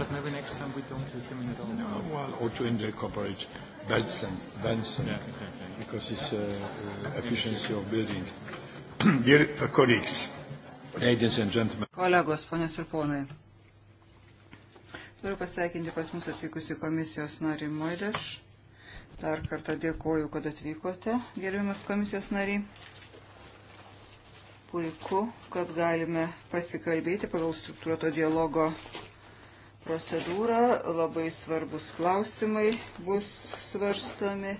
But maybe next time we don't use them at all. No, well, or to incorporate Benson, Benson yeah, exactly. because it's uh, uh, efficiency of building. Dear uh, colleagues, ladies and gentlemen. Kolegos, ponios ir ponai. Noriu pasveikinti pas mus atvykusi komisijos narį Moideš. Dar kartą dėkoju, kad atvykote, gerbiamas komisijos nariai. Puiku, kad galime pasikalbėti pagal struktūruoto dialogo procedūrą, labai svarbus klausimai bus svarstomi.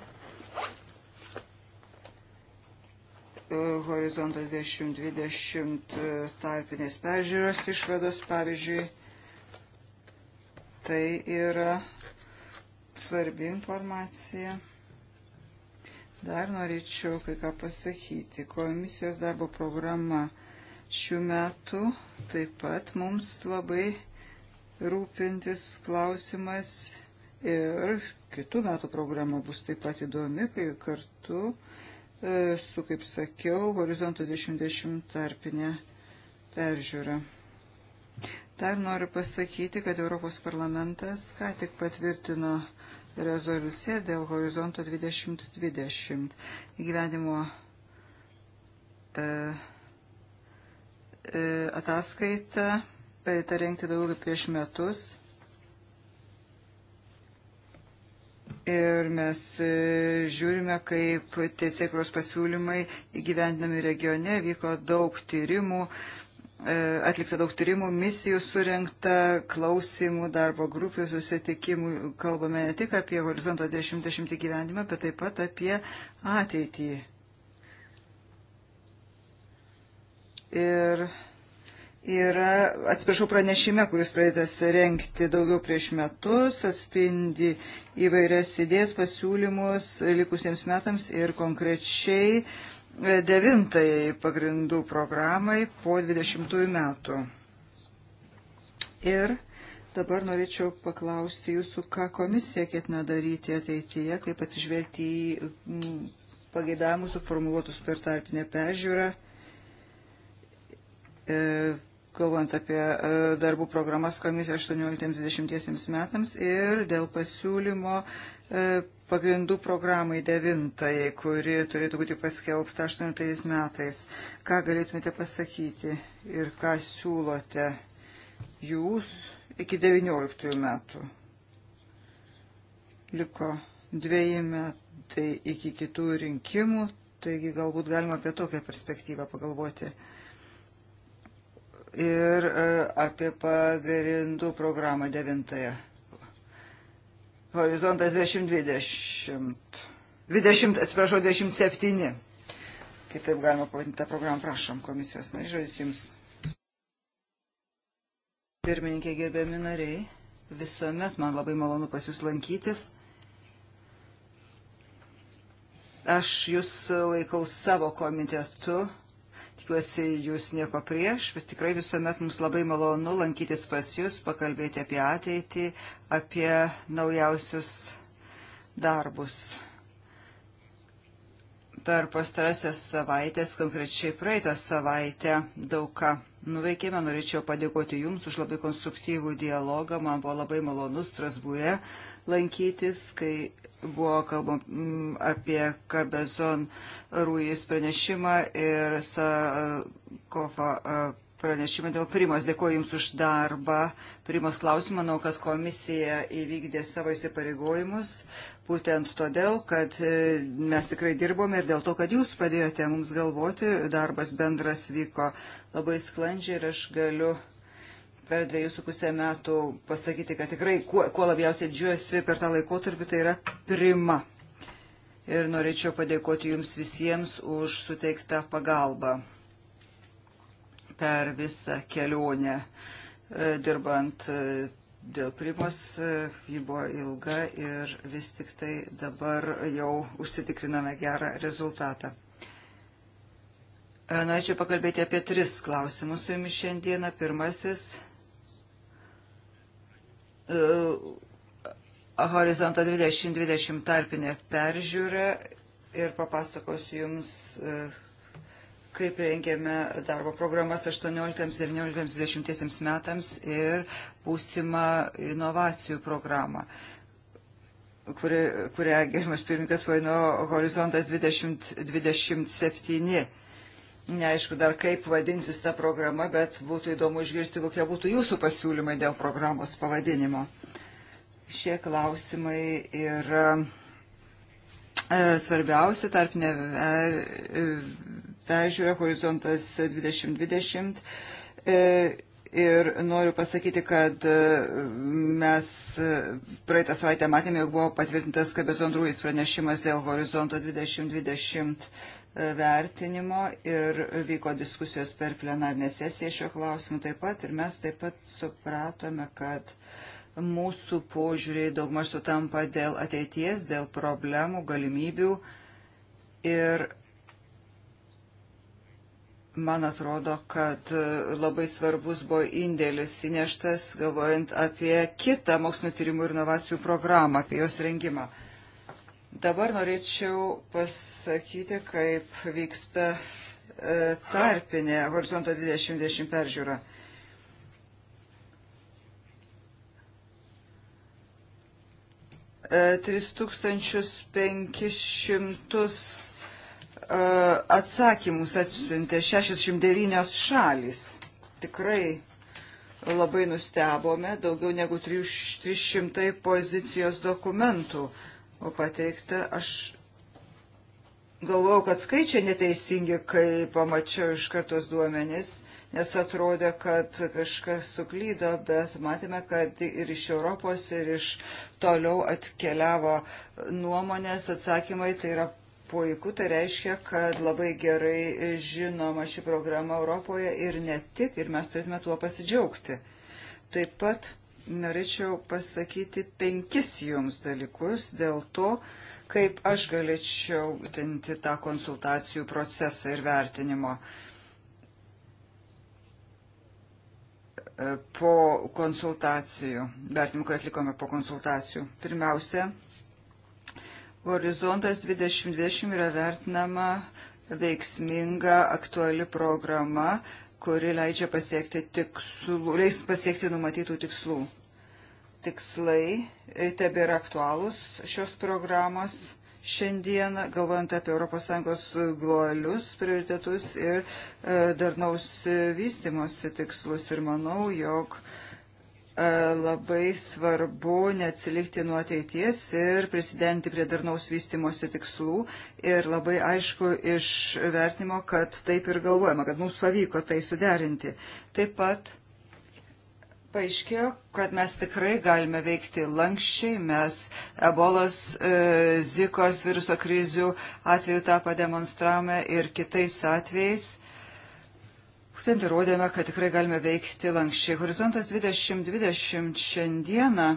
E, horizontas 2020 e, tarpinės peržiūros išvados, pavyzdžiui, tai yra svarbi informacija. Dar norėčiau kai ką pasakyti. Komisijos darbo programa šių metų taip pat mums labai rūpintis klausimas ir kitų metų programa bus taip pat įdomi, kai kartu e, su, kaip sakiau, horizonto 2020 tarpinė peržiūra. Dar noriu pasakyti, kad Europos parlamentas ką tik patvirtino rezoliuciją dėl horizonto 2020 įgyvenimo e, e, ataskaita pradėta rengti daugiau kaip prieš metus. Ir mes e, žiūrime, kaip teisėkros pasiūlymai įgyvendinami regione vyko daug tyrimų, e, atlikta daug tyrimų, misijų surinkta, klausimų, darbo grupių susitikimų. Kalbame ne tik apie horizonto 2020 gyvendimą, bet taip pat apie ateitį. Ir yra, atsiprašau, pranešime, kuris pradėtas renkti daugiau prieš metus, atspindi įvairias idėjas, pasiūlymus likusiems metams ir konkrečiai e, devintai pagrindų programai po 20 metų. Ir dabar norėčiau paklausti jūsų, ką komisija ketina daryti ateityje, kaip atsižvelgti į pageidavimus suformuoluotus per tarpinę peržiūrą. E, kalbant apie e, darbų programas komisijos 18-20 metams ir dėl pasiūlymo e, pagrindų programai devintai, kuri turėtų būti paskelbta 18 metais. Ką galėtumėte pasakyti ir ką siūlote jūs iki 19 metų? Liko dviejai metai iki kitų rinkimų, taigi galbūt galima apie tokią perspektyvą pagalvoti ir e, apie pagrindų programą devintąją. Horizontas 2020. 20, atsiprašau, 27. Kitaip galima pavadinti tą programą, prašom, komisijos narys, žodis jums. Pirmininkė, gerbiami nariai, visuomet man labai malonu pas jūs lankytis. Aš jūs laikau savo komitetu tikiuosi jūs nieko prieš, bet tikrai visuomet mums labai malonu lankytis pas jūs, pakalbėti apie ateitį, apie naujausius darbus per pastarąsias savaitės, konkrečiai praeitą savaitę, daug ką nuveikėme. Norėčiau padėkoti Jums už labai konstruktyvų dialogą. Man buvo labai malonu Strasbūre lankytis, kai buvo kalbam mm, apie Kabezon Ruijus pranešimą ir Sakofa e, pranešimą dėl primos. Dėkuoju Jums už darbą. Primos klausimą, manau, kad komisija įvykdė savo įsipareigojimus, būtent todėl, kad e, mes tikrai dirbome ir dėl to, kad Jūs padėjote mums galvoti, darbas bendras vyko labai sklandžiai ir aš galiu per dviejus su pusę metų pasakyti, kad tikrai kuo, kuo labiausiai džiuosi per tą laikotarpį, tai yra prima. Ir norėčiau padėkoti Jums visiems už suteiktą pagalbą per visą kelionę e, dirbant e, dėl primos. E, ji buvo ilga ir vis tik tai dabar jau užsitikriname gerą rezultatą. Norėčiau pakalbėti apie tris klausimus su jumis šiandieną. Pirmasis E, Horizonto 2020 tarpinę peržiūrą ir papasakosiu Jums, e, kaip rengėme darbo programas 18-19-20 metams ir būsimą inovacijų programą kuri, kurią gerimas pirmininkas vadino Horizontas 2027. Neaišku dar kaip vadinsis ta programa, bet būtų įdomu išgirsti, kokie būtų jūsų pasiūlymai dėl programos pavadinimo. Šie klausimai yra e, svarbiausi tarpinė e, peržiūra Horizontas 2020. E, ir noriu pasakyti, kad mes praeitą savaitę matėme, jog buvo patvirtintas Kabezon Rūjis pranešimas dėl Horizonto 2020 vertinimo ir vyko diskusijos per plenarnę sesiją šio klausimu taip pat ir mes taip pat supratome, kad mūsų požiūriai daugmaž sutampa dėl ateities, dėl problemų, galimybių ir man atrodo, kad labai svarbus buvo indėlis įneštas, galvojant apie kitą mokslinio tyrimų ir inovacijų programą, apie jos rengimą. Dabar norėčiau pasakyti, kaip vyksta e, tarpinė horizonto 2020 peržiūra. E, 3500 e, atsakymus atsiuntė 69 šalis. Tikrai labai nustebome, daugiau negu 300 pozicijos dokumentų. E, pateikta. Aš galvojau, kad skaičiai neteisingi, kai pamačiau iš kartos duomenis, nes atrodė, kad kažkas suklydo, bet matėme, kad ir iš Europos, ir iš toliau atkeliavo nuomonės atsakymai, tai yra puiku, tai reiškia, kad labai gerai žinoma ši programa Europoje ir ne tik, ir mes turėtume tuo pasidžiaugti. Taip pat norėčiau pasakyti penkis jums dalykus dėl to, kaip aš galėčiau tinti tą konsultacijų procesą ir vertinimo. Po konsultacijų, vertinimų, kurį atlikome po konsultacijų. Pirmiausia, horizontas 2020 yra vertinama veiksminga, aktuali programa, kuri leidžia pasiekti tikslų, leis pasiekti numatytų tikslų tikslai e, tebėra aktualūs šios programos šiandieną, galvojant apie ES globalius prioritetus ir e, darnaus vystimosi tikslus. Ir manau, jog e, labai svarbu neatsilikti nuo ateities ir prisidengti prie darnaus vystimosi tikslų. Ir labai aišku iš vertinimo, kad taip ir galvojama, kad mums pavyko tai suderinti. Taip pat paaiškėjo, kad mes tikrai galime veikti lankščiai, mes ebolos, e, zikos viruso krizių atveju tą pademonstravome ir kitais atvejais. Būtent įrodėme, kad tikrai galime veikti lankščiai. Horizontas 2020 šiandieną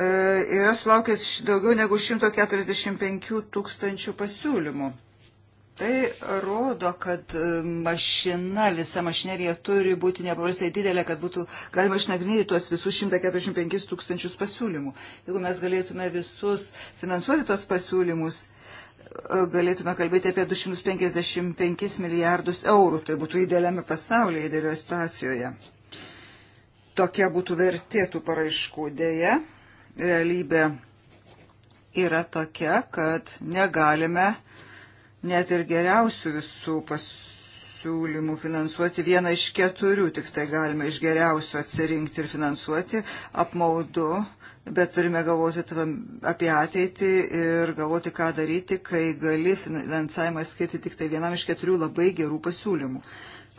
e, yra sulaukęs daugiau negu 145 tūkstančių pasiūlymų. Tai rodo, kad e, mašina, visa mašinerija turi būti nepaprastai didelė, kad būtų galima išnagrinėti tuos visus 145 tūkstančius pasiūlymų. Jeigu mes galėtume visus finansuoti tuos pasiūlymus, e, galėtume kalbėti apie 255 milijardus eurų. Tai būtų idealiame pasaulyje, idealioje situacijoje. Tokia būtų vertėtų paraiškų dėja. Realybė yra tokia, kad negalime net ir geriausių visų pasiūlymų finansuoti. Vieną iš keturių tik tai galima iš geriausių atsirinkti ir finansuoti. Apmaudu, bet turime galvoti apie ateitį ir galvoti, ką daryti, kai gali finansavimą skirti tik tai vienam iš keturių labai gerų pasiūlymų.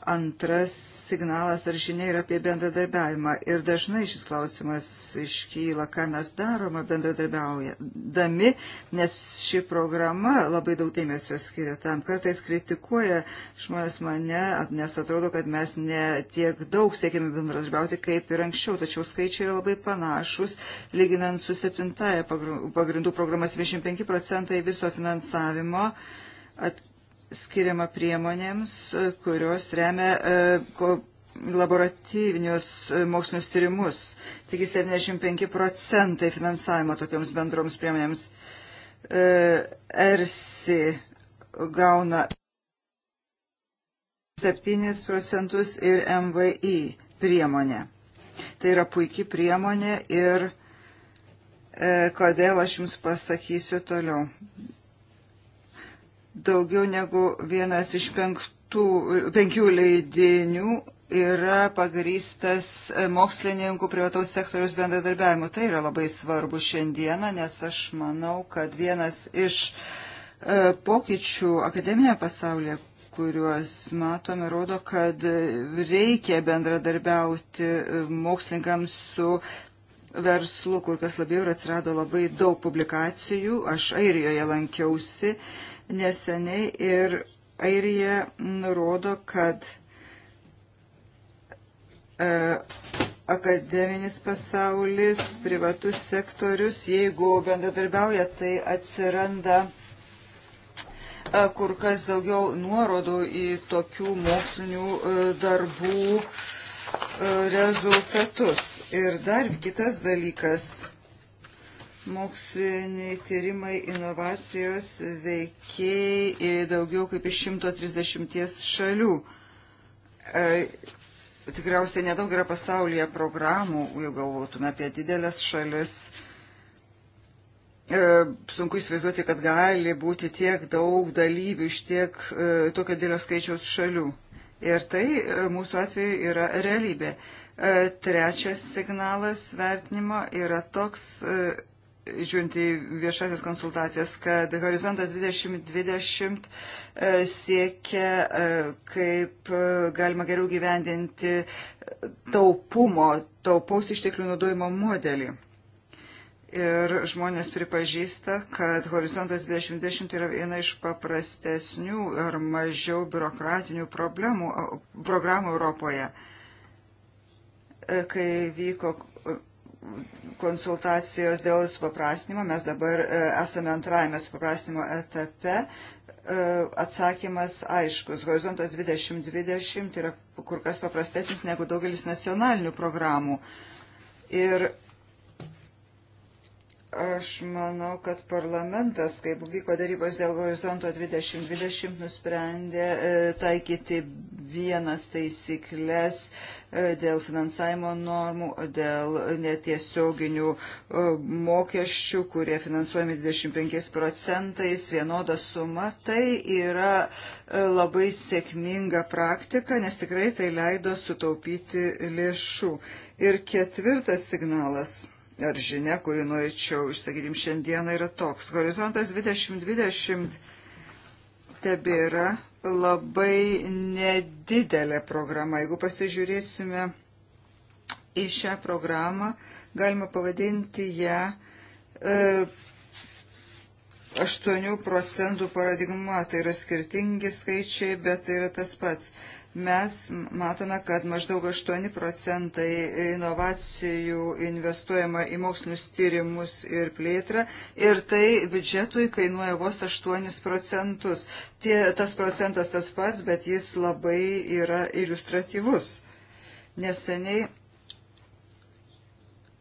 Antras signalas ar žinia yra apie bendradarbiavimą. Ir dažnai šis klausimas iškyla, ką mes darome bendradarbiaujami, nes ši programa labai daug dėmesio skiria tam. Kartais kritikuoja žmonės mane, nes atrodo, kad mes ne tiek daug siekime bendradarbiauti kaip ir anksčiau, tačiau skaičiai yra labai panašus, lyginant su septintaja pagrindų programas 25 procentai viso finansavimo. At, skiriama priemonėms, kurios remia e, laboratyvinius e, mokslinius tyrimus. Taigi 75 procentai finansavimo tokiams bendroms priemonėms. ERSI gauna 7 procentus ir MVI priemonė. Tai yra puikiai priemonė ir e, kodėl aš jums pasakysiu toliau. Daugiau negu vienas iš penktų, penkių leidinių yra pagrystas mokslininkų privataus sektoriaus bendradarbiavimu. Tai yra labai svarbu šiandieną, nes aš manau, kad vienas iš e, pokyčių akademinėje pasaulyje, kuriuos matome, rodo, kad reikia bendradarbiauti e, mokslininkams su verslu, kur kas labiau ir atsirado labai daug publikacijų. Aš Airijoje lankiausi neseniai ir Airija nurodo, kad e, akademinis pasaulis, privatus sektorius, jeigu bendradarbiauja, tai atsiranda e, kur kas daugiau nuorodų į tokių mokslinių e, darbų e, rezultatus. Ir dar kitas dalykas Moksliniai tyrimai, inovacijos veikiai ir daugiau kaip iš 130 šalių. E, tikriausiai nedaug yra pasaulyje programų, jeigu galvotume apie didelės šalis. E, sunku įsivaizduoti, kad gali būti tiek daug dalyvių iš tiek e, tokio didelio skaičiaus šalių. Ir tai e, mūsų atveju yra realybė. E, trečias signalas vertinimo yra toks, e, žiūrint į viešasias konsultacijas, kad horizontas 2020 e, siekia, e, kaip e, galima geriau gyvendinti taupumo, taupaus išteklių naudojimo modelį. Ir žmonės pripažįsta, kad horizontas 2020 yra viena iš paprastesnių ar mažiau biurokratinių problemų, programų Europoje. Kai vyko konsultacijos dėl supaprastinimo. Mes dabar e, esame antrajame supaprastinimo etape. E, atsakymas aiškus. Horizontas 2020 yra kur kas paprastesnis negu daugelis nacionalinių programų. Ir Aš manau, kad parlamentas, kaip vyko darybos dėl horizonto 2020, nusprendė e, taikyti vienas taisyklės e, dėl finansavimo normų, dėl netiesioginių e, mokesčių, kurie finansuojami 25 procentais, vienoda suma. Tai yra labai sėkminga praktika, nes tikrai tai leido sutaupyti lėšų. Ir ketvirtas signalas ar žinia, kurį norėčiau išsakyti jums šiandieną, yra toks. Horizontas 2020 tebėra labai nedidelė programa. Jeigu pasižiūrėsime į šią programą, galima pavadinti ją e, 8 procentų paradigma. Tai yra skirtingi skaičiai, bet tai yra tas pats. E, mes matome, kad maždaug 8 procentai inovacijų investuojama į mokslinius tyrimus ir plėtrą ir tai biudžetui kainuoja vos 8 procentus. Tie, tas procentas tas pats, bet jis labai yra iliustratyvus. Neseniai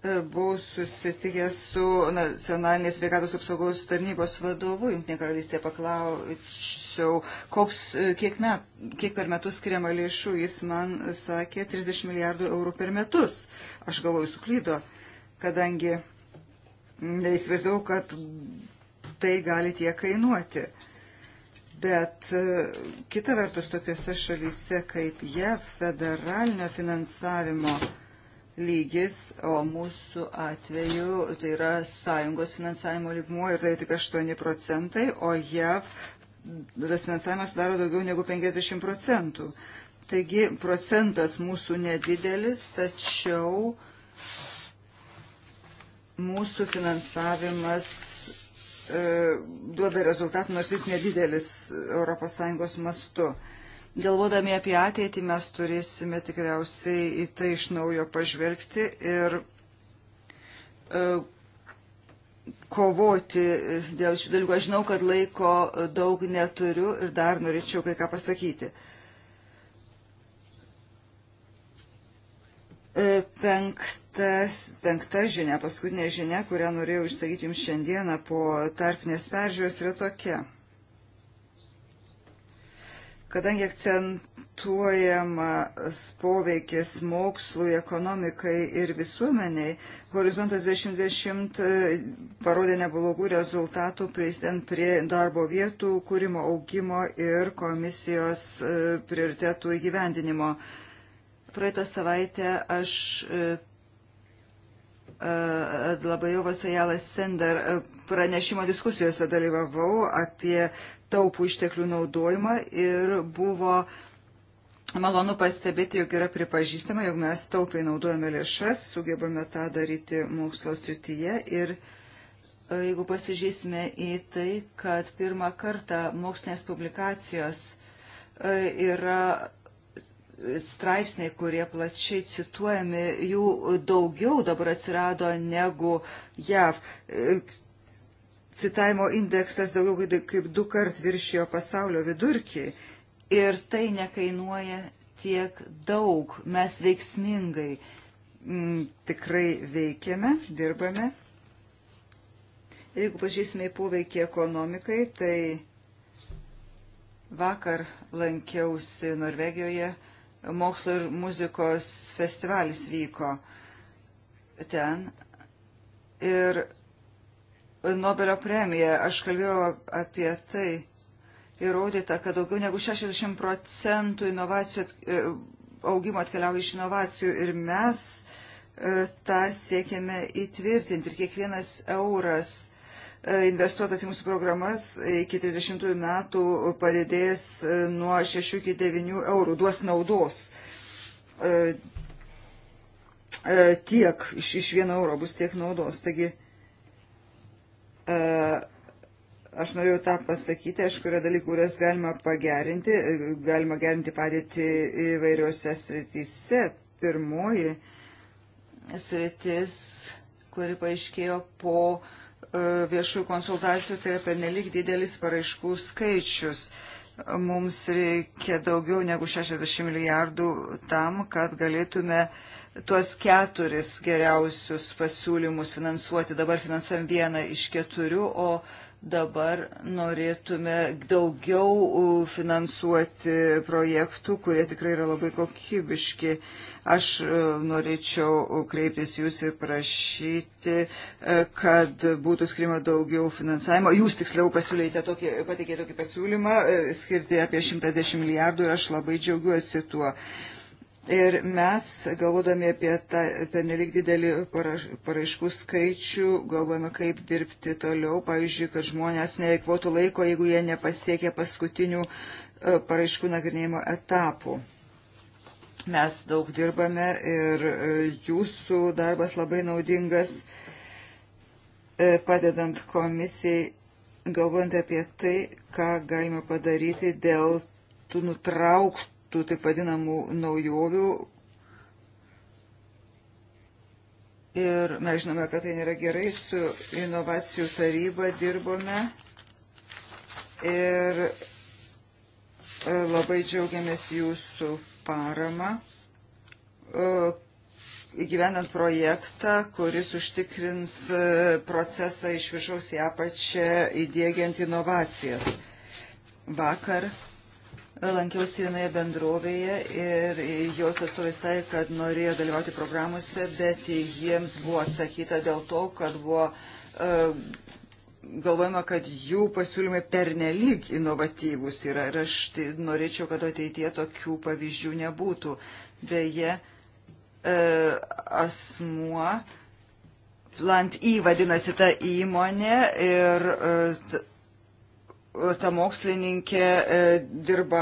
E, buvau susitikęs su nacionalinės sveikatos apsaugos tarnybos vadovu, Junktinė karalystė paklausiau, koks, e, kiek, met, kiek per metus skiriama lėšų, jis man sakė 30 milijardų eurų per metus. Aš galvoju, suklydo, kadangi neįsivaizdavau, kad tai gali tiek kainuoti. Bet e, kita vertus, tokiuose šalyse kaip JAV federalinio finansavimo lygis, o mūsų atveju tai yra sąjungos finansavimo lygmuo ir tai tik 8 procentai, o JAV tas finansavimas sudaro daugiau negu 50 procentų. Taigi procentas mūsų nedidelis, tačiau mūsų finansavimas e, duoda rezultatų, nors jis nedidelis ES mastu. E, Galvodami apie ateitį mes turėsime tikriausiai į tai iš naujo pažvelgti ir e, kovoti dėl šių dalykų. Aš žinau, kad laiko daug neturiu ir dar norėčiau kai ką pasakyti. E, penktas, penkta žinia, paskutinė žinia, kurią norėjau išsakyti jums šiandieną po tarpinės peržiūros, yra tokia – Kadangi akcentuojamas poveikis mokslui, ekonomikai ir visuomeniai, Horizontas 2020 parodė neblogų rezultatų prisidant prie darbo vietų kūrimo augimo ir komisijos e, prioritetų įgyvendinimo. Praeitą savaitę aš e, e, labai jau Vasajalas Sender pranešimo diskusijose dalyvavau apie taupų išteklių naudojimą ir buvo malonu pastebėti, jog yra pripažįstama, jog mes taupiai naudojame lėšas, sugebame tą daryti mokslo srityje ir e, jeigu pasižiūrėsime į tai, kad pirmą kartą mokslinės publikacijos e, yra straipsniai, kurie plačiai cituojami, jų daugiau dabar atsirado negu JAV. E, citavimo indeksas daugiau kaip du kart viršijo pasaulio vidurkį ir tai nekainuoja tiek daug. Mes veiksmingai m, mm, tikrai veikiame, dirbame. Ir jeigu pažiūrėsime į poveikį ekonomikai, tai vakar lankiausi Norvegijoje, mokslo ir muzikos festivalis vyko ten. Ir Nobelio premiją. Aš kalbėjau apie tai. Įrodyta, kad daugiau negu 60 procentų inovacijų e, augimo atkeliauja iš inovacijų ir mes e, tą siekiame įtvirtinti. Ir kiekvienas euras e, investuotas į mūsų programas iki 30 metų padidės nuo 6 iki 9 eurų, duos naudos. Tiek iš, iš vieno euro bus tiek naudos. Taigi Aš norėjau tą pasakyti, aišku, yra dalykų, kurias galima pagerinti, galima gerinti padėti įvairiuose srityse. Pirmoji sritis, kuri paaiškėjo po e, viešųjų konsultacijų, tai yra pernelik didelis paraiškų skaičius. Mums reikia daugiau negu 60 milijardų tam, kad galėtume uh, tuos keturis geriausius pasiūlymus finansuoti. Dabar finansuojam vieną iš keturių, o dabar norėtume daugiau finansuoti projektų, kurie tikrai yra labai kokybiški. Aš e, norėčiau kreiptis jūs ir prašyti, e, kad būtų skirima daugiau finansavimo. Jūs tiksliau pasiūlėte tokį, pateikėte tokį pasiūlymą, e, skirti apie 110 milijardų ir aš labai džiaugiuosi tuo. Uh, Ir mes, galvodami apie tą penelik didelį paraiškų skaičių, galvojame, kaip dirbti toliau. Pavyzdžiui, kad žmonės neveikvotų laiko, jeigu jie nepasiekia paskutinių e, paraiškų nagrinėjimo etapų. Mes daug dirbame ir e, jūsų darbas labai naudingas, e, padedant komisijai, galvojant apie tai, ką galime padaryti dėl tų nutrauktų tų taip vadinamų naujovių. Ir mes žinome, kad tai nėra gerai, su inovacijų taryba dirbome ir e, labai džiaugiamės jūsų parama e, įgyvenant projektą, kuris užtikrins e, procesą iš viršaus į apačią įdėgiant inovacijas. Vakar lankiausi vienoje bendrovėje ir jos atstovai sakė, kad norėjo dalyvauti programuose, bet jiems buvo atsakyta dėl to, kad buvo e, galvojama, kad jų pasiūlymai pernelyg inovatyvūs yra ir aš tai norėčiau, kad ateitie tokių pavyzdžių nebūtų. Beje, e, asmuo, plant į e vadinasi ta įmonė ir ta mokslininkė e, dirba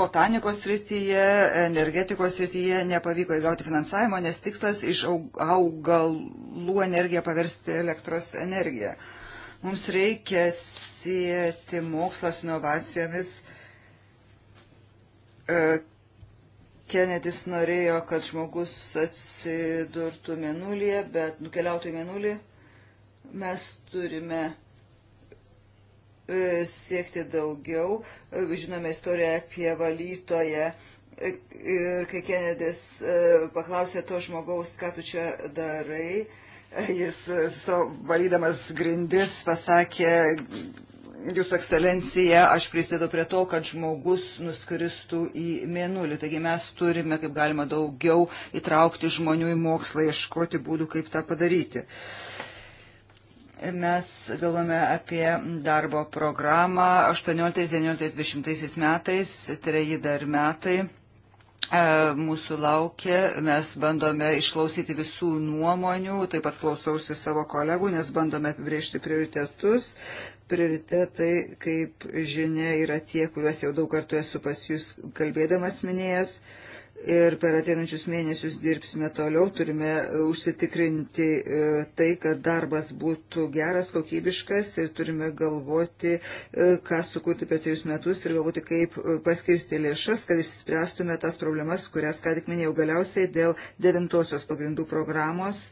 botanikos srityje, energetikos srityje nepavyko įgauti finansavimo, nes tikslas iš augalų energiją paversti elektros energiją. Mums reikia sieti mokslas inovacijomis. E, Kenedis norėjo, kad žmogus atsidurtų mėnulyje, bet nukeliautų į mėnulį. Mes turime E, siekti daugiau. E, žinome istoriją apie valytoją. E, ir kai Kenedis paklausė to žmogaus, ką tu čia darai, jis so, valydamas grindis pasakė, Jūsų ekscelencija, aš prisėdu prie to, kad žmogus nuskristų į mėnulį. Taigi mes turime, kaip galima daugiau, įtraukti žmonių į mokslą, ieškoti būdų, kaip tą padaryti. Uh, Mes galvome apie darbo programą 18-19-20 metais, treji dar metai e, mūsų laukia, mes bandome išklausyti visų nuomonių, taip pat klausausi savo kolegų, nes bandome apibriežti prioritetus. Prioritetai, kaip žinia, yra tie, kuriuos jau daug kartų esu pas jūs kalbėdamas minėjęs. Uh, ir per ateinančius mėnesius dirbsime toliau, turime e, užsitikrinti e, tai, kad darbas būtų geras, kokybiškas ir turime galvoti, e, ką sukurti per trejus metus ir galvoti, kaip paskirsti lėšas, kad išspręstume tas problemas, kurias ką tik minėjau galiausiai dėl devintosios pagrindų programos.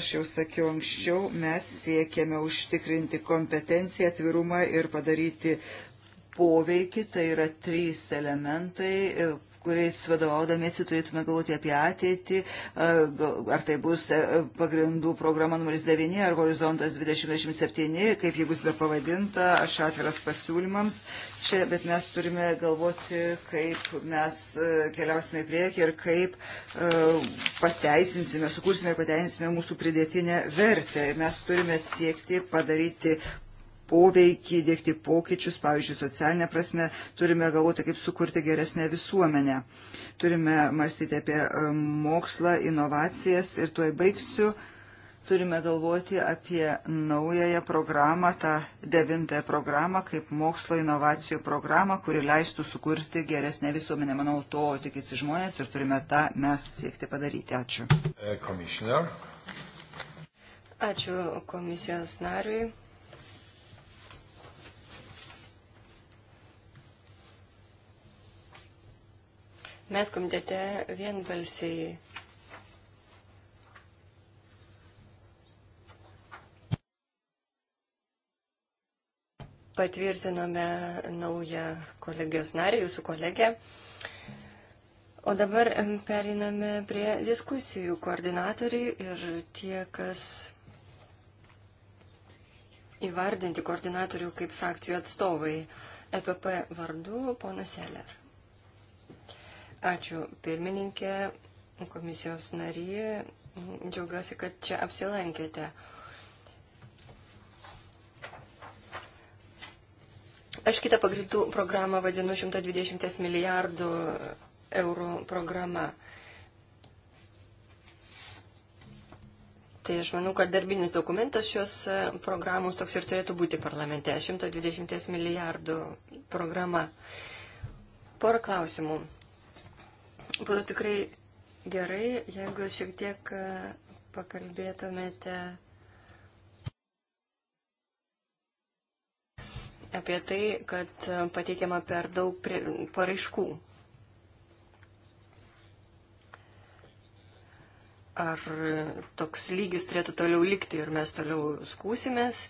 Aš jau sakiau anksčiau, mes siekiame užtikrinti kompetenciją, atvirumą ir padaryti poveikį, tai yra trys elementai kuriais vadovaudamėsi turėtume galvoti apie ateitį, ar tai bus e, pagrindų programa numeris 9 ar horizontas 2027, kaip ji bus be pavadinta, aš atviras pasiūlymams čia, bet mes turime galvoti, kaip mes e, keliausime į priekį ir kaip e, pateisinsime, sukursime ir pateisinsime mūsų pridėtinę vertę. Mes turime siekti padaryti poveikį, dėkti pokyčius, pavyzdžiui, socialinę prasme, turime galvoti, kaip sukurti geresnę visuomenę. Turime mąstyti apie e, mokslą, inovacijas ir tuoj baigsiu. Turime galvoti apie naująją programą, tą devintąją programą, kaip mokslo inovacijų programą, kuri leistų sukurti geresnę visuomenę. Manau, to tikisi žmonės ir turime tą mes siekti padaryti. Ačiū. E, Ačiū komisijos nariui. Mes komitete vienbalsiai patvirtinome naują kolegijos narį, jūsų kolegę. O dabar periname prie diskusijų koordinatoriai ir tie, kas įvardinti koordinatorių kaip frakcijų atstovai. EPP vardu ponas Seller. Ačiū pirmininkė, komisijos narė. Džiaugiuosi, kad čia apsilankėte. Aš kitą pagrindų programą vadinu 120 milijardų eurų programa. Tai aš manau, kad darbinis dokumentas šios programos toks ir turėtų būti parlamente. 120 milijardų programa. Porą klausimų. Būtų tikrai gerai, jeigu šiek tiek e, pakalbėtumėte apie tai, kad e, pateikiama per daug paraiškų. Ar toks lygis turėtų toliau likti ir mes toliau skūsimės,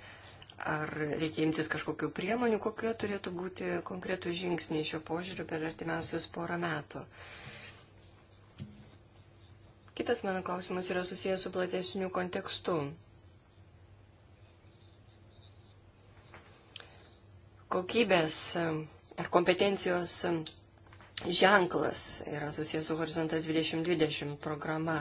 ar reikia imtis kažkokių priemonių, kokie turėtų būti konkretų žingsniai šio požiūriu per artimiausius porą metų. Uh, Kitas mano klausimas yra susijęs su platesniu kontekstu. Kokybės ar kompetencijos ženklas yra susijęs su Horizontas 2020 programa.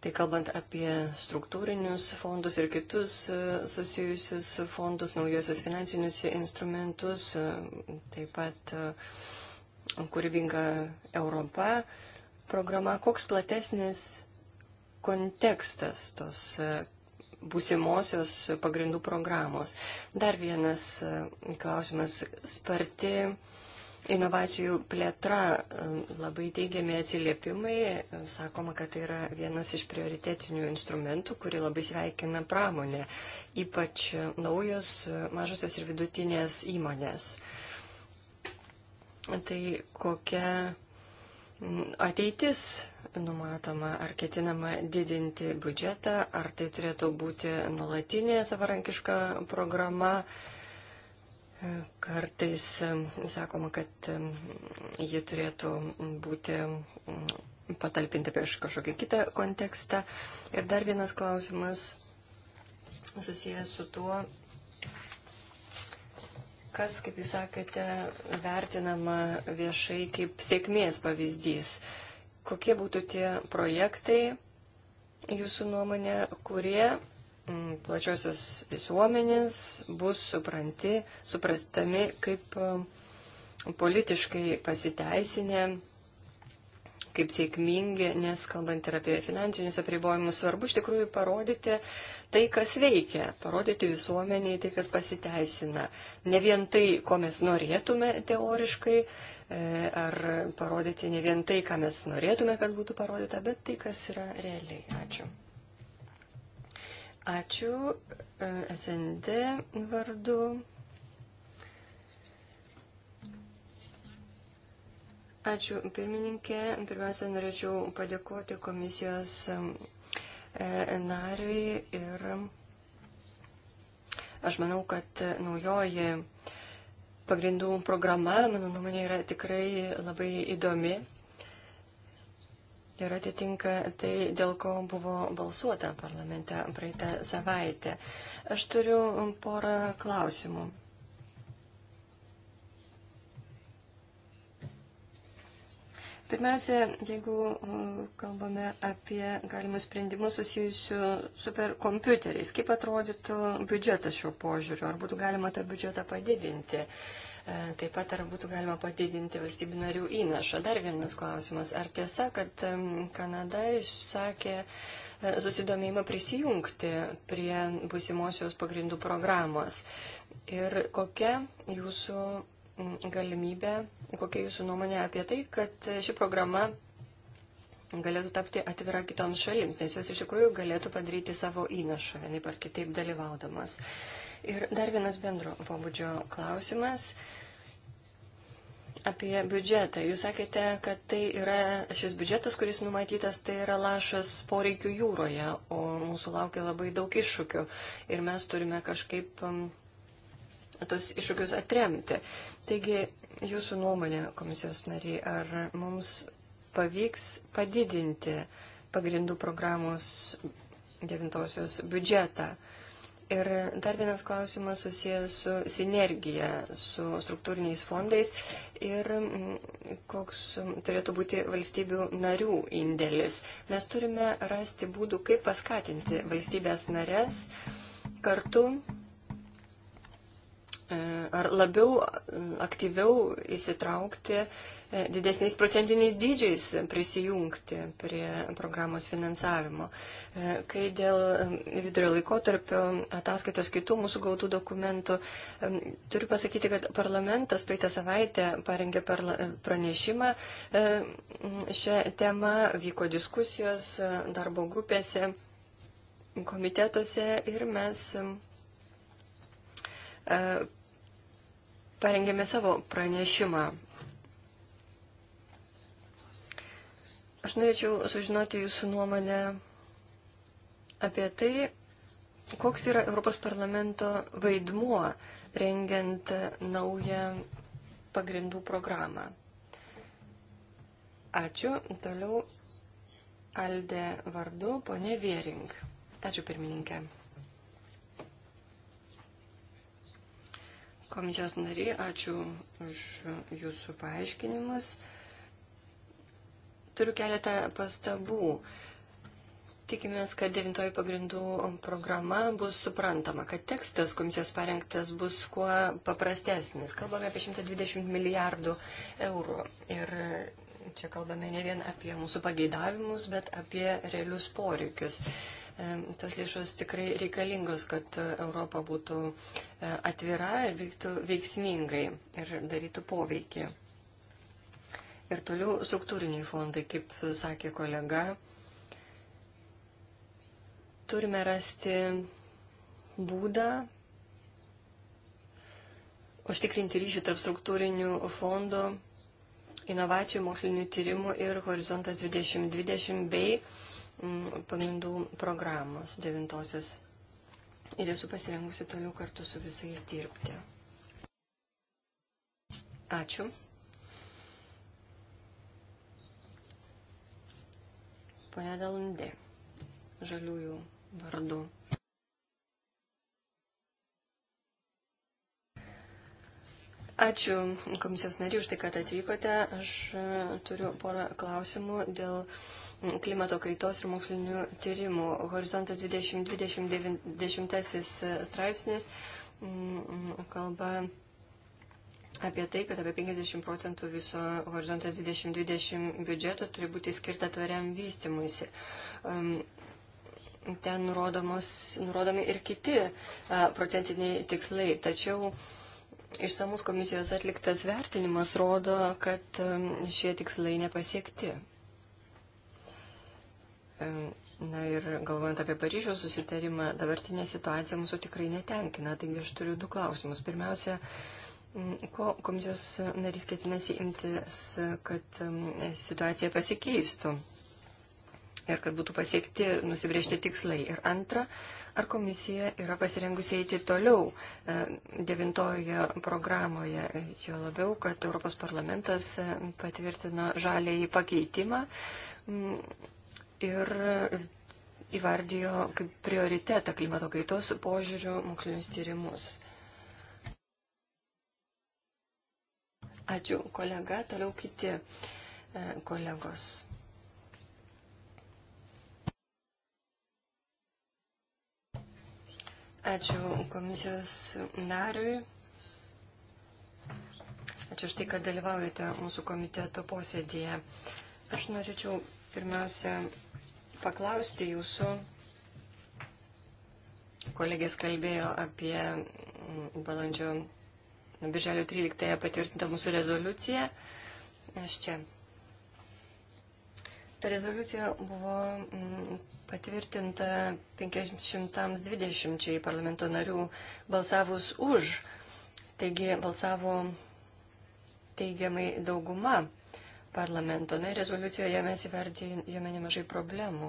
Tai kalbant apie struktūrinius fondus ir kitus e, susijusius fondus, naujosios finansinius instrumentus, e, taip pat e, kūrybinga Europa programa, koks platesnis kontekstas tos e, būsimosios pagrindų programos. Dar vienas e, klausimas. Sparti inovacijų plėtra e, labai teigiami atsiliepimai. Sakoma, kad tai yra vienas iš prioritetinių instrumentų, kuri labai sveikina pramonę, ypač naujos mažosios ir vidutinės įmonės. Tai kokia ateitis numatoma, ar ketinama didinti biudžetą, ar tai turėtų būti nuolatinė savarankiška programa. Kartais sakoma, kad ji turėtų būti patalpinti prieš kažkokį kitą kontekstą. Ir dar vienas klausimas susijęs su tuo, kas, kaip jūs sakėte, vertinama viešai kaip sėkmės pavyzdys. Kokie būtų tie projektai, jūsų nuomonė, kurie mm, plačiosios visuomenės bus supranti, suprastami kaip mm, politiškai pasiteisinę kaip sėkmingi, nes kalbant ir apie finansinius apribojimus, svarbu iš tikrųjų parodyti tai, kas veikia, parodyti visuomeniai tai, kas pasiteisina. Ne vien tai, ko mes norėtume teoriškai, e, ar parodyti ne vien tai, ką mes norėtume, kad būtų parodyta, bet tai, kas yra realiai. Ačiū. Ačiū e, SND vardu Ačiū pirmininkė. Pirmiausia, norėčiau padėkoti komisijos e, nariui ir aš manau, kad naujoji pagrindų programa, mano nuomonė, yra tikrai labai įdomi ir atitinka tai, dėl ko buvo balsuota parlamente praeitą savaitę. Aš turiu porą klausimų. Pirmiausia, jeigu e, kalbame apie galimus sprendimus susijusiu superkompiuteriais, kaip atrodytų biudžetas šiuo požiūriu, ar būtų galima tą biudžetą padidinti, e, taip pat ar būtų galima padidinti valstybių narių įnašą. Dar vienas klausimas, ar tiesa, kad Kanada išsakė e, susidomėjimą prisijungti prie busimosios pagrindų programos ir kokia jūsų galimybę, kokia jūsų nuomonė apie tai, kad ši programa galėtų tapti atvira kitoms šalims, nes jos iš tikrųjų galėtų padaryti savo įnašą vienaip ar kitaip dalyvaudamas. Ir dar vienas bendro pobūdžio klausimas apie biudžetą. Jūs sakėte, kad tai yra šis biudžetas, kuris numatytas, tai yra lašas poreikių jūroje, o mūsų laukia labai daug iššūkių ir mes turime kažkaip mm, tos iššūkius atremti. Taigi, jūsų nuomonė, komisijos nariai, ar mums pavyks padidinti pagrindų programos devintosios biudžetą? Ir dar vienas klausimas susijęs su sinergija, su struktūriniais fondais ir mm, koks turėtų būti valstybių narių indėlis. Mes turime rasti būdų, kaip paskatinti valstybės narės kartu E, ar labiau e, aktyviau įsitraukti, e, didesniais procentiniais dydžiais prisijungti prie programos finansavimo. Kai dėl vidurio laikotarpio ataskaitos kitų mūsų gautų dokumentų, turiu pasakyti, kad parlamentas praeitą savaitę parengė pranešimą šią temą, vyko diskusijos darbo grupėse, komitetuose ir mes parengėme savo pranešimą. Aš norėčiau sužinoti jūsų nuomonę apie tai, koks yra Europos parlamento vaidmuo rengiant naują pagrindų programą. Ačiū. Toliau Alde vardu ponė Viering. Ačiū pirmininkė. Komisijos nariai, ačiū už jūsų paaiškinimus. Turiu keletą pastabų. Tikimės, kad devintoji pagrindų programa bus suprantama, kad tekstas komisijos parengtas bus kuo paprastesnis. Kalbame apie 120 milijardų eurų. Ir čia kalbame ne vien apie mūsų pageidavimus, bet apie realius poreikius tos lėšos tikrai reikalingos, kad Europa būtų e, atvira ir veiktų veiksmingai ir darytų poveikį. Ir toliau struktūriniai fondai, kaip sakė kolega, turime rasti būdą užtikrinti ryšį tarp struktūrinių fondų, inovacijų, mokslinių tyrimų ir horizontas 2020 bei Mm, pagrindų programos devintosios ir esu pasirengusi toliau kartu su visais dirbti. Ačiū. Pane Dalundė, žaliųjų vardu. Ačiū komisijos nariu už tai, kad atvykote. Aš e, turiu porą klausimų dėl uh, klimato kaitos ir mokslinių tyrimų. Horizontas 2020 e, straipsnis mm, mm, kalba apie tai, kad apie 50 procentų viso horizontas 2020 biudžeto turi būti skirta tvariam vystimuisi. Ten nurodomos, nurodomi ir kiti procentiniai tikslai, tačiau išsamus komisijos atliktas vertinimas rodo, kad šie tikslai nepasiekti. Na ir galvojant apie Paryžiaus susitarimą, dabartinė situacija mūsų tikrai netenkina. Taigi aš turiu du klausimus. Pirmiausia, ko komisijos narys ketinasi imtis, kad situacija pasikeistų ir kad būtų pasiekti nusibriežti tikslai. Ir antra, ar komisija yra pasirengusi eiti toliau e, devintojoje programoje, jo labiau, kad Europos parlamentas e, patvirtino žalėjį pakeitimą ir įvardijo kaip prioritetą klimato kaitos požiūrių mokslinius tyrimus. Ačiū kolega, toliau kiti e, kolegos. Ačiū komisijos nariui. Ačiū už tai, kad dalyvaujate mūsų komiteto posėdėje. Aš norėčiau pirmiausia paklausti jūsų. Kolegės kalbėjo apie mm, balandžio, birželio 13-ąją patvirtintą mūsų rezoliuciją. Aš čia. Ta rezoliucija buvo mm, patvirtinta 520 parlamento narių balsavus už. Taigi balsavo teigiamai dauguma parlamento. Na ir rezoliucijoje mes įvardėjome nemažai problemų,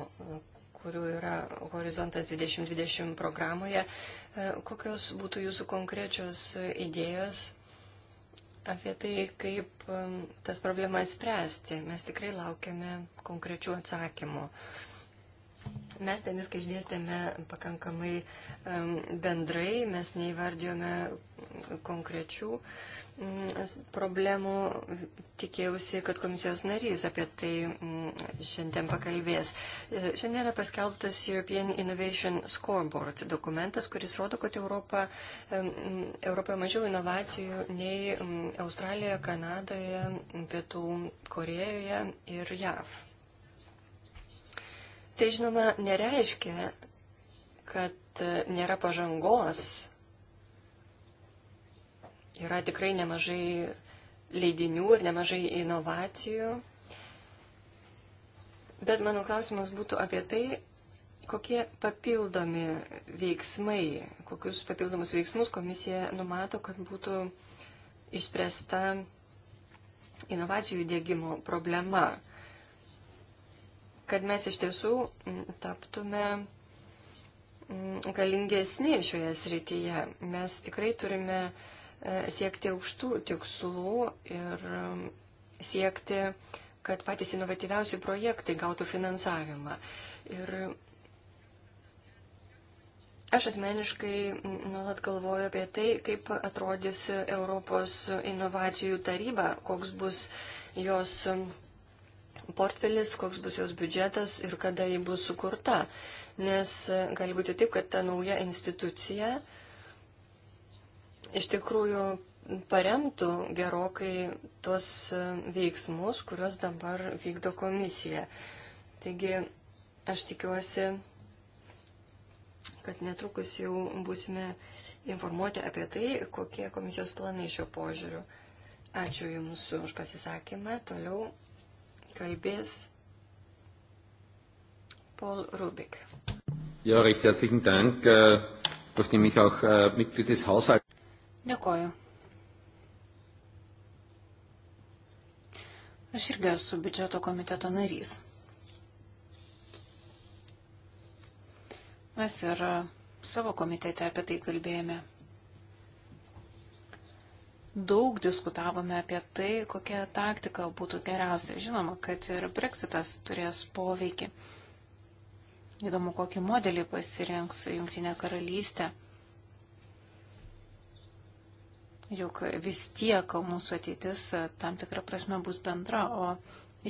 kurių yra Horizontas 2020 programoje. E, kokios būtų jūsų konkrečios idėjos apie tai, kaip e, tas problemas spręsti? Mes tikrai laukiame konkrečių atsakymų. Mes ten viską išdėstėme pakankamai um, bendrai, mes neįvardėjome konkrečių mm, problemų. Tikėjausi, kad komisijos narys apie tai mm, šiandien pakalbės. E, šiandien yra paskelbtas European Innovation Scoreboard dokumentas, kuris rodo, kad Europa, Europoje mažiau inovacijų nei Australijoje, Kanadoje, Pietų Korejoje ir JAV. Tai žinoma, nereiškia, kad e, nėra pažangos. Yra tikrai nemažai leidinių ir nemažai inovacijų. Bet mano klausimas būtų apie tai, kokie papildomi veiksmai, kokius papildomus veiksmus komisija numato, kad būtų išspręsta inovacijų dėgymo problema kad mes iš tiesų taptume galingesni šioje srityje. Mes tikrai turime e, siekti aukštų tikslų ir siekti, kad patys inovatyviausi projektai gautų finansavimą. Ir aš asmeniškai nuolat galvoju apie tai, kaip atrodys Europos inovacijų taryba, koks bus jos portfelis, koks bus jos biudžetas ir kada ji bus sukurta. Nes e, gali būti taip, kad ta nauja institucija iš tikrųjų paremtų gerokai tos e, veiksmus, kuriuos dabar vykdo komisija. Taigi aš tikiuosi, kad netrukus jau būsime informuoti apie tai, kokie komisijos planai šiuo požiūriu. Ačiū Jums už pasisakymą. Toliau kalbės Paul Rubik. Ja, recht herzlichen Dank, äh, nachdem ich auch äh, Mitglied des Haushalts. Dėkoju. Aš irgi esu biudžeto komiteto narys. Mes ir savo komitete apie tai kalbėjome daug diskutavome apie tai, kokia taktika būtų geriausia. Žinoma, kad ir Brexitas turės poveikį. Įdomu, kokį modelį pasirinks Junktinė karalystė. Juk vis tiek mūsų ateitis tam tikrą prasme bus bendra, o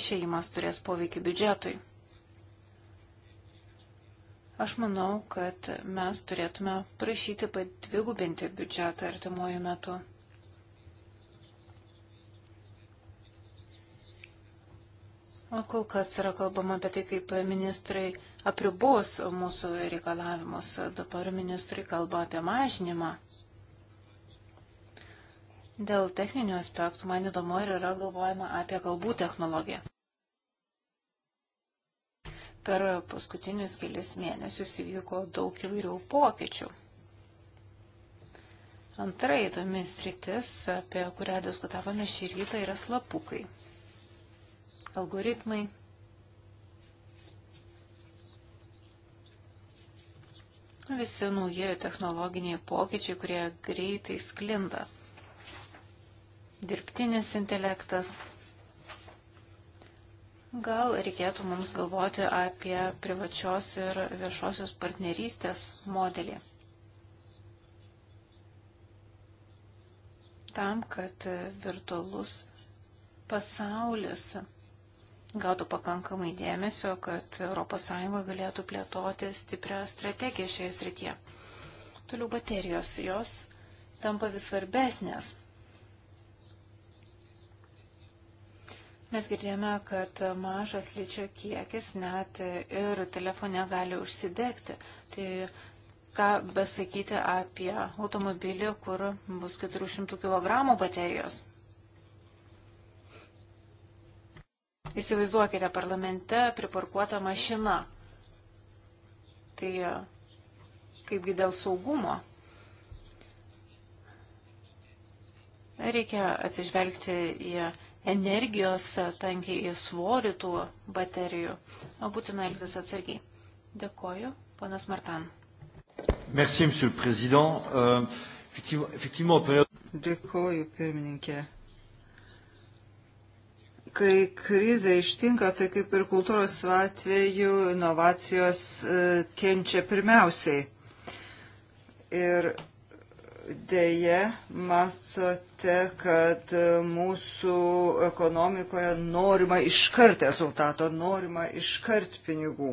išėjimas turės poveikį biudžetui. Aš manau, kad mes turėtume prašyti padvigubinti biudžetą artimuoju metu. Kol kas yra kalbama apie tai, kaip ministrai apribos mūsų reikalavimus. Dabar ministrai kalba apie mažinimą. Dėl techninių aspektų man įdomu ir yra galvojama apie kalbų technologiją. Per paskutinius kelias mėnesius įvyko daug įvairių pokyčių. Antra įdomi sritis, apie kurią diskutavome šį rytą, yra slapukai algoritmai. Visi nauji technologiniai pokyčiai, kurie greitai sklinda. Dirbtinis intelektas. Gal reikėtų mums galvoti apie privačios ir viešosios partnerystės modelį. Tam, kad virtualus pasaulis gautų pakankamai dėmesio, kad ES galėtų plėtoti stiprią strategiją šioje srityje. Toliau baterijos, jos tampa vis svarbesnės. Mes girdėjome, kad mažas lyčio kiekis net ir telefone gali užsidegti. Tai ką besakyti apie automobilį, kur bus 400 kg baterijos. Įsivaizduokite parlamente priparkuota mašina. Tai kaipgi dėl saugumo. Reikia atsižvelgti į energijos tankį, į svorį tų baterijų. O būtina elgtis atsargiai. Dėkoju, ponas Martan. Merci, monsieur le président. Euh, Dėkoju, pirmininkė kai krizė ištinka, tai kaip ir kultūros atveju inovacijos e, kenčia pirmiausiai. Ir dėje matote, kad mūsų ekonomikoje norima iškart rezultato, norima iškart pinigų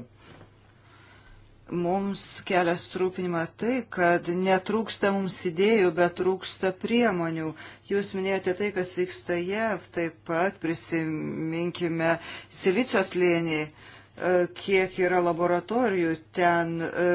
mums kelia strūpinimą tai, kad netrūksta mums idėjų, bet trūksta priemonių. Jūs minėjote tai, kas vyksta JAV, taip pat prisiminkime silicijos lėnį, e, kiek yra laboratorijų ten e,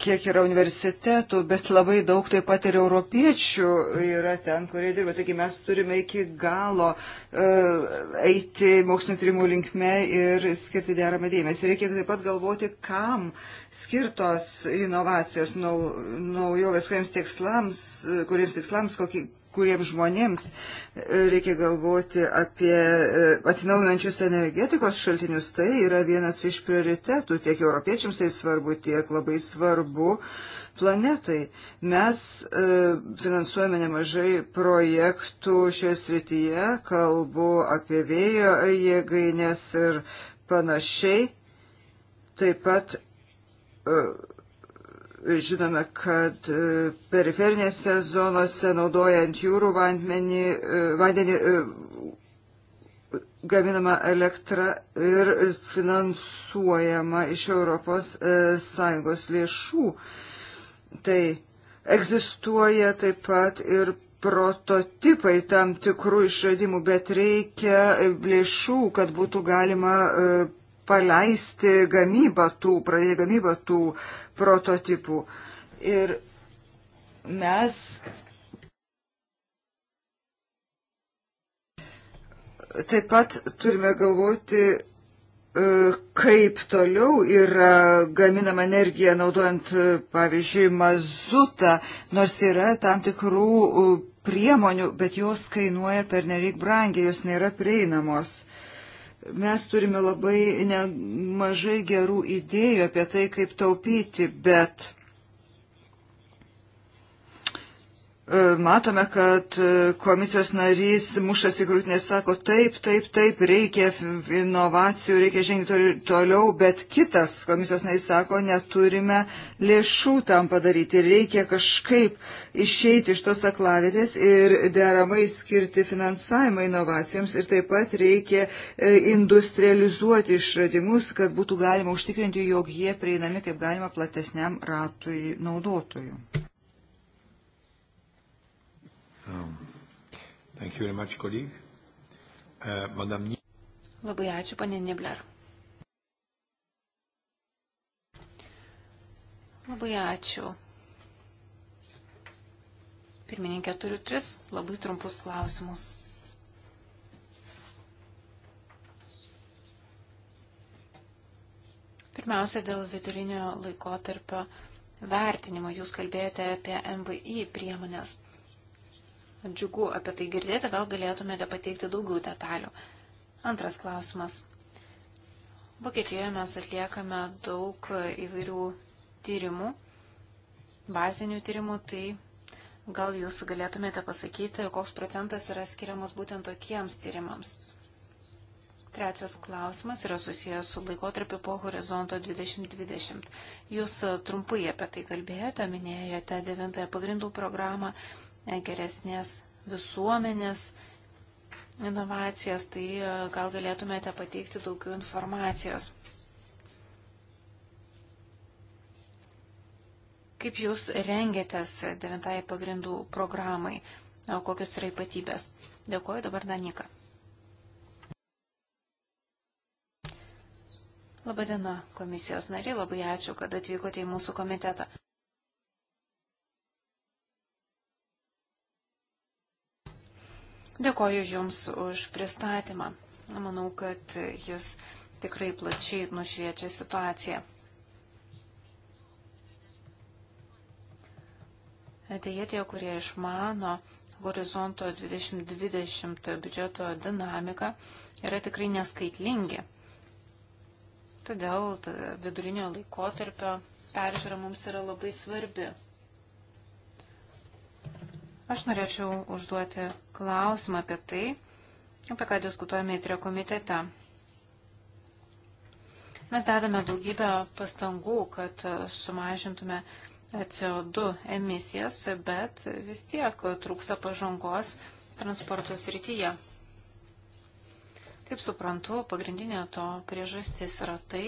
kiek yra universitetų, bet labai daug taip pat ir europiečių yra ten, kurie dirba. Taigi mes turime iki galo uh, eiti mokslinio tyrimų linkme ir skirti deramą dėmesį. Reikia taip pat galvoti, kam skirtos inovacijos, nau, naujovės, kuriems tikslams, kuriems tikslams kokį, kuriems žmonėms e, reikia galvoti apie e, atsinaujinančius energetikos šaltinius, tai yra vienas iš prioritetų tiek europiečiams tai svarbu, tiek labai svarbu planetai. Mes e, finansuojame nemažai projektų šioje srityje, kalbu apie vėjo jėgainės ir panašiai. Taip pat e, Žinome, kad e, periferinėse zonose naudojant jūrų e, vandenį, vandenį gaminama elektra ir finansuojama iš Europos e, Sąjungos lėšų. Tai egzistuoja taip pat ir prototipai tam tikrų išradimų, bet reikia lėšų, kad būtų galima paleisti gamybą tų, pradėti gamybą tų prototipų. Ir mes taip pat turime galvoti, e, kaip toliau yra gaminama energija naudojant, e, pavyzdžiui, mazutą, nors yra tam tikrų e, priemonių, bet jos kainuoja per nereik brangiai, jos nėra prieinamos. Mes turime labai nemažai gerų idėjų apie tai, kaip taupyti, bet E, matome, kad e, komisijos narys mušas į krūtinę sako, taip, taip, taip, reikia inovacijų, reikia žengti toliau, bet kitas komisijos narys sako, neturime lėšų tam padaryti, reikia kažkaip išeiti iš tos aklavitės ir deramai skirti finansavimą inovacijoms ir taip pat reikia e, industrializuoti išradimus, kad būtų galima užtikrinti, jog jie prieinami kaip galima platesniam ratui naudotojų. Um, thank you very much, colleague. Uh, Madame... Labai ačiū, panė Nibler. Labai ačiū. Pirmininkė, turiu tris labai trumpus klausimus. Pirmiausia, dėl vidurinio laikotarpio vertinimo. Jūs kalbėjote apie MVI priemonės džiugu apie tai girdėti, gal galėtumėte pateikti daugiau detalių. Antras klausimas. Vokietijoje mes atliekame daug įvairių tyrimų, bazinių tyrimų, tai gal jūs galėtumėte pasakyti, koks procentas yra skiriamas būtent tokiems tyrimams. Trečias klausimas yra susijęs su laikotarpiu po horizonto 2020. Jūs trumpai apie tai kalbėjote, minėjote devintąją pagrindų programą, E, geresnės visuomenės inovacijas, tai e, gal galėtumėte pateikti daugiau informacijos. Kaip jūs rengiatės devintai pagrindų programai? O kokios yra ypatybės? Dėkuoju dabar Danika. Labadiena, komisijos nariai, labai ačiū, kad atvykote į mūsų komitetą. Dėkoju Jums už pristatymą. Manau, kad jis tikrai plačiai nušviečia situaciją. Ateitie tie, kurie išmano horizonto 2020 biudžeto dinamiką, yra tikrai neskaitlingi. Todėl vidurinio laikotarpio peržiūra mums yra labai svarbi. Aš norėčiau užduoti klausimą apie tai, apie ką diskutuojame įtrio komitete. Mes dedame daugybę pastangų, kad sumažintume CO2 emisijas, bet vis tiek trūksta pažangos transporto srityje. Kaip suprantu, pagrindinė to priežastis yra tai,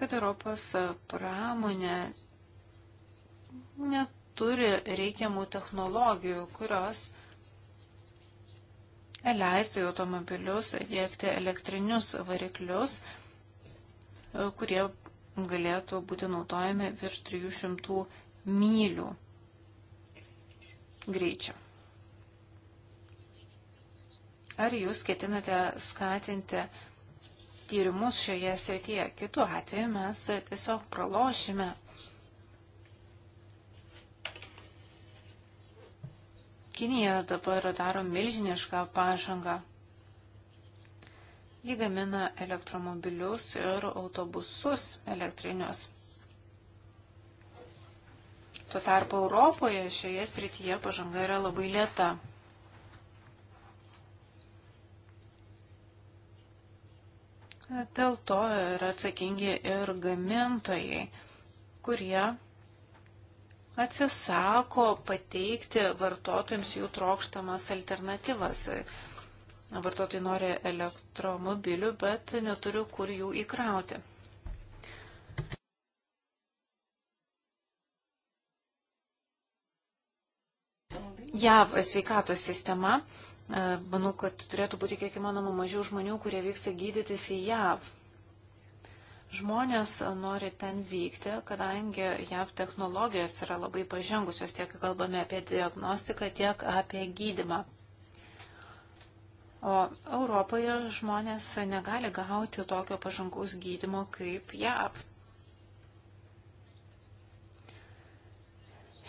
kad Europos pramonė net turi reikiamų technologijų, kurios leistų į automobilius dėkti elektrinius variklius, kurie galėtų būti naudojami virš 300 mylių greičio. Ar jūs ketinate skatinti tyrimus šioje srityje? Kitu atveju mes tiesiog pralošime Kinija dabar daro milžinišką pažangą. Ji gamina elektromobilius ir autobusus elektrinius. Tuo tarpu Europoje šioje srityje pažanga yra labai lėta. Dėl to yra atsakingi ir gamintojai, kurie atsisako pateikti vartotojams jų trokštamas alternatyvas. Vartotojai nori elektromobilių, bet neturiu kur jų įkrauti. JAV sveikatos sistema, e, manau, kad turėtų būti kiek įmanoma mažiau žmonių, kurie vyksta gydytis į JAV. Žmonės nori ten vykti, kadangi JAV technologijos yra labai pažengusios, tiek kalbame apie diagnostiką, tiek apie gydimą. O Europoje žmonės negali gauti tokio pažangaus gydimo kaip JAV.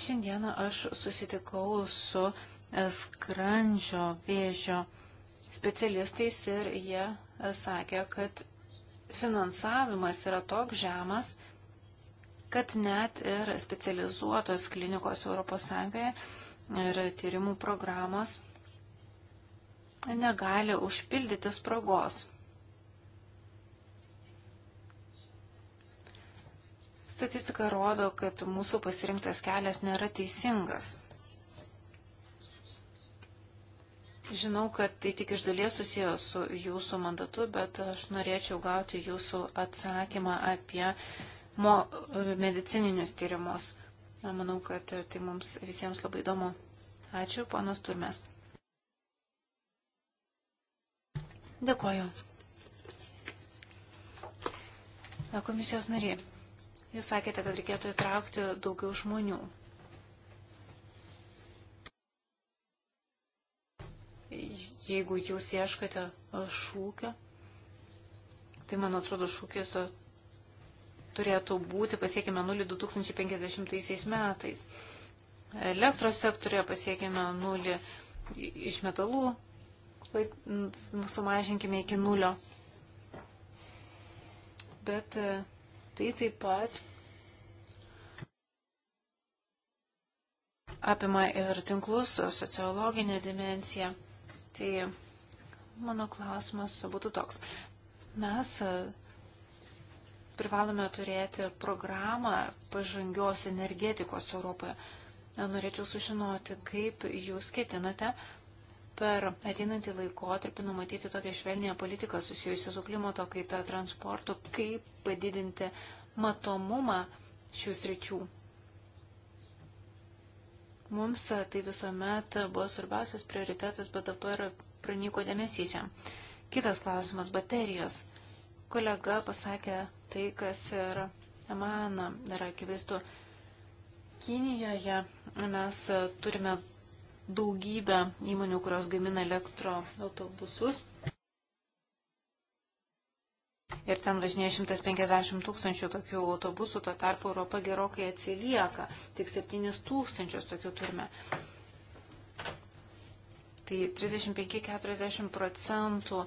Šiandieną aš susitikau su skrandžio vėžio specialistais ir jie sakė, kad finansavimas yra toks žemas, kad net ir specializuotos klinikos ES ir tyrimų programos negali užpildyti spragos. Statistika rodo, kad mūsų pasirinktas kelias nėra teisingas. Žinau, kad tai tik iš dalies susijęs su jūsų mandatu, bet aš norėčiau gauti jūsų atsakymą apie mo, medicininius tyrimus. Manau, kad tai mums visiems labai įdomu. Ačiū, ponas Turmes. Dėkoju. Komisijos nariai, jūs sakėte, kad reikėtų įtraukti daugiau žmonių. jeigu jūs ieškate šūkio, tai man atrodo šūkis turėtų būti pasiekime 0 2050 metais. Elektros sektorioje pasiekime 0 iš metalų, sumažinkime iki nulio. Bet e, tai taip pat apima ir tinklus, sociologinę dimenciją. Tai mano klausimas būtų toks. Mes e, privalome turėti programą pažangios energetikos Europoje. E, norėčiau sužinoti, kaip jūs ketinate per ateinantį laikotarpį numatyti tokią švelnę politiką susijusią su klimato kaita, transportu, kaip padidinti matomumą šių sričių. Mums tai visuomet buvo svarbiausias prioritetas, bet dabar pranyko dėmesys jam. Kitas klausimas - baterijos. Kolega pasakė tai, kas ir man yra akivaizdu. Kinijoje mes turime daugybę įmonių, kurios gamina elektroautobusus ir ten važinėja 150 tūkstančių tokių autobusų, tuo tarpu Europa gerokai atsilieka, tik 7 tūkstančius tokių turime. Tai 35-40 procentų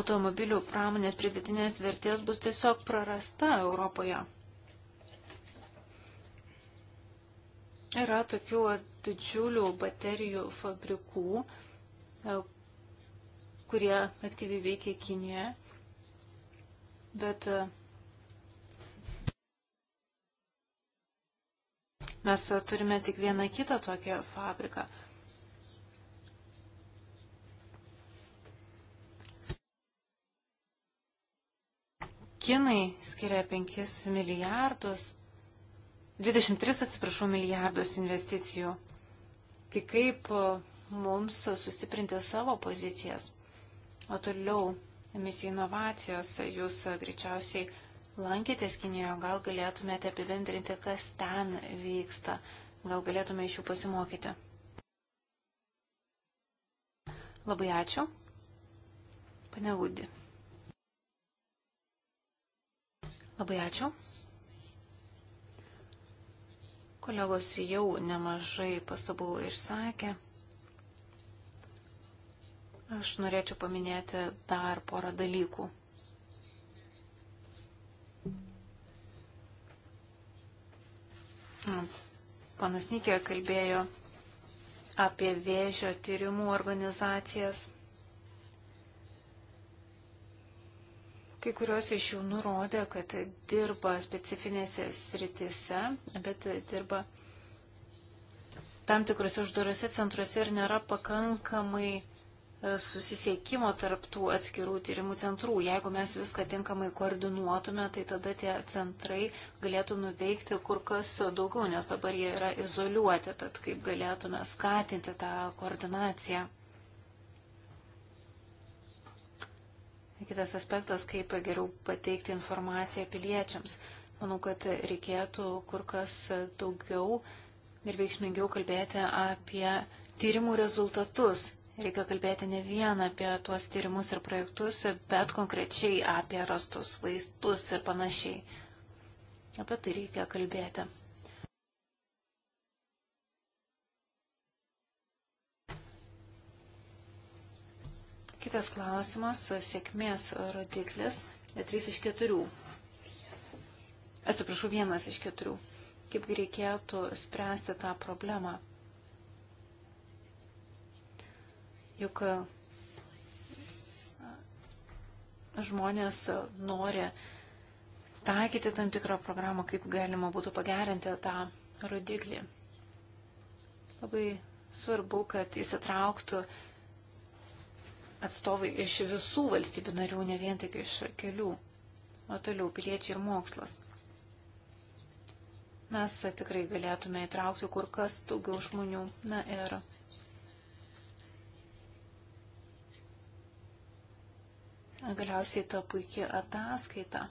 automobilių pramonės pridėtinės vertės bus tiesiog prarasta Europoje. Yra tokių didžiulių baterijų fabrikų, e, kurie aktyviai veikia Kinėje Bet e, mes turime tik vieną kitą tokią fabriką. Kinai skiria 5 milijardus, 23, atsiprašau, milijardus investicijų. Tai kaip e, mums sustiprinti savo pozicijas? O toliau emisijų inovacijos. Jūs greičiausiai lankėtės Kinijoje, gal galėtumėte apibendrinti, kas ten vyksta, gal galėtume iš jų pasimokyti. Labai ačiū. Pane Udi. Labai ačiū. Kolegos jau nemažai pastabų išsakė. Aš norėčiau paminėti dar porą dalykų. Panas Nikė kalbėjo apie vėžio tyrimų organizacijas. Kai kurios iš jų nurodė, kad dirba specifinėse sritise, bet dirba tam tikrose uždarose centruose ir nėra pakankamai E, susisiekimo tarptų atskirų tyrimų centrų. Jeigu mes viską tinkamai koordinuotume, tai tada tie centrai galėtų nuveikti kur kas daugiau, nes dabar jie yra izoliuoti, tad kaip galėtume skatinti tą koordinaciją. Kitas aspektas, kaip geriau pateikti informaciją piliečiams. Manau, kad reikėtų kur kas daugiau ir veiksmingiau kalbėti apie tyrimų rezultatus Reikia kalbėti ne vien apie tuos tyrimus ir projektus, bet konkrečiai apie rastus vaistus ir panašiai. Apie tai reikia kalbėti. Kitas klausimas - sėkmės rodiklis. 3 iš 4. Atsiprašau, vienas iš keturių. Kaip reikėtų spręsti tą problemą? Juk e, žmonės nori taikyti tam tikrą programą, kaip galima būtų pagerinti tą rodiklį. Labai svarbu, kad įsitrauktų atstovai iš visų valstybių narių, ne vien tik iš kelių, o toliau piliečiai ir mokslas. Mes tikrai galėtume įtraukti kur kas daugiau žmonių. Na ir galiausiai ta puikia ataskaita.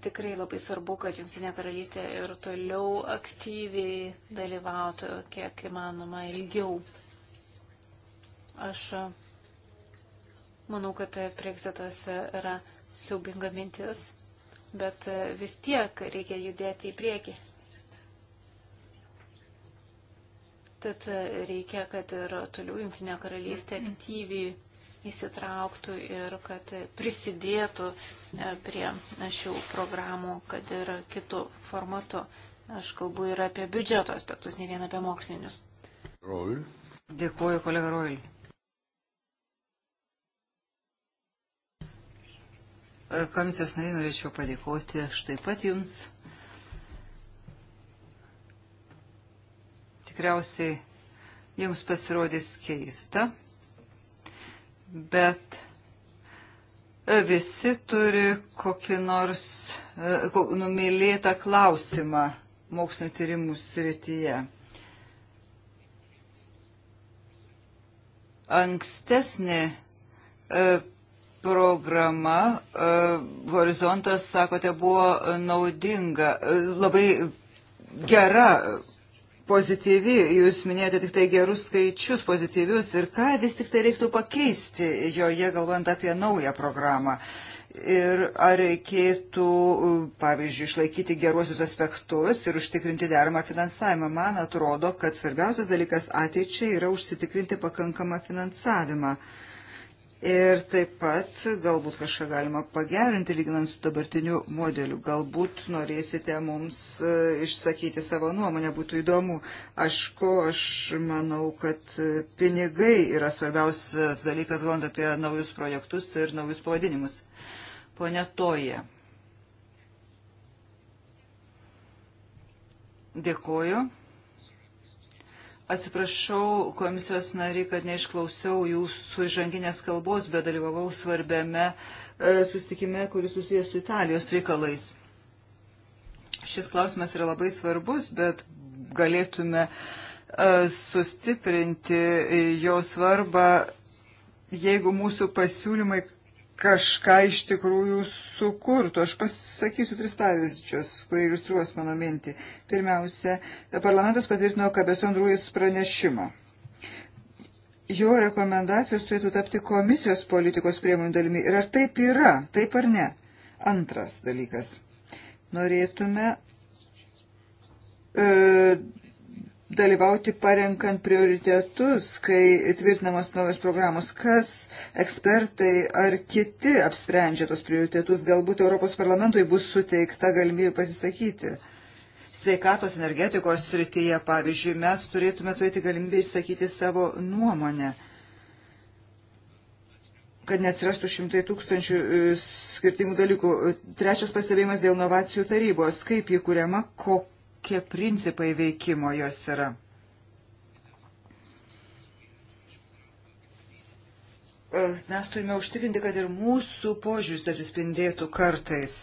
Tikrai labai svarbu, kad Junktinė karalystė ir toliau aktyviai dalyvautų kiek įmanoma ilgiau. Aš manau, kad Brexitas yra siaubinga mintis, bet vis tiek reikia judėti į priekį. Tad reikia, kad ir toliau Junktinė karalystė aktyviai įsitrauktų ir kad prisidėtų e, prie šių programų, kad ir kitų formatų. Aš kalbu ir apie biudžeto aspektus, ne vien apie mokslinius. Roil. Dėkuoju, kolega Roil. E, komisijos nariai norėčiau padėkoti aš taip pat jums. tikriausiai jums pasirodys keista, bet e, visi turi kokį nors e, numylėtą klausimą mokslinio tyrimų srityje. Ankstesnė e, programa Horizontas, sakote, buvo naudinga, labai gera pozityvi, jūs minėjote tik tai gerus skaičius pozityvius ir ką vis tik tai reiktų pakeisti joje, galvant apie naują programą. Ir ar reikėtų, pavyzdžiui, išlaikyti geruosius aspektus ir užtikrinti deramą finansavimą? Man atrodo, kad svarbiausias dalykas ateičiai yra užsitikrinti pakankamą finansavimą. Uh, Ir taip pat galbūt kažką galima pagerinti, lyginant su dabartiniu modeliu. Galbūt norėsite mums e, išsakyti savo nuomonę, būtų įdomu. Aišku, aš manau, kad e, pinigai yra svarbiausias dalykas, galvojant apie naujus projektus ir naujus pavadinimus. Pone Toje. Dėkuoju. Atsiprašau, komisijos nariai, kad neišklausiau jūsų žanginės kalbos, bet dalyvavau svarbiame e, sustikime, kuris susijęs su Italijos reikalais. Šis klausimas yra labai svarbus, bet galėtume e, sustiprinti jo svarbą, jeigu mūsų pasiūlymai kažką iš tikrųjų sukurtų. Aš pasakysiu tris pavyzdžius, kurie iliustruos mano mintį. Pirmiausia, parlamentas patvirtino Kabeson Ruijus pranešimą. Jo rekomendacijos turėtų tapti komisijos politikos priemonių dalimi. Ir ar taip yra, taip ar ne? Antras dalykas. Norėtume e, dalyvauti parenkant prioritetus, kai tvirtinamos naujos programos, kas ekspertai ar kiti apsprendžia tos prioritetus, galbūt Europos parlamentui bus suteikta galimybė pasisakyti. Sveikatos energetikos srityje, pavyzdžiui, mes turėtume turėti galimybę išsakyti savo nuomonę kad neatsirastų šimtai tūkstančių e, skirtingų dalykų. Trečias pastebėjimas dėl inovacijų tarybos. Kaip jį kuriama, kok kokie principai veikimo jos yra. E, mes turime užtikrinti, kad ir mūsų požiūris atsispindėtų kartais.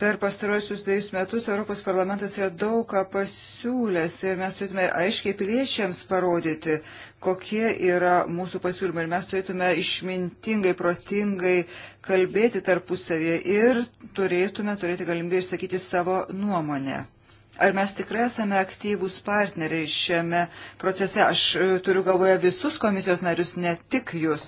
Per pastarosius dviejus metus Europos parlamentas yra daug ką pasiūlęs ir mes turime aiškiai piliečiams parodyti, kokie yra mūsų pasiūlymai. Ir mes turėtume išmintingai, protingai kalbėti tarpusavėje ir turėtume turėti galimybę išsakyti savo nuomonę. Ar mes tikrai esame aktyvūs partneriai šiame procese? Aš e, turiu galvoje visus komisijos narius, ne tik jūs.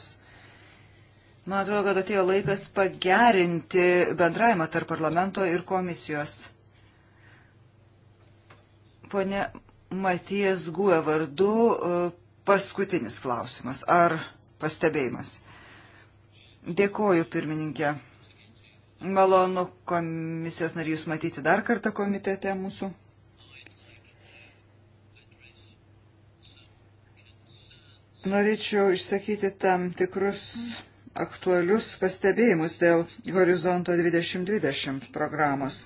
Man atrodo, kad atėjo laikas pagerinti bendravimą tarp parlamento ir komisijos. Pone Matijas Guė vardu e, paskutinis klausimas ar pastebėjimas. Dėkoju, pirmininkė. Malonu komisijos narys matyti dar kartą komitete mūsų. Norėčiau išsakyti tam tikrus aktualius pastebėjimus dėl Horizonto 2020 programos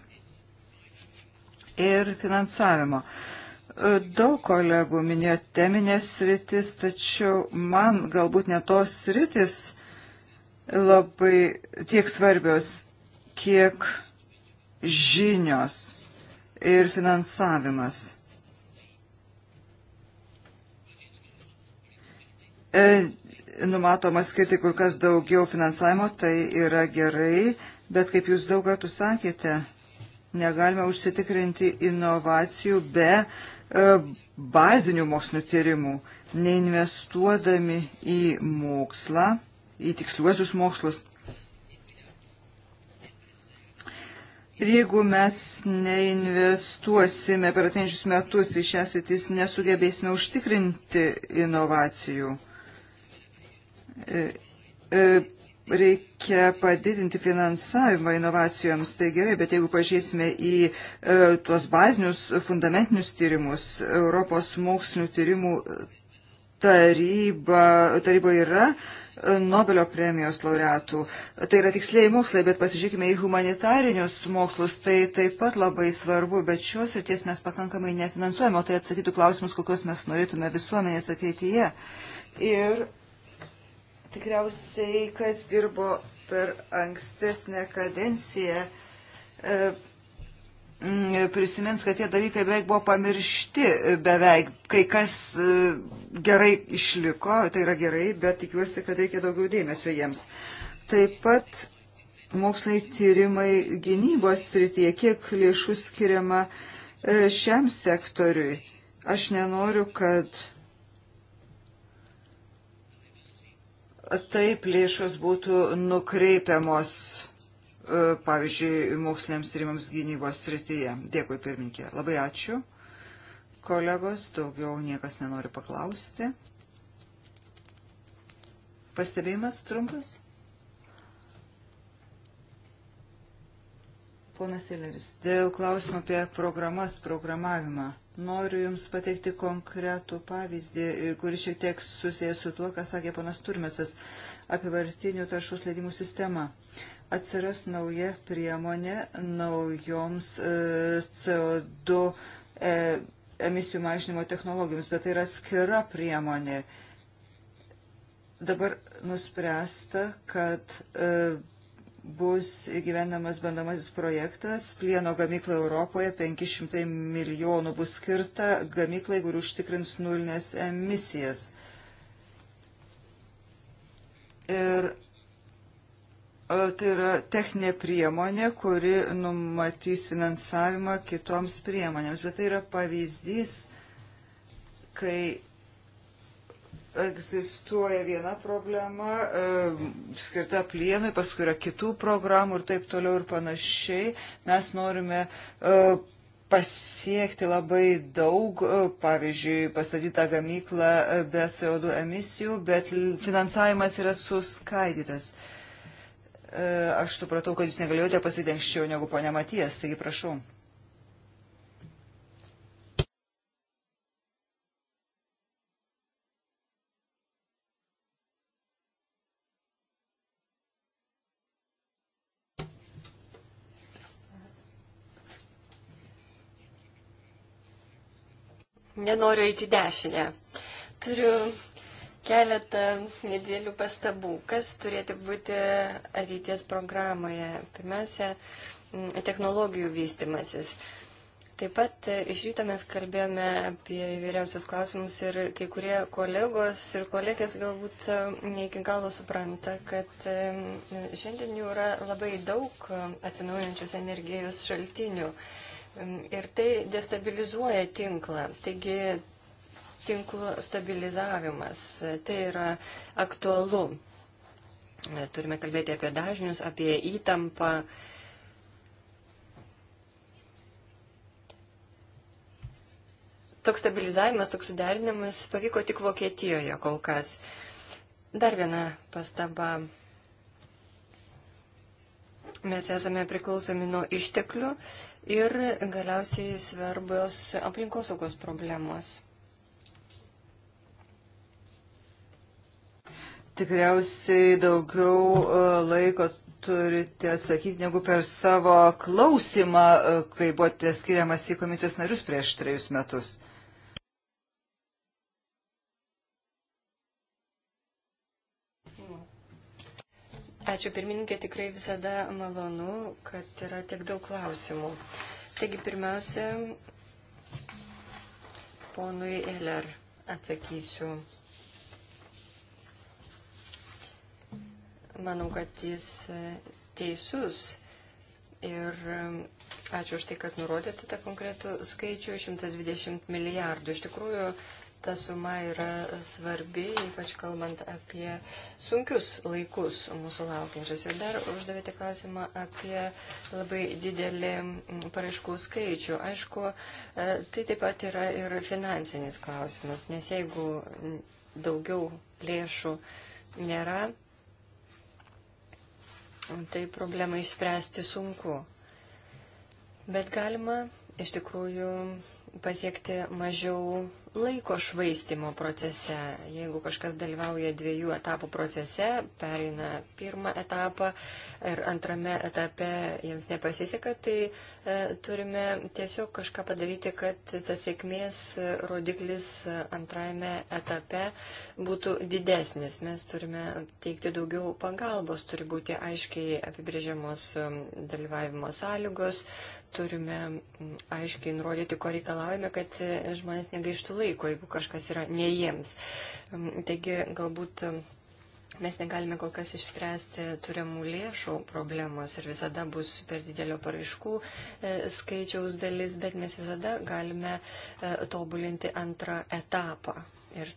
ir finansavimo. Daug kolegų minėjo teminės sritis, tačiau man galbūt ne tos sritis labai tiek svarbios, kiek žinios ir finansavimas. E, numatoma skirti kur kas daugiau finansavimo, tai yra gerai, bet kaip jūs daug kartų sakėte, negalime užsitikrinti inovacijų be uh, E, bazinių mokslinių tyrimų, neinvestuodami į mokslą, į tiksliuosius mokslus. Ir jeigu mes neinvestuosime per atenčius metus į šią sritis, nesugebėsime užtikrinti inovacijų. E, e, reikia padidinti finansavimą inovacijoms, tai gerai, bet jeigu pažiūrėsime į e, tuos bazinius fundamentinius tyrimus, Europos mokslinių tyrimų taryba, taryba yra e, Nobelio premijos laureatų. Tai yra tiksliai mokslai, bet pasižiūrėkime į humanitarinius mokslus, tai taip pat labai svarbu, bet šios ryties mes pakankamai nefinansuojame, o tai atsakytų klausimus, kokios mes norėtume visuomenės ateityje. Ir Tikriausiai, kas dirbo per ankstesnę kadenciją, e, prisimins, kad tie dalykai beveik buvo pamiršti, beveik kai kas e, gerai išliko, tai yra gerai, bet tikiuosi, kad reikia daugiau dėmesio jiems. Taip pat moksliniai tyrimai gynybos srityje, kiek lėšų skiriama e, šiam sektoriui. Aš nenoriu, kad taip lėšos būtų nukreipiamos, e, pavyzdžiui, moksliniams tyrimams gynybos srityje. Dėkui, pirminkė. Labai ačiū. Kolegos, daugiau niekas nenori paklausti. Pastebėjimas trumpas? Ponas Ileris, dėl klausimo apie programas, programavimą. Noriu Jums pateikti konkretų pavyzdį, kuris šiek tiek susijęs su tuo, ką sakė panas Turmesas apie vartinių taršos leidimų sistemą. Atsiras nauja priemonė naujoms e, CO2 e, emisijų mažinimo technologijoms, bet tai yra skira priemonė. Dabar nuspręsta, kad e, bus gyvenamas bandomasis projektas plieno gamykla Europoje, 500 milijonų bus skirta gamyklai, kur užtikrins nulinės emisijas. Ir tai yra techninė priemonė, kuri numatys finansavimą kitoms priemonėms, bet tai yra pavyzdys, kai egzistuoja viena problema e, skirta plienui, paskui yra kitų programų ir taip toliau ir panašiai. Mes norime e, pasiekti labai daug, e, pavyzdžiui, pastatytą gamyklą e, be CO2 emisijų, bet finansavimas yra suskaidytas. E, aš supratau, kad jūs negalėjote pasidengščiau negu ponia Matijas, taigi prašau. nenoriu eiti dešinę. Turiu keletą nedėlių pastabų, kas turėtų būti ateities programoje. Pirmiausia, technologijų vystimasis. Taip pat iš ryto mes kalbėjome apie įvairiausius klausimus ir kai kurie kolegos ir kolegės galbūt ne iki galo supranta, kad šiandien jau yra labai daug atsinaujančios energijos šaltinių. Ir tai destabilizuoja tinklą. Taigi tinklų stabilizavimas tai yra aktualu. Turime kalbėti apie dažnius, apie įtampą. toks stabilizavimas, toks suderinimas pavyko tik Vokietijoje kol kas. Dar viena pastaba. Mes esame priklausomi nuo išteklių ir galiausiai svarbios aplinkosaugos problemos. Tikriausiai daugiau e, laiko turite atsakyti negu per savo klausimą, e, kai buvote skiriamas į komisijos narius prieš trejus metus. Ačiū pirmininkė, tikrai visada malonu, kad yra tiek daug klausimų. Taigi pirmiausia, ponui Eller atsakysiu. Manau, kad jis teisus ir ačiū už tai, kad nurodėte tą konkretų skaičių - 120 milijardų. Iš tikrųjų, ta suma yra svarbi, ypač kalbant apie sunkius laikus mūsų laukiančius. Ir dar uždavėte klausimą apie labai didelį mm, paraiškų skaičių. Aišku, e, tai taip pat yra ir finansinis klausimas, nes jeigu mm, daugiau lėšų nėra, tai problemą išspręsti sunku. Bet galima iš tikrųjų pasiekti mažiau laiko švaistimo procese. Jeigu kažkas dalyvauja dviejų etapų procese, pereina pirmą etapą ir antrame etape jiems nepasiseka, tai e, turime tiesiog kažką padaryti, kad tas sėkmės rodiklis antrajame etape būtų didesnis. Mes turime teikti daugiau pagalbos, turi būti aiškiai apibrėžiamos dalyvavimo sąlygos, turime mm, aiškiai nurodyti, ko reikalavime, kad e, žmonės negaištų laiko, jeigu kažkas yra ne jiems. Mm, taigi galbūt mm, mes negalime kol kas išspręsti turimų lėšų problemos ir visada bus per didelio paraiškų e, skaičiaus dalis, bet mes visada galime e, tobulinti antrą etapą. Ir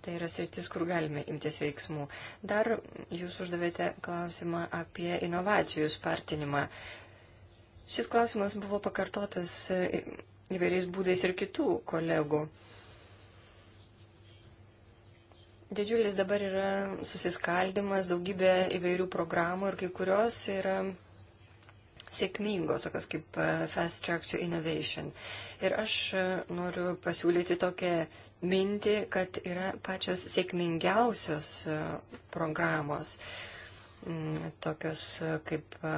tai yra sritis, kur galime imtis veiksmų. Dar jūs uždavėte klausimą apie inovacijų spartinimą. Šis klausimas buvo pakartotas e, įvairiais būdais ir kitų kolegų. Didžiulis dabar yra susiskaldimas, daugybė įvairių programų ir kai kurios yra sėkmingos, tokios kaip e, Fast Track to Innovation. Ir aš e, noriu pasiūlyti tokią mintį, kad yra pačios sėkmingiausios programos. Mm, tokios e, kaip e,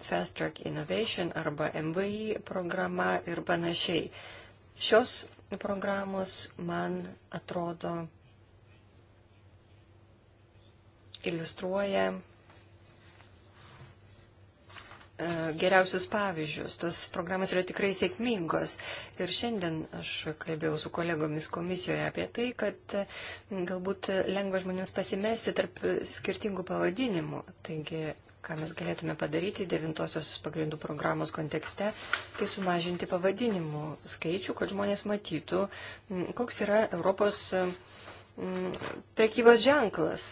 Fast Track Innovation arba MVI programa ir panašiai. Šios programos, man atrodo, iliustruoja geriausius pavyzdžius. Tos programos yra tikrai sėkmingos. Ir šiandien aš kalbėjau su kolegomis komisijoje apie tai, kad mm, galbūt lengva žmonėms pasimesti tarp skirtingų pavadinimų. Taigi, ką mes galėtume padaryti devintosios pagrindų programos kontekste, tai sumažinti pavadinimų skaičių, kad žmonės matytų, mm, koks yra Europos mm, prekybos ženklas,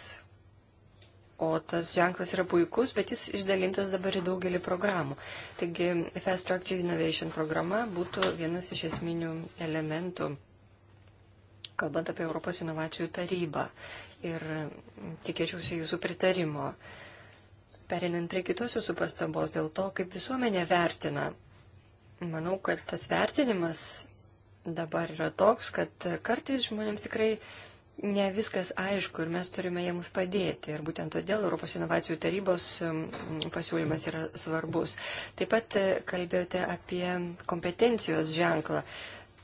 O tas ženklas yra puikus, bet jis išdalintas dabar į daugelį programų. Taigi, Fast Structure Innovation programa būtų vienas iš esminių elementų, kalbant apie Europos inovacijų tarybą. Ir tikėčiausi jūsų pritarimo. Perinant prie kitos jūsų pastabos dėl to, kaip visuomenė vertina. Manau, kad tas vertinimas dabar yra toks, kad kartais žmonėms tikrai ne viskas aišku ir mes turime jiems padėti. Ir būtent todėl Europos inovacijų tarybos um, pasiūlymas yra svarbus. Taip pat e, kalbėjote apie kompetencijos ženklą.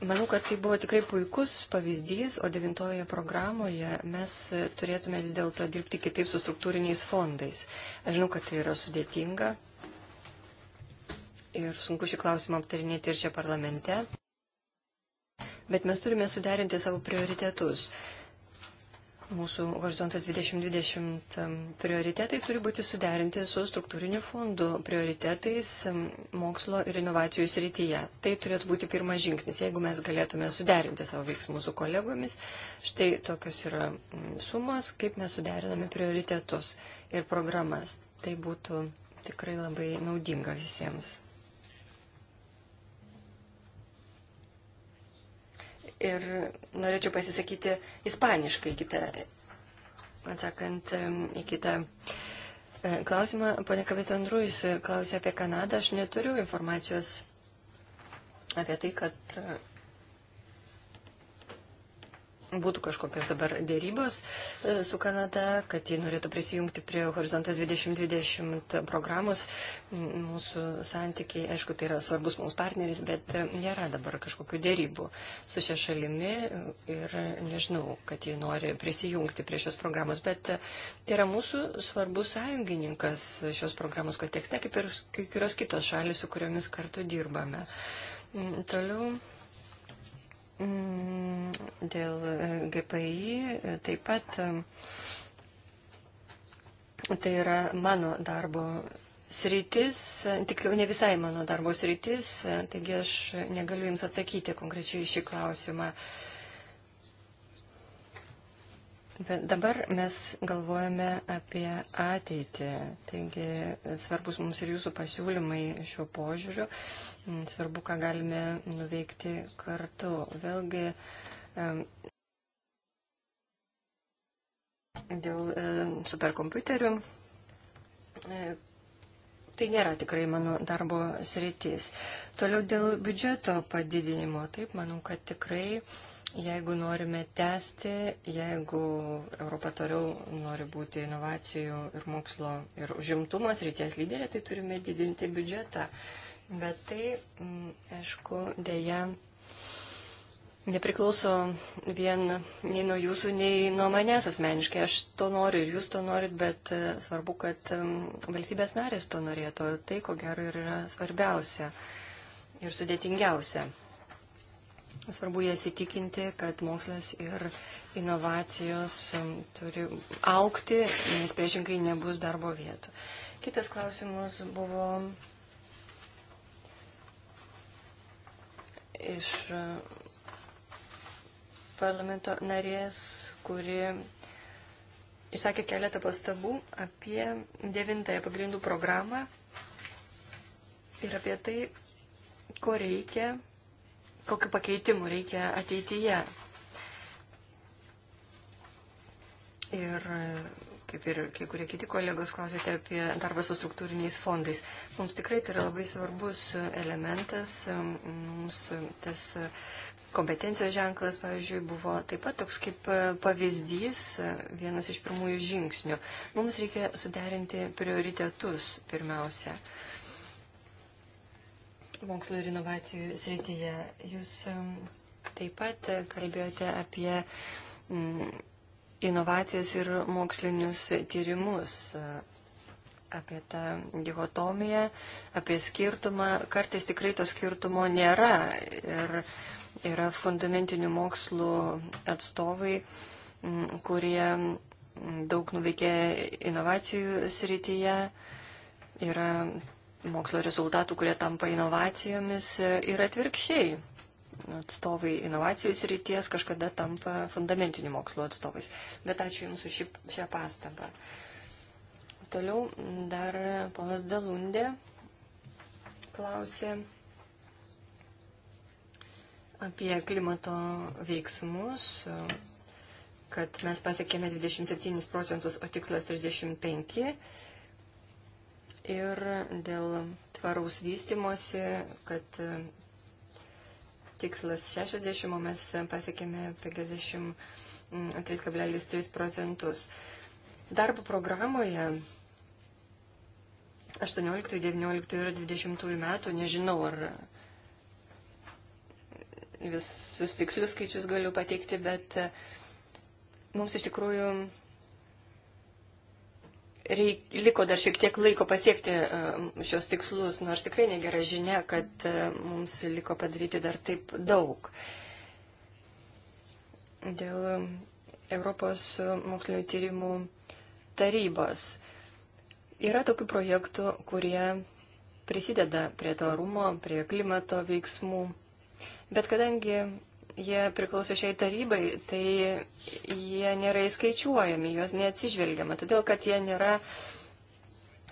Manau, kad tai buvo tikrai puikus pavyzdys, o devintoje programoje mes e, turėtume vis dėlto dirbti kitaip su struktūriniais fondais. Aš žinau, kad tai yra sudėtinga ir sunku šį klausimą aptarinėti ir čia parlamente. Bet mes turime suderinti savo prioritetus mūsų horizontas 2020 prioritetai turi būti suderinti su struktūriniu fondu prioritetais mokslo ir inovacijų srityje. Tai turėtų būti pirmas žingsnis, jeigu mes galėtume suderinti savo veiksmus su kolegomis. Štai tokios yra sumos, kaip mes suderiname prioritetus ir programas. Tai būtų tikrai labai naudinga visiems. ir norėčiau pasisakyti ispaniškai kitą, atsakant į kitą e, klausimą. Pone Kavitandrujus e, klausė apie Kanadą. Aš neturiu informacijos apie tai, kad būtų kažkokios dabar dėrybos e, su Kanada, kad ji norėtų prisijungti prie Horizontas 2020 programos. Mūsų santykiai, aišku, tai yra svarbus mums partneris, bet e, nėra dabar kažkokių dėrybų su šia šalimi ir nežinau, kad ji nori prisijungti prie šios programos, bet e, tai yra mūsų svarbus sąjungininkas šios programos kontekste, kaip ir kai kurios kitos šalis, su kuriomis kartu dirbame. Toliau. Mm, dėl e, GPI e, taip pat e, tai yra mano darbo sritis, tiksliau ne visai mano darbo sritis, taigi aš negaliu Jums atsakyti konkrečiai šį klausimą. Uh, Bet dabar mes galvojame apie ateitį. Taigi svarbus mums ir jūsų pasiūlymai šiuo požiūriu. Mm, svarbu, ką galime nuveikti kartu. Vėlgi dėl e, superkompiuterių. E, tai nėra tikrai mano darbo sritis. Toliau dėl biudžeto padidinimo. Taip, manau, kad tikrai. Uh, Jeigu norime tęsti, jeigu Europa toliau nori būti inovacijų ir mokslo ir užimtumos ryties lyderė, tai turime didinti biudžetą. Bet tai, mm, aišku, dėja nepriklauso vien nei nuo jūsų, nei nuo manęs asmeniškai. Aš to noriu ir jūs to norit, bet e, svarbu, kad valstybės narės to norėtų. Tai, ko gero, ir yra svarbiausia ir sudėtingiausia. Svarbu jas įtikinti, kad mokslas ir inovacijos um, turi aukti, nes priešinkai nebus darbo vietų. Kitas klausimas buvo iš uh, parlamento narės, kuri išsakė keletą pastabų apie devintąją pagrindų programą ir apie tai, ko reikia kokiu pakeitimu reikia ateityje. Ir kaip ir kai kurie kiti kolegos klausėte apie darbą su struktūriniais fondais. Mums tikrai tai yra labai svarbus elementas. Mums tas kompetencijos ženklas, pavyzdžiui, buvo taip pat toks kaip pavyzdys, vienas iš pirmųjų žingsnių. Mums reikia suderinti prioritetus pirmiausia mokslo ir inovacijų srityje. Jūs taip pat kalbėjote apie mm, inovacijas ir mokslinius tyrimus, e, apie tą dichotomiją, apie skirtumą. Kartais tikrai to skirtumo nėra ir yra fundamentinių mokslų atstovai, kurie daug nuveikė inovacijų srityje, yra mokslo rezultatų, kurie tampa inovacijomis e, ir atvirkščiai. Atstovai inovacijų srities kažkada tampa fundamentinių mokslo atstovais. Bet ačiū Jums už šį, šią pastabą. Toliau dar ponas Dalundė klausė apie klimato veiksmus kad mes pasiekėme 27 procentus, o tikslas 35 ir dėl tvaraus vystimosi, kad e, tikslas 60, o mes pasiekėme 53,3 procentus. Darbo programoje 18, 19 ir 20 metų, nežinau, ar visus tikslius skaičius galiu pateikti, bet e, mums iš tikrųjų reik, liko dar šiek tiek laiko pasiekti e, šios tikslus, nors tikrai negera žinia, kad e, mums liko padaryti dar taip daug. Dėl e, Europos mokslinio tyrimų tarybos yra tokių projektų, kurie prisideda prie tvarumo, prie klimato veiksmų. Bet kadangi jie priklauso šiai tarybai, tai jie nėra įskaičiuojami, juos neatsižvelgiama, todėl kad jie nėra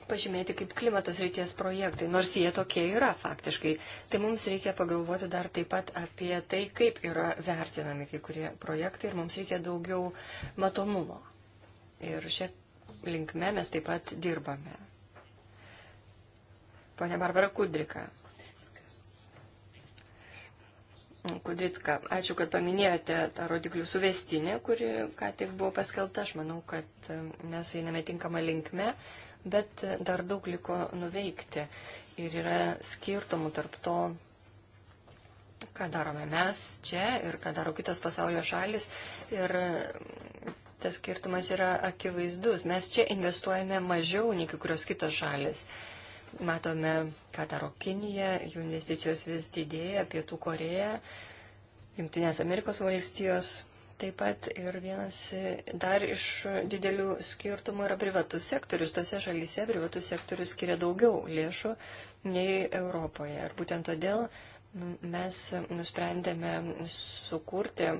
pažymėti kaip klimatos ryties projektai, nors jie tokie yra faktiškai. Tai mums reikia pagalvoti dar taip pat apie tai, kaip yra vertinami kai kurie projektai ir mums reikia daugiau matomumo. Ir šią linkme mes taip pat dirbame. Pone Barbara Kudrika. Kudricka, ačiū, kad paminėjote tą rodiklių suvestinę, kuri ką tik buvo paskelbta. Aš manau, kad e, mes einame tinkamą linkmę, bet e, dar daug liko nuveikti. Ir yra skirtumų tarp to, ką darome mes čia ir ką daro kitos pasaulio šalis. Ir e, tas skirtumas yra akivaizdus. Mes čia investuojame mažiau nei kai kurios kitos šalis. Uh, Matome, ką daro Kinija, jų investicijos vis didėja, Pietų Koreja, Junktinės Amerikos valstijos. Taip pat ir vienas dar iš didelių skirtumų yra privatus sektorius. Tose šalyse privatus sektorius skiria daugiau lėšų nei Europoje. Ir būtent todėl mes nusprendėme sukurti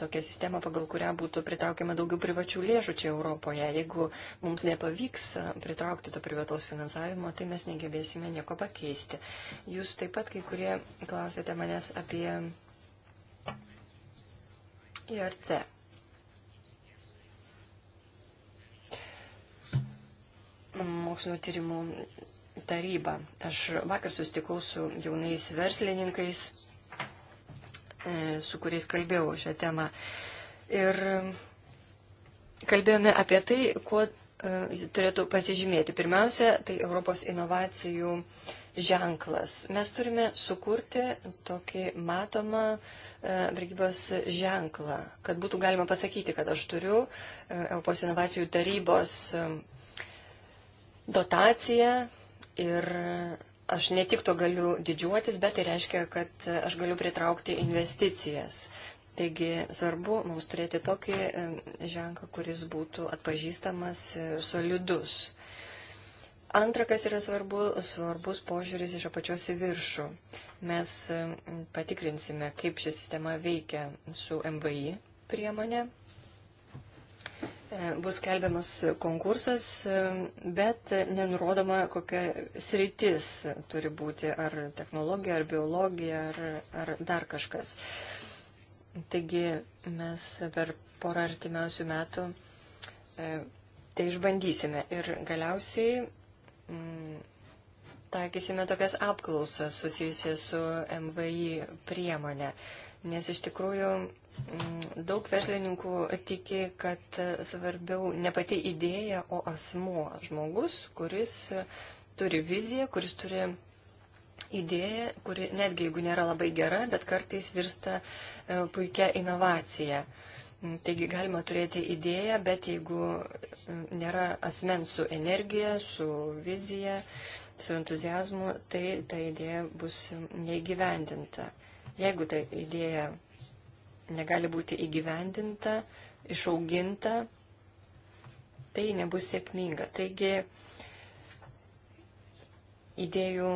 tokią sistemą, pagal kurią būtų pritraukiama daugiau privačių lėšų čia Europoje. Jeigu mums nepavyks pritraukti to privataus finansavimo, tai mes negebėsime nieko pakeisti. Jūs taip pat kai kurie klausėte manęs apie IRC. Mokslinio tyrimų taryba. Aš vakar sustikau su jaunais verslininkais, E, su kuriais kalbėjau šią temą. Ir kalbėjome apie tai, kuo e, turėtų pasižymėti. Pirmiausia, tai Europos inovacijų ženklas. Mes turime sukurti tokį matomą e, prekybos ženklą, kad būtų galima pasakyti, kad aš turiu Europos inovacijų tarybos dotaciją ir aš ne tik to galiu didžiuotis, bet tai reiškia, kad aš galiu pritraukti investicijas. Taigi svarbu mums turėti tokį ženklą, kuris būtų atpažįstamas ir solidus. Antra, kas yra svarbu, svarbus požiūris iš apačios į viršų. Mes patikrinsime, kaip ši sistema veikia su MVI priemonė, bus kelbiamas konkursas, bet nenurodoma, kokia sritis turi būti, ar technologija, ar biologija, ar, ar dar kažkas. Taigi mes per porą artimiausių metų e, tai išbandysime ir galiausiai m, mm, taikysime tokias apklausas susijusias su MVI priemonė, nes iš tikrųjų Mm, daug verslininkų tiki, kad svarbiau ne pati idėja, o asmuo. Žmogus, kuris turi viziją, kuris turi idėją, kuri netgi jeigu nėra labai gera, bet kartais virsta e, puikia inovacija. Mm, taigi galima turėti idėją, bet jeigu e, nėra asmens su energija, su vizija, su entuzijazmu, tai ta idėja bus neįgyvendinta. Jeigu ta idėja negali būti įgyvendinta, išauginta, tai nebus sėkminga. Taigi idėjų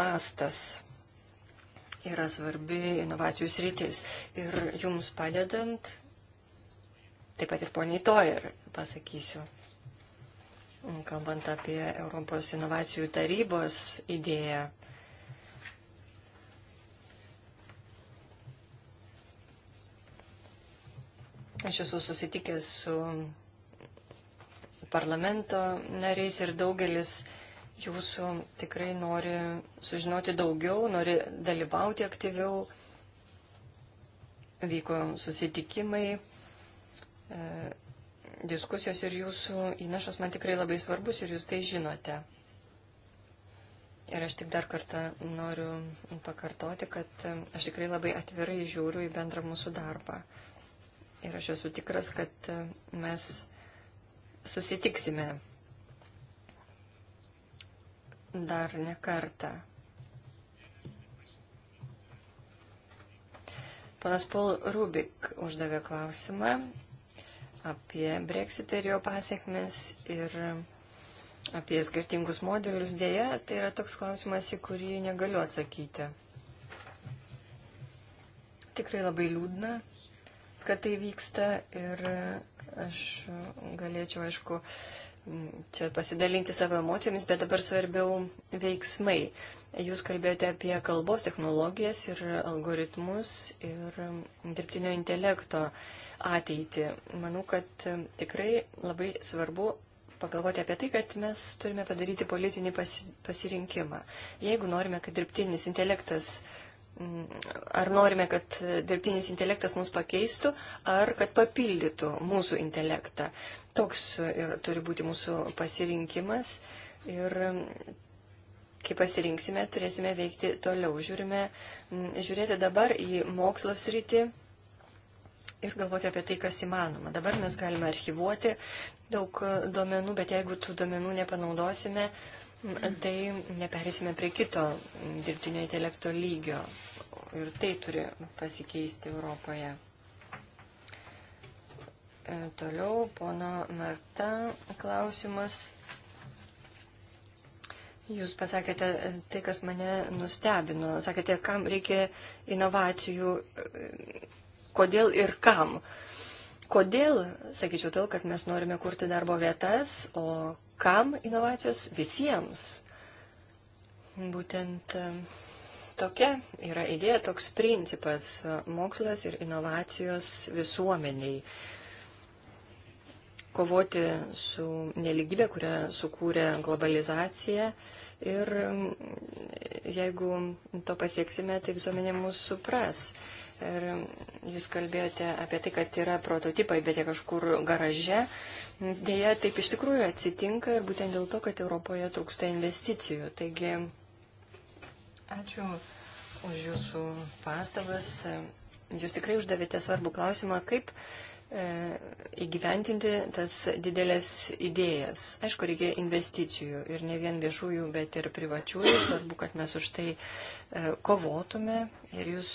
mastas yra svarbi inovacijų sritis. Ir jums padedant, taip pat ir poniai Toir pasakysiu, kalbant apie Europos inovacijų tarybos idėją, Aš esu susitikęs su parlamento nariais ir daugelis jūsų tikrai nori sužinoti daugiau, nori dalyvauti aktyviau. Vyko susitikimai, e, diskusijos ir jūsų įnašas man tikrai labai svarbus ir jūs tai žinote. Ir aš tik dar kartą noriu pakartoti, kad e, aš tikrai labai atvirai žiūriu į bendrą mūsų darbą. Ir aš esu tikras, kad mes susitiksime dar ne kartą. Panas Paul Rubik uždavė klausimą apie Brexitą ir jo pasiekmes ir apie skirtingus modelius. Dėja, tai yra toks klausimas, į kurį negaliu atsakyti. Tikrai labai liūdna, kad tai vyksta ir aš galėčiau, aišku, čia pasidalinti savo emocijomis, bet dabar svarbiau veiksmai. Jūs kalbėjote apie kalbos technologijas ir algoritmus ir dirbtinio intelekto ateitį. Manau, kad tikrai labai svarbu pagalvoti apie tai, kad mes turime padaryti politinį pasirinkimą. Jeigu norime, kad dirbtinis intelektas uh, ar norime, kad dirbtinis intelektas mus pakeistų, ar kad papildytų mūsų intelektą. Toks ir turi būti mūsų pasirinkimas. Ir kai pasirinksime, turėsime veikti toliau. Žiūrime, mm, žiūrėti dabar į mokslo sritį ir galvoti apie tai, kas įmanoma. Dabar mes galime archivuoti daug e, duomenų, bet jeigu tų duomenų nepanaudosime, tai neperėsime prie kito dirbtinio intelekto lygio. Ir tai turi pasikeisti Europoje. E, toliau pono Marta klausimas. Jūs pasakėte tai, kas mane nustebino. Sakėte, kam reikia inovacijų, e, kodėl ir kam. Kodėl, sakyčiau, tol, kad mes norime kurti darbo vietas, o Kam inovacijos? Visiems. Būtent e, tokia yra idėja, toks principas e, - mokslas ir inovacijos visuomeniai. Kovoti su neligybė, kurią sukūrė globalizacija. Ir e, jeigu to pasieksime, tai visuomenė mūsų supras. Ir jūs kalbėjote apie tai, kad yra prototipai, bet jie kažkur garaže. Deja, taip iš tikrųjų atsitinka ir būtent dėl to, kad Europoje trūksta investicijų. Taigi, ačiū už Jūsų pastabas. Jūs tikrai uždavėte svarbų klausimą, kaip e, įgyventinti tas didelės idėjas. Aišku, reikia investicijų ir ne vien viešųjų, bet ir privačiųjų. Svarbu, kad mes už tai e, kovotume ir Jūs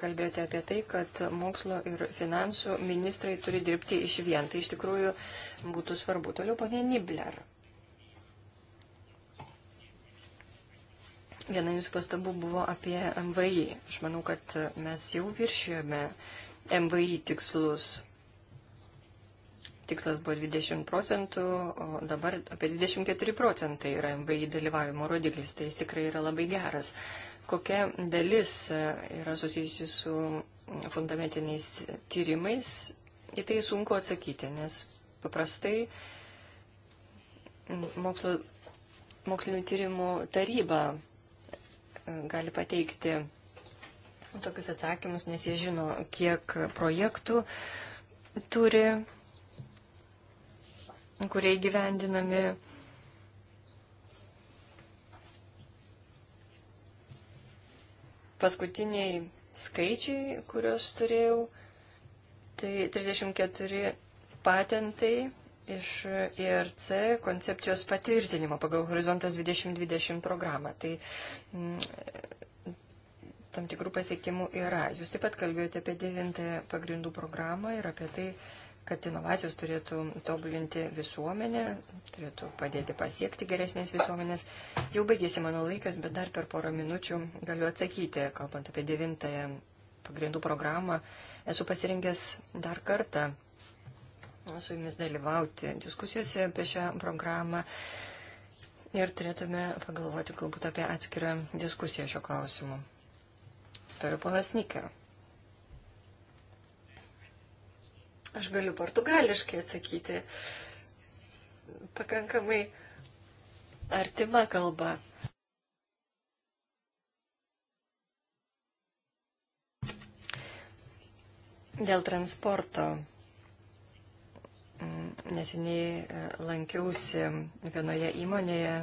kalbėjote apie tai, kad mokslo ir finansų ministrai turi dirbti iš vien. Tai iš tikrųjų būtų svarbu. Toliau ponė Nibler. Viena jūsų pastabų buvo apie MVI. Aš manau, kad mes jau viršijome MVI tikslus. Tikslas buvo 20 procentų, o dabar apie 24 procentai yra MVI dalyvavimo rodiklis. Tai jis tikrai yra labai geras. Uh, kokia dalis e, yra susijusi su fundamentiniais tyrimais, į tai sunku atsakyti, nes paprastai mokslo, mokslinio tyrimų taryba e, gali pateikti tokius atsakymus, nes jie žino, kiek projektų turi, kurie gyvendinami paskutiniai skaičiai, kuriuos turėjau, tai 34 patentai iš IRC e koncepcijos patvirtinimo pagal Horizontas 2020 programą. Tai m, mm, tam tikrų pasiekimų yra. Jūs taip pat kalbėjote apie devintąją pagrindų programą ir apie tai, kad inovacijos turėtų tobulinti visuomenę, turėtų padėti pasiekti geresnės visuomenės. Jau baigėsi mano laikas, bet dar per porą minučių galiu atsakyti, kalbant apie devintąją pagrindų programą. Esu pasirinkęs dar kartą su jumis dalyvauti diskusijose apie šią programą ir turėtume pagalvoti galbūt apie atskirą diskusiją šio klausimu. Toliau ponas Niker. Aš galiu portugališkai atsakyti. Pakankamai artima kalba. Dėl transporto. Neseniai e, lankiausi vienoje įmonėje,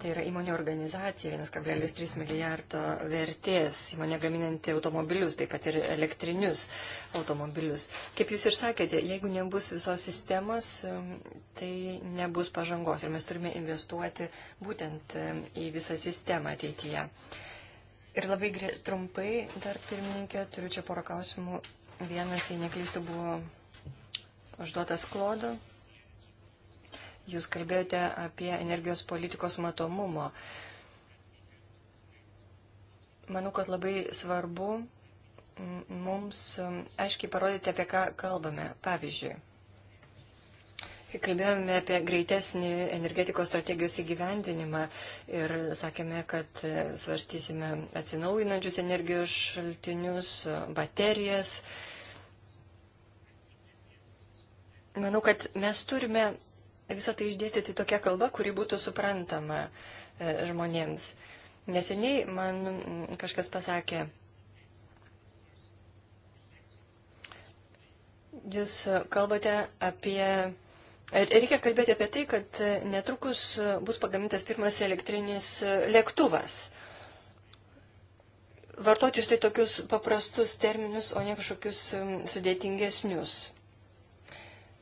Tai yra įmonė organizacija, 1,3 milijardo vertės, įmonė gaminanti automobilius, taip pat ir elektrinius automobilius. Kaip jūs ir sakėte, jeigu nebus visos sistemos, tai nebus pažangos ir mes turime investuoti būtent į visą sistemą ateityje. Ir labai trumpai, dar pirmininkė, turiu čia porą klausimų. Vienas, jei neklystu, buvo užduotas klodo. Jūs kalbėjote apie energijos politikos matomumo. Manau, kad labai svarbu mums aiškiai parodyti, apie ką kalbame. Pavyzdžiui, kai kalbėjome apie greitesnį energetikos strategijos įgyvendinimą ir sakėme, kad e, svarstysime atsinaujinančius energijos šaltinius, baterijas. Manau, kad mes turime visą tai išdėstyti tokia kalba, kuri būtų suprantama e, žmonėms. Neseniai man kažkas pasakė, jūs kalbate apie. Er, reikia kalbėti apie tai, kad netrukus bus pagamintas pirmas elektrinis lėktuvas. Vartoti štai tokius paprastus terminus, o ne kažkokius sudėtingesnius.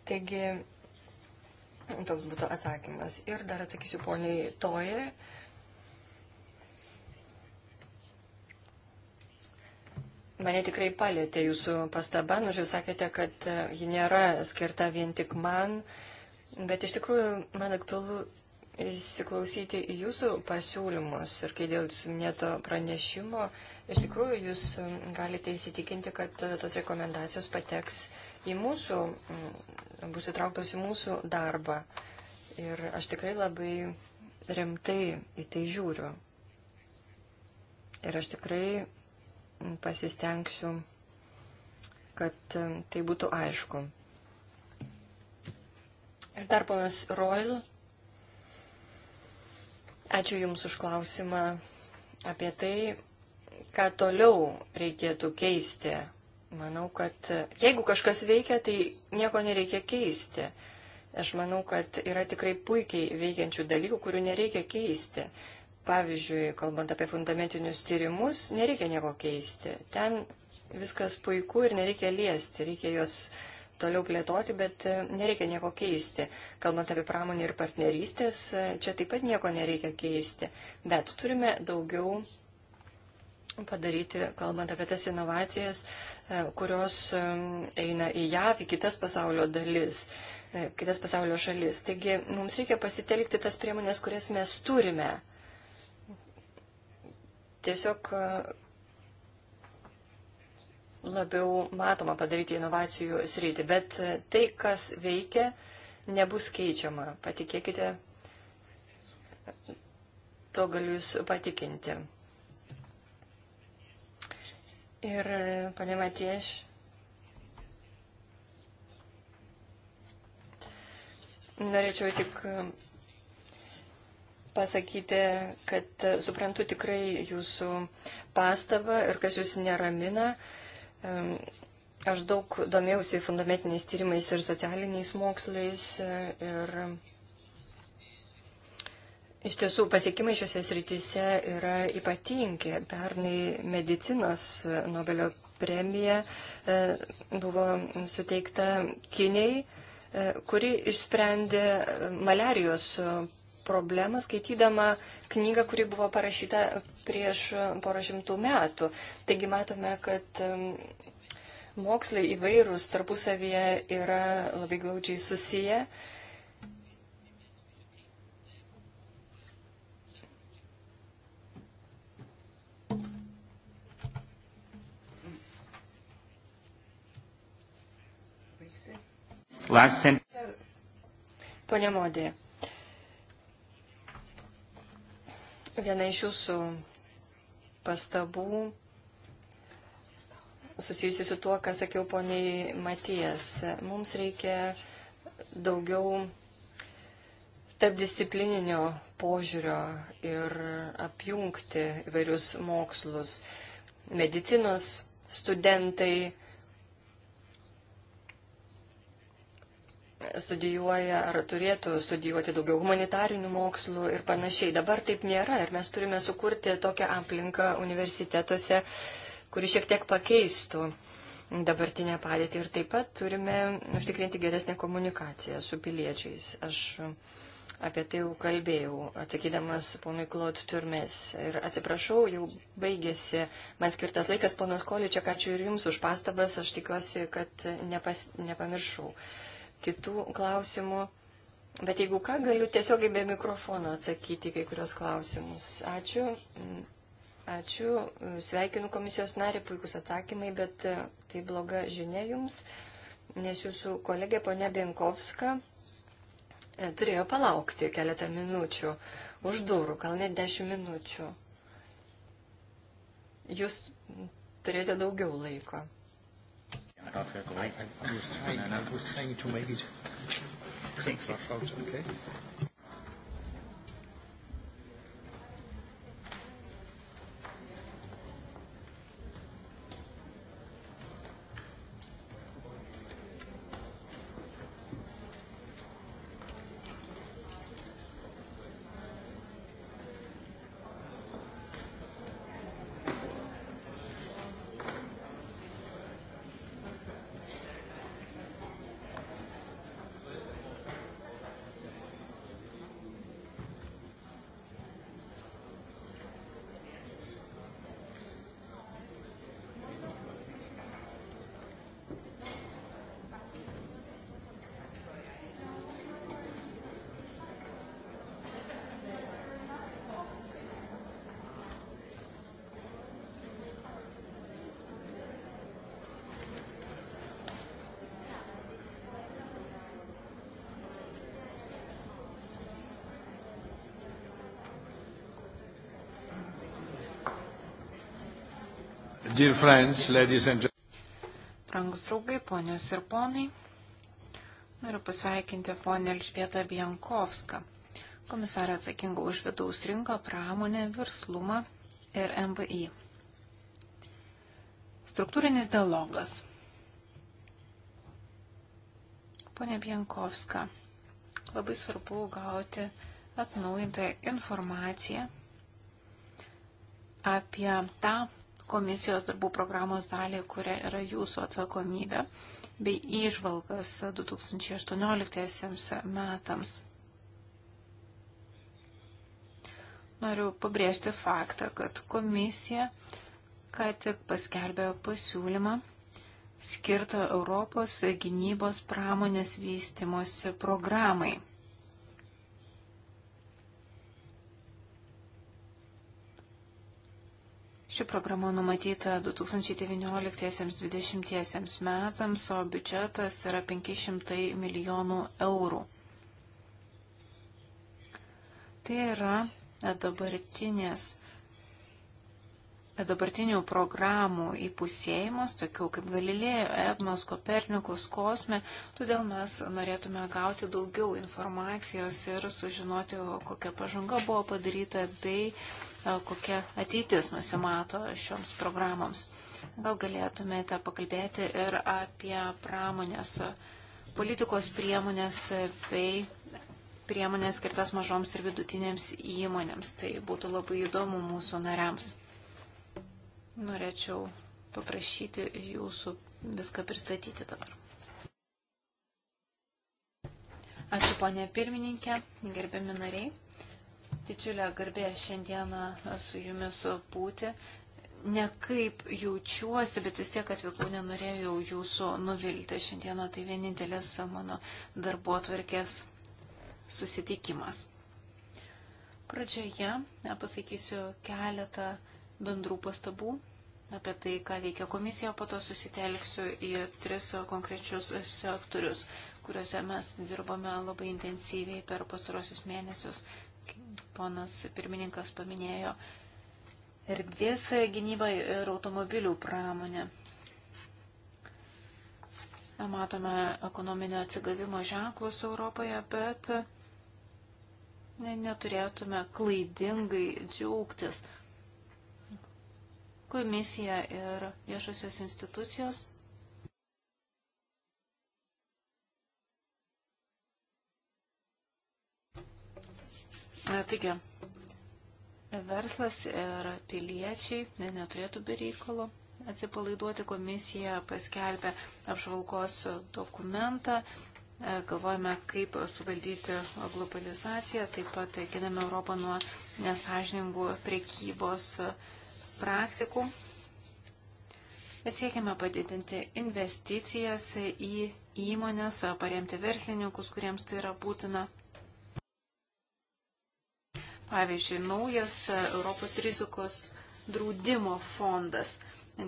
Taigi Toks būtų atsakymas. Ir dar atsakysiu poniai Toje. Mane tikrai palėtė jūsų pastaba, nors jūs sakėte, kad e, ji nėra skirta vien tik man, bet iš tikrųjų man aktualu įsiklausyti į jūsų pasiūlymus ir kai dėl jūsų minėto pranešimo, iš tikrųjų jūs galite įsitikinti, kad e, tos rekomendacijos pateks į mūsų bus įtrauktos į mūsų darbą. Ir aš tikrai labai rimtai į tai žiūriu. Ir aš tikrai pasistengsiu, kad um, tai būtų aišku. Ir dar ponas Royal, ačiū Jums už klausimą apie tai, ką toliau reikėtų keisti Manau, kad jeigu kažkas veikia, tai nieko nereikia keisti. Aš manau, kad yra tikrai puikiai veikiančių dalykų, kurių nereikia keisti. Pavyzdžiui, kalbant apie fundamentinius tyrimus, nereikia nieko keisti. Ten viskas puiku ir nereikia liesti, reikia juos toliau plėtoti, bet e, nereikia nieko keisti. Kalbant apie pramonį ir partnerystės, e, čia taip pat nieko nereikia keisti. Bet turime daugiau padaryti, kalbant apie tas inovacijas, e, kurios e, eina į JAV, į kitas pasaulio dalis, e, kitas pasaulio šalis. Taigi mums reikia pasitelkti tas priemonės, kurias mes turime. Tiesiog labiau matoma padaryti inovacijų sritį, bet tai, kas veikia, nebus keičiama. Patikėkite, to galiu jūs patikinti. Ir e, ponė Matieš. Norėčiau tik pasakyti, kad e, suprantu tikrai jūsų pastabą ir kas jūs neramina. Aš daug domėjausi fundamentiniais tyrimais ir socialiniais mokslais e, ir Iš tiesų, pasiekimai šiuose srityse yra ypatingi. Pernai medicinos Nobelio premija e, buvo suteikta Kiniai, e, kuri išsprendė e, malerijos problemą skaitydama knygą, kuri buvo parašyta prieš porą šimtų metų. Taigi matome, kad mokslai įvairūs tarpusavyje yra labai glaudžiai susiję. Last sentence. Pone Modė, viena iš jūsų pastabų susijusi su tuo, ką sakiau poniai Matijas. Mums reikia daugiau tarp disciplininio požiūrio ir apjungti įvairius mokslus. Medicinos studentai, studijuoja ar turėtų studijuoti daugiau humanitarinių mokslų ir panašiai. Dabar taip nėra ir mes turime sukurti tokią aplinką universitetuose, kuri šiek tiek pakeistų dabartinę padėtį ir taip pat turime užtikrinti geresnę komunikaciją su piliečiais. Aš apie tai jau kalbėjau, atsakydamas ponui Klot Turmes. Ir atsiprašau, jau baigėsi man skirtas laikas, ponas Količiak, ačiū ir jums už pastabas, aš tikiuosi, kad nepas, nepamiršau kitų klausimų. Bet jeigu ką, galiu tiesiog be mikrofono atsakyti kai kurios klausimus. Ačiū. Mm, ačiū. Sveikinu komisijos narį, puikus atsakymai, bet e, tai bloga žinia jums, nes jūsų kolegė ponia Bienkovska e, turėjo palaukti keletą minučių už durų, gal net dešimt minučių. Jūs turėjote daugiau laiko. I was trying, I was trying to make it. Okay. Dear friends, ladies and gentlemen. Prangus draugai, ponios ir ponai, noriu pasveikinti ponę Elžbietą Biankovską, komisarę atsakingą už vidaus rinką, pramonę, verslumą ir MVI. Struktūrinis dialogas. Pone Bienkovska, labai svarbu gauti atnaujintą informaciją apie tą komisijos darbų programos dalį, kuria yra jūsų atsakomybė, bei įžvalgas 2018 metams. Noriu pabrėžti faktą, kad komisija ką tik paskelbė pasiūlymą skirtą Europos gynybos pramonės vystimosi programai. Ši programa numatyta 2019-2020 metams, o biudžetas yra 500 milijonų eurų. Tai yra dabartinės, dabartinių programų įpusėjimas, tokių kaip Galilėjo, Egnos, Kopernikus, Kosme, todėl mes norėtume gauti daugiau informacijos ir sužinoti, kokia pažanga buvo padaryta bei kokia ateitis nusimato šioms programoms. Gal galėtumėte pakalbėti ir apie pramonės politikos priemonės bei priemonės skirtas mažoms ir vidutinėms įmonėms. Tai būtų labai įdomu mūsų nariams. Norėčiau paprašyti jūsų viską pristatyti dabar. Ačiū ponė pirmininkė, gerbiami nariai didžiulė garbė šiandieną su jumis būti. Ne kaip jaučiuosi, bet vis tiek atvykau, nenorėjau jūsų nuvilti. Šiandieną tai vienintelis mano darbo atvarkės susitikimas. Pradžioje pasakysiu keletą bendrų pastabų apie tai, ką veikia komisija, po to susitelksiu į tris konkrečius sektorius, kuriuose mes dirbame labai intensyviai per pastarosius mėnesius ponas pirmininkas paminėjo erdvės gynybą ir automobilių pramonę. Matome ekonominio atsigavimo ženklus Europoje, bet neturėtume klaidingai džiaugtis. Komisija ir viešosios institucijos Taigi, verslas ir piliečiai neturėtų be reikalo atsipalaiduoti. Komisija paskelbė apžvalgos dokumentą. E, galvojame, kaip suvaldyti globalizaciją, taip pat giname Europą nuo nesažiningų prekybos praktikų. Siekime padidinti investicijas į įmonės, paremti verslininkus, kuriems tai yra būtina. Pavyzdžiui, naujas e, Europos rizikos draudimo fondas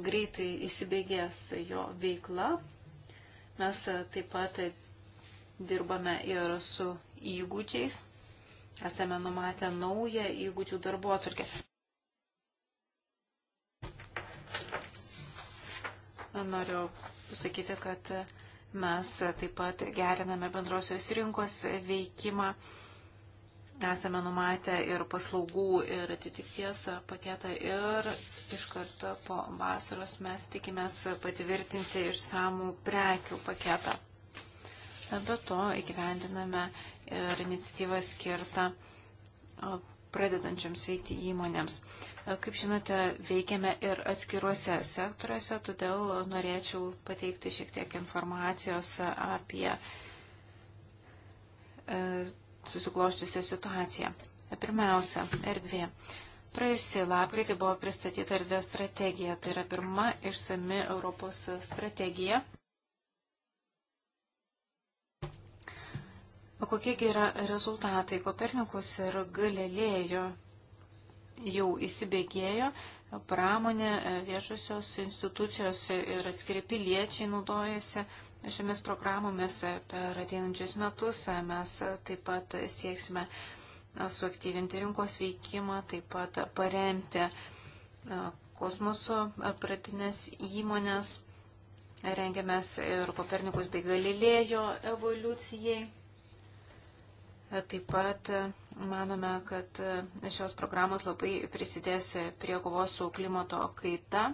greitai įsibėgės jo veikla. Mes e, taip pat dirbame ir su įgūdžiais. Esame numatę naują įgūdžių darbo atvarkę. Noriu pasakyti, kad mes e, taip pat geriname bendrosios rinkos veikimą Esame numatę ir paslaugų ir atitikties paketą ir iš karto po vasaros mes tikimės patvirtinti išsamų prekių paketą. Be to įgyvendiname ir iniciatyvą skirtą pradedančiams veikti įmonėms. Kaip žinote, veikiame ir atskiruose sektoriuose, todėl norėčiau pateikti šiek tiek informacijos apie e, susikloščiusią situaciją. Pirmiausia, erdvė. Praėjusį lapkritį buvo pristatyta erdvės strategija. Tai yra pirma išsami Europos strategija. O kokiegi yra rezultatai? Kopernikus ir Galilėjo jau įsibėgėjo, pramonė, viešosios institucijos ir atskiri piliečiai naudojasi Šiomis programomis per ateinančius metus mes taip pat sieksime suaktyvinti rinkos veikimą, taip pat paremti kosmoso pradinės įmonės, rengiamės ir Kopernikus bei Galilėjo evoliucijai. Taip pat manome, kad šios programos labai prisidės prie kovos su klimato kaita.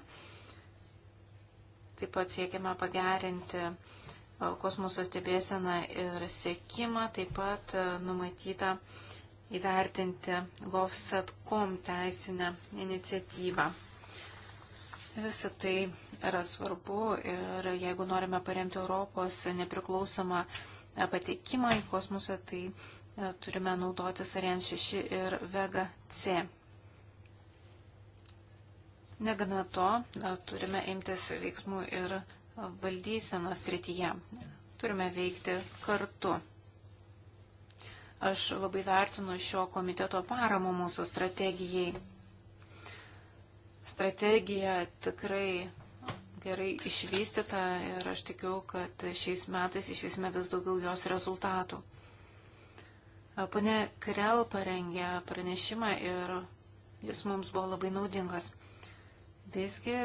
Taip pat siekiame pagerinti kosmoso stebėseną ir sekimą, taip pat numatyta įvertinti GovSatcom teisinę iniciatyvą. Visą tai yra svarbu ir jeigu norime paremti Europos nepriklausomą patekimą į kosmosą, tai turime naudotis Ariane 6 ir Vega C. Negana to, turime imtis veiksmų ir valdysenos rytyje. Turime veikti kartu. Aš labai vertinu šio komiteto paramą mūsų strategijai. Strategija tikrai gerai išvystyta ir aš tikiu, kad šiais metais išvysime vis daugiau jos rezultatų. Pane Krell parengė pranešimą ir jis mums buvo labai naudingas. Visgi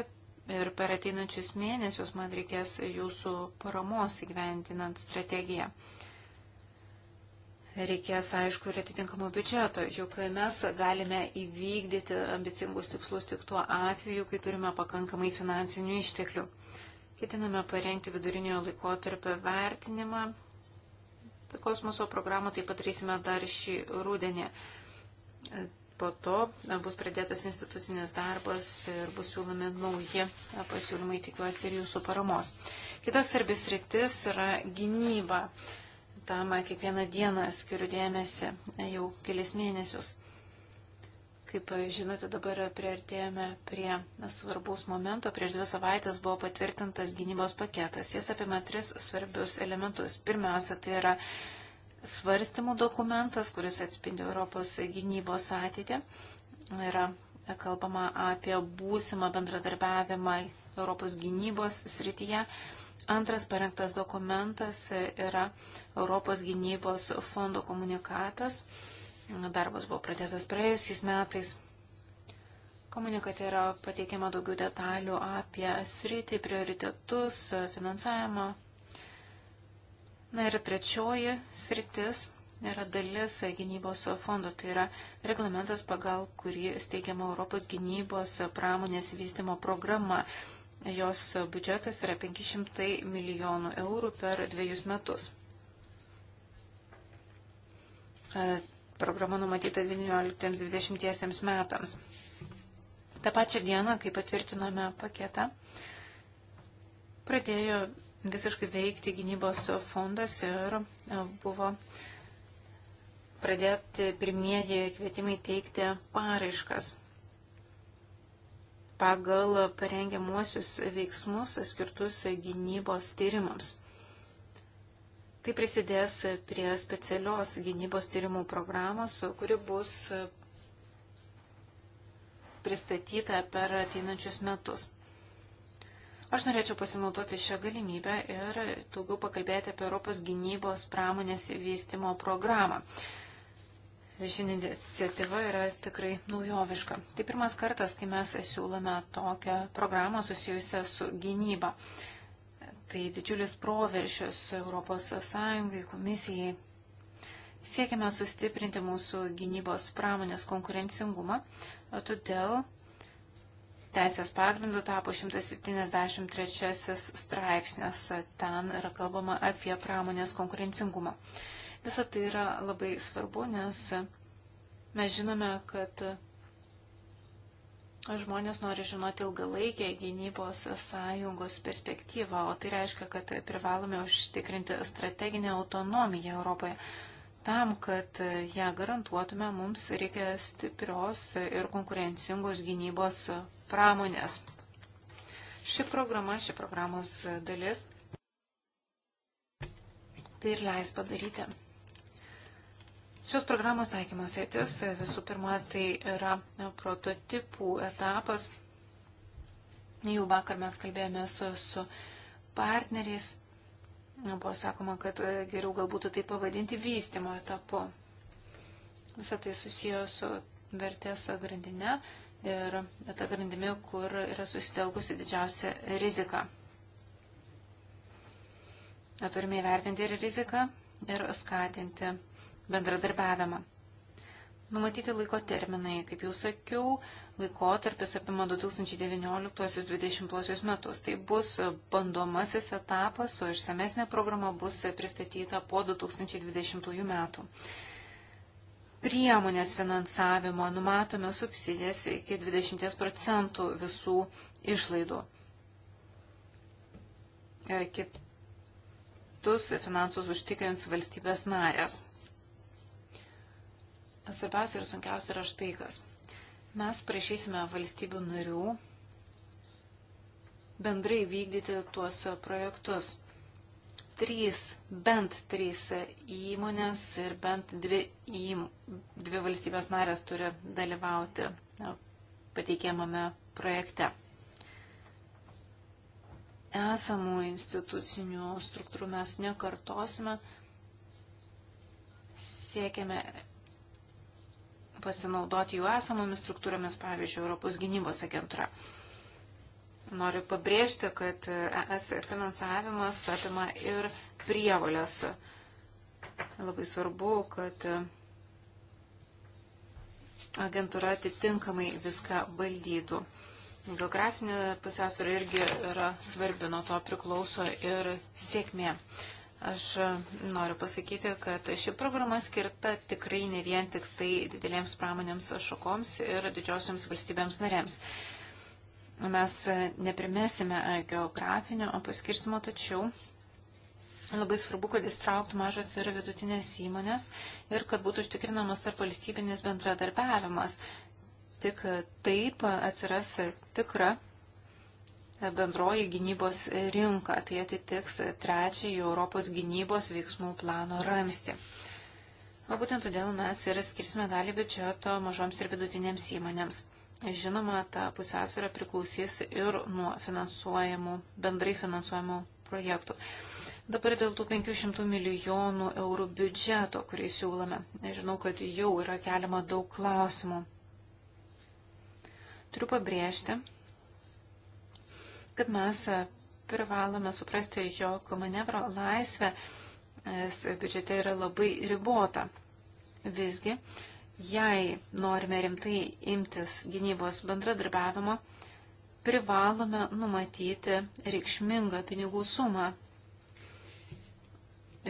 ir per ateinančius mėnesius man reikės jūsų paramos įgyventinant strategiją. Reikės, aišku, ir atitinkamo biudžeto, juk mes galime įvykdyti ambicingus tikslus tik tuo atveju, kai turime pakankamai finansinių išteklių. Ketiname parengti viduriniojo laikotarpio vertinimą. Kosmoso programą taip pat reisime dar šį rūdienį po to bus pradėtas institucinis darbas ir bus siūlomi nauji pasiūlymai, tikiuosi, ir jūsų paramos. Kitas svarbis rytis yra gynyba. Tam kiekvieną dieną skiriu dėmesį jau kelias mėnesius. Kaip žinote, dabar priartėjome prie svarbus momento. Prieš dvi savaitės buvo patvirtintas gynybos paketas. Jis apima tris svarbius elementus. Pirmiausia, tai yra svarstymų dokumentas, kuris atspindi Europos gynybos ateitį. Yra kalbama apie būsimą bendradarbiavimą Europos gynybos srityje. Antras parengtas dokumentas yra Europos gynybos fondo komunikatas. Darbas buvo pradėtas praėjusiais metais. Komunikate yra pateikiama daugiau detalių apie sritį, prioritetus, finansavimą, Na ir trečioji sritis yra dalis gynybos fondo, tai yra reglamentas, pagal kurį steigiama Europos gynybos pramonės vystimo programa. Jos biudžetas yra 500 milijonų eurų per dviejus metus. Programa numatyta 19-20 metams. Ta pačia diena, kai patvirtinome paketą, pradėjo visiškai veikti gynybos fondas ir e, buvo pradėti pirmieji kvietimai teikti paraiškas. Pagal parengiamuosius veiksmus skirtus gynybos tyrimams. Tai prisidės prie specialios gynybos tyrimų programos, kuri bus pristatyta per ateinančius metus. Aš norėčiau pasinaudoti šią galimybę ir daugiau pakalbėti apie Europos gynybos pramonės vystimo programą. Ši iniciatyva yra tikrai naujoviška. Tai pirmas kartas, kai mes siūlome tokią programą susijusią su gynyba. Tai didžiulis proveršius ES, komisijai, Siekiame sustiprinti mūsų gynybos pramonės konkurencingumą, todėl teisės pagrindu tapo 173 straipsnės. Ten yra kalbama apie pramonės konkurencingumą. Visą tai yra labai svarbu, nes mes žinome, kad žmonės nori žinoti ilgalaikę gynybos sąjungos perspektyvą, o tai reiškia, kad privalome užtikrinti strateginę autonomiją Europoje. Tam, kad ją garantuotume, mums reikia stiprios ir konkurencingos gynybos pramonės. Ši programa, ši programos dalis tai ir leis padaryti. Šios programos taikymos rytis visų pirma tai yra prototipų etapas. Jau vakar mes kalbėjome su, su partneriais. Buvo sakoma, kad geriau galbūt tai pavadinti vystimo etapu. Visą tai susijęs su vertės grandinė ir ta grandimi, kur yra susitelkusi didžiausia rizika. Turime įvertinti ir riziką ir skatinti bendradarbiavimą. Numatyti laiko terminai, kaip jau sakiau, laikotarpis apima 2019-2020 metus. Tai bus bandomasis etapas, o išsamesnė programa bus pristatyta po 2020 metų priemonės finansavimo numatome subsidijas iki 20 procentų visų išlaidų. E, kitus finansus užtikrins valstybės narės. Svarbiausia ir sunkiausia yra štai kas. Mes prašysime valstybių narių bendrai vykdyti tuos projektus trys, bent trys įmonės ir bent dvi, įm, dvi valstybės narės turi dalyvauti pateikiamame projekte. Esamų institucinių struktūrų mes nekartosime, siekiame pasinaudoti jų esamomis struktūromis, pavyzdžiui, Europos gynybos agentūra. Noriu pabrėžti, kad ES finansavimas apima ir prievalės. Labai svarbu, kad agentūra atitinkamai viską valdytų. Geografinė pusiausvėra irgi yra svarbi, nuo to priklauso ir sėkmė. Aš noriu pasakyti, kad ši programa skirta tikrai ne vien tik tai didelėms pramonėms šakoms ir didžiosiams valstybėms narėms. Mes neprimesime geografinio paskirstimo, tačiau labai svarbu, kad įstrauktų mažas ir vidutinės įmonės ir kad būtų užtikrinamas tarp valstybinis bendradarbiavimas. Tik taip atsiras tikra bendroji gynybos rinka. Tai atitiks trečiąjį Europos gynybos veiksmų plano ramstį. O būtent todėl mes ir skirsime dalį biudžeto mažoms ir vidutinėms įmonėms. Žinoma, ta pusiausvėra priklausys ir nuo finansuojamų, bendrai finansuojamų projektų. Dabar dėl tų 500 milijonų eurų biudžeto, kurį siūlome. Žinau, kad jau yra keliama daug klausimų. Turiu pabrėžti, kad mes privalome suprasti, jog manevro laisvė biudžete yra labai ribota. Visgi, Jei norime rimtai imtis gynybos bendradarbiavimo, privalome numatyti reikšmingą pinigų sumą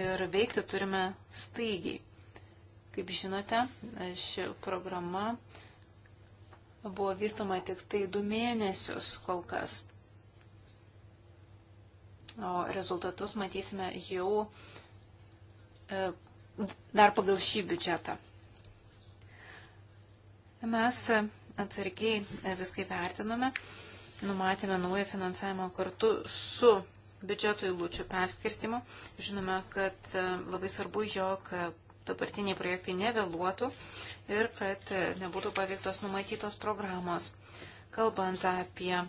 ir veikti turime staigiai. Kaip žinote, ši programa buvo vystoma tik tai du mėnesius kol kas. O rezultatus matysime jau e, dar pagal šį biudžetą. Mes atsargiai viską vertinome, numatėme naują finansavimą kartu su biudžeto įlūčių perskirstimu. Žinome, kad e, labai svarbu, jog dabartiniai projektai nevėluotų ir kad e, nebūtų paveiktos numatytos programos. Kalbant apie e,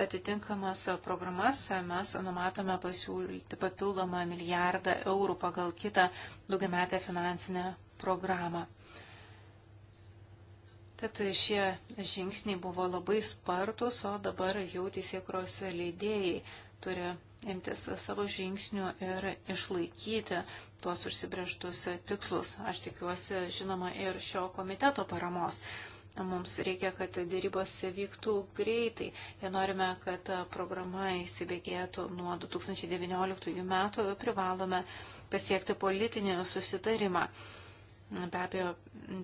atitinkamas programas mes numatome pasiūlyti papildomą milijardą eurų pagal kitą daugiametę finansinę programą. Tad šie žingsniai buvo labai spartus, o dabar jau teisėkros leidėjai turi imtis savo žingsnių ir išlaikyti tuos užsibrieštus tikslus. Aš tikiuosi, žinoma, ir šio komiteto paramos. Mums reikia, kad dėrybos vyktų greitai. Jei norime, kad programa įsibėgėtų nuo 2019 metų, privalome pasiekti politinį susitarimą. Be abejo,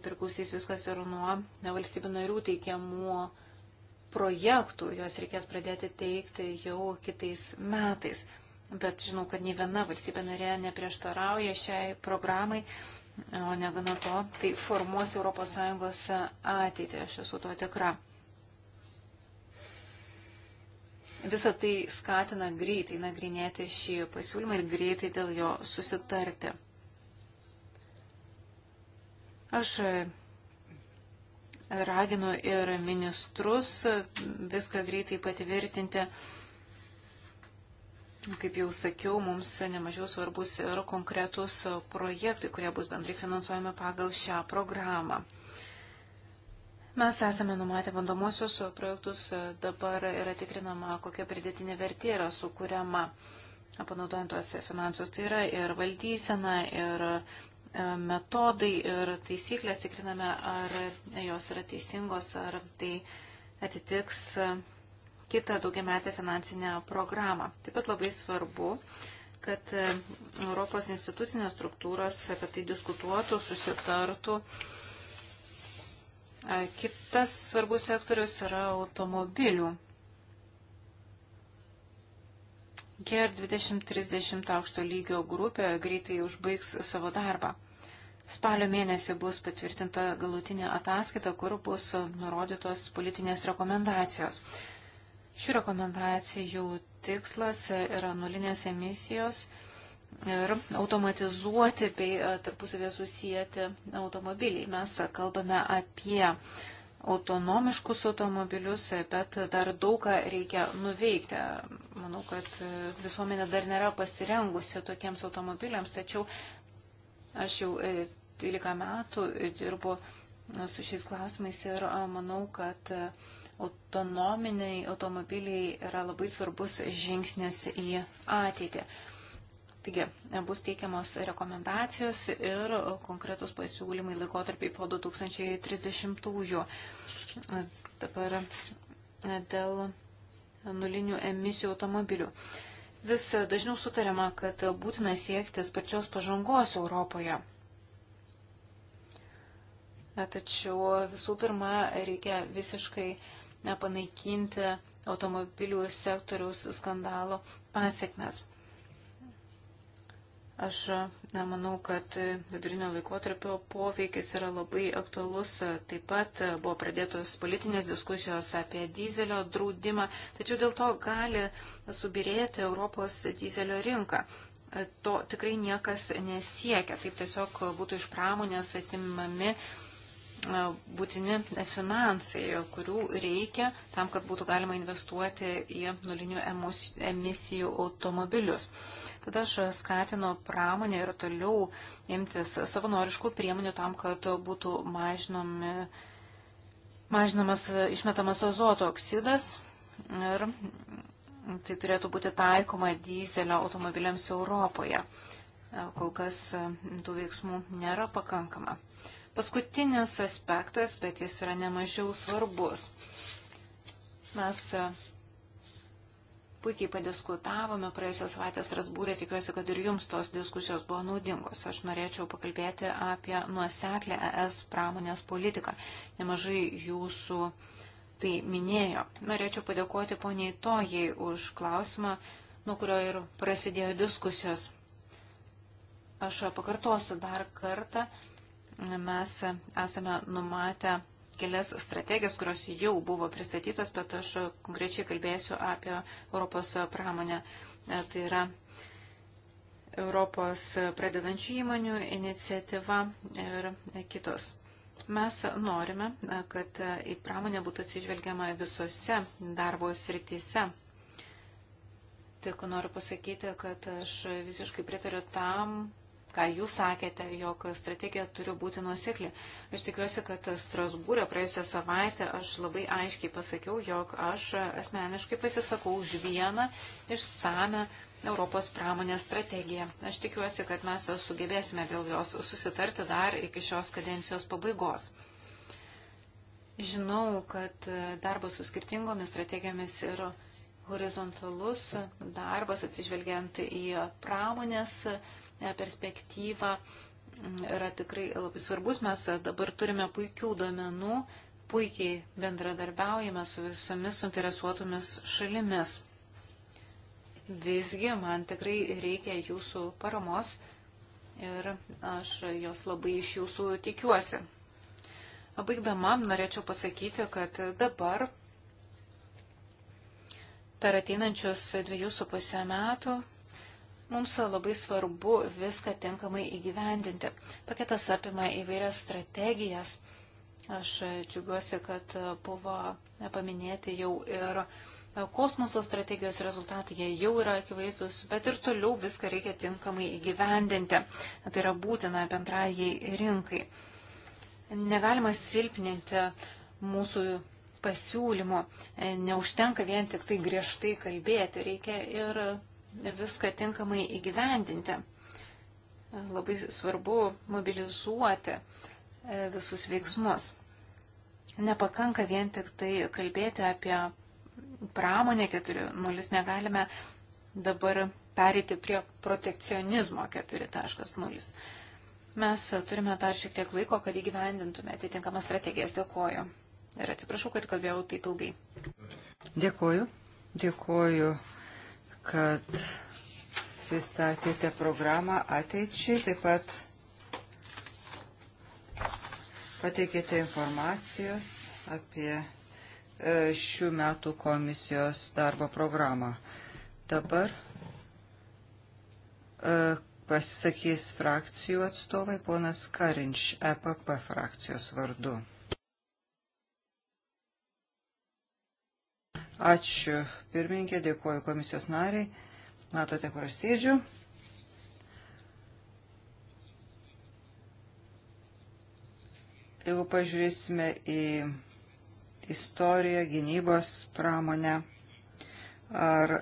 priklausys viskas ir nuo valstybių narių teikiamų projektų. Juos reikės pradėti teikti jau kitais metais. Bet žinau, kad nei viena valstybė narė neprieštarauja šiai programai O negana to, tai formuos ES ateitį, aš esu to tikra. Visą tai skatina greitai nagrinėti šį pasiūlymą ir greitai dėl jo susitarti. Aš raginu ir ministrus viską greitai patvirtinti Kaip jau sakiau, mums nemažiau svarbus ir konkretus projektai, kurie bus bendrai finansuojami pagal šią programą. Mes esame numatę bandomosius projektus, dabar yra tikrinama, kokia pridėtinė vertė yra sukūriama panaudojant tuos finansus. Tai yra ir valdysena, ir e, metodai, ir taisyklės tikriname, ar jos yra teisingos, ar tai atitiks kitą daugiametę finansinę programą. Taip pat labai svarbu, kad e, Europos institucinės struktūros apie tai diskutuotų, susitartų. E, kitas svarbus sektorius yra automobilių. GR2030 aukšto lygio grupė greitai užbaigs savo darbą. Spalio mėnesį bus patvirtinta galutinė ataskaita, kur bus nurodytos politinės rekomendacijos. Šių rekomendacijų tikslas yra nulinės emisijos ir automatizuoti bei e, tarpusavė susijęti automobiliai. Mes kalbame apie autonomiškus automobilius, bet dar daug ką reikia nuveikti. Manau, kad e, visuomenė dar nėra pasirengusi tokiems automobiliams, tačiau aš jau 13 e, metų dirbu su šiais klausimais ir manau, kad autonominiai automobiliai yra labai svarbus žingsnis į ateitį. Taigi, bus teikiamos rekomendacijos ir konkretus pasiūlymai laikotarpiai po 2030-ųjų. Dabar dėl nulinių emisijų automobilių. Vis dažniau sutariama, kad būtina siekti sparčios pažangos Europoje. Tačiau visų pirma, reikia visiškai panaikinti automobilių sektoriaus skandalo pasiekmes. Aš nemanau, kad vidurinio laikotarpio poveikis yra labai aktualus. Taip pat buvo pradėtos politinės diskusijos apie dizelio draudimą, tačiau dėl to gali subirėti Europos dizelio rinka. To tikrai niekas nesiekia. Taip tiesiog būtų iš pramonės atimami uh, būtini finansai, kurių reikia tam, kad būtų galima investuoti į nulinių emisijų automobilius. Tada aš skatinu pramonę ir toliau imtis savanoriškų priemonių tam, kad būtų mažinomi, mažinamas išmetamas azoto oksidas ir tai turėtų būti taikoma dizelio automobiliams Europoje. Kol kas tų veiksmų nėra pakankama. Paskutinis aspektas, bet jis yra nemažiau svarbus. Mes e, puikiai padiskutavome praėjusios savaitės rasbūrė, tikiuosi, kad ir jums tos diskusijos buvo naudingos. Aš norėčiau pakalbėti apie nuoseklę ES pramonės politiką. Nemažai jūsų tai minėjo. Norėčiau padėkoti poniai Tojai už klausimą, nuo kurio ir prasidėjo diskusijos. Aš pakartosiu dar kartą, mes esame numatę kelias strategijas, kurios jau buvo pristatytos, bet aš konkrečiai kalbėsiu apie Europos pramonę. E, tai yra Europos pradedančių įmonių iniciatyva ir kitos. Mes norime, e, kad į pramonę būtų atsižvelgiama visose darbo srityse. Tik noriu pasakyti, kad aš visiškai pritariu tam, ką jūs sakėte, jog strategija turi būti nuosekli. Aš tikiuosi, kad Strasbūrė praėjusią savaitę aš labai aiškiai pasakiau, jog aš asmeniškai pasisakau už vieną išsame Europos pramonės strategija. Aš tikiuosi, kad mes sugebėsime dėl jos susitarti dar iki šios kadencijos pabaigos. Žinau, kad darbas su skirtingomis strategijomis ir horizontalus darbas atsižvelgiant į pramonės E, perspektyvą yra tikrai labai svarbus. Mes dabar turime puikių duomenų, puikiai bendradarbiaujame su visomis suinteresuotomis šalimis. Visgi man tikrai reikia jūsų paramos ir aš jos labai iš jūsų tikiuosi. Baigdama norėčiau pasakyti, kad dabar per ateinančius dviejus su pusę metų Mums labai svarbu viską tinkamai įgyvendinti. Paketas apima įvairias strategijas. Aš džiugiuosi, kad buvo paminėti jau ir kosmoso strategijos rezultatai, jie jau yra akivaizdus, bet ir toliau viską reikia tinkamai įgyvendinti. Tai yra būtina bendrajai rinkai. Negalima silpninti mūsų pasiūlymo, neužtenka vien tik tai griežtai kalbėti, reikia ir viską tinkamai įgyvendinti. Labai svarbu mobilizuoti e, visus veiksmus. Nepakanka vien tik tai kalbėti apie pramonę 4.0, negalime dabar perėti prie protekcionizmo 4.0. Mes turime dar šiek tiek laiko, kad įgyvendintume atitinkamas strategijas. Dėkoju. Ir atsiprašau, kad kalbėjau taip ilgai. Dėkoju. Dėkoju kad pristatėte programą ateičiai, taip pat pateikėte informacijos apie e, šių metų komisijos darbo programą. Dabar e, pasisakys frakcijų atstovai ponas Karinč, EPP frakcijos vardu. Ačiū pirmininkė, dėkuoju komisijos nariai. Matote, kur aš sėdžiu. Jeigu pažiūrėsime į istoriją, gynybos pramonę ar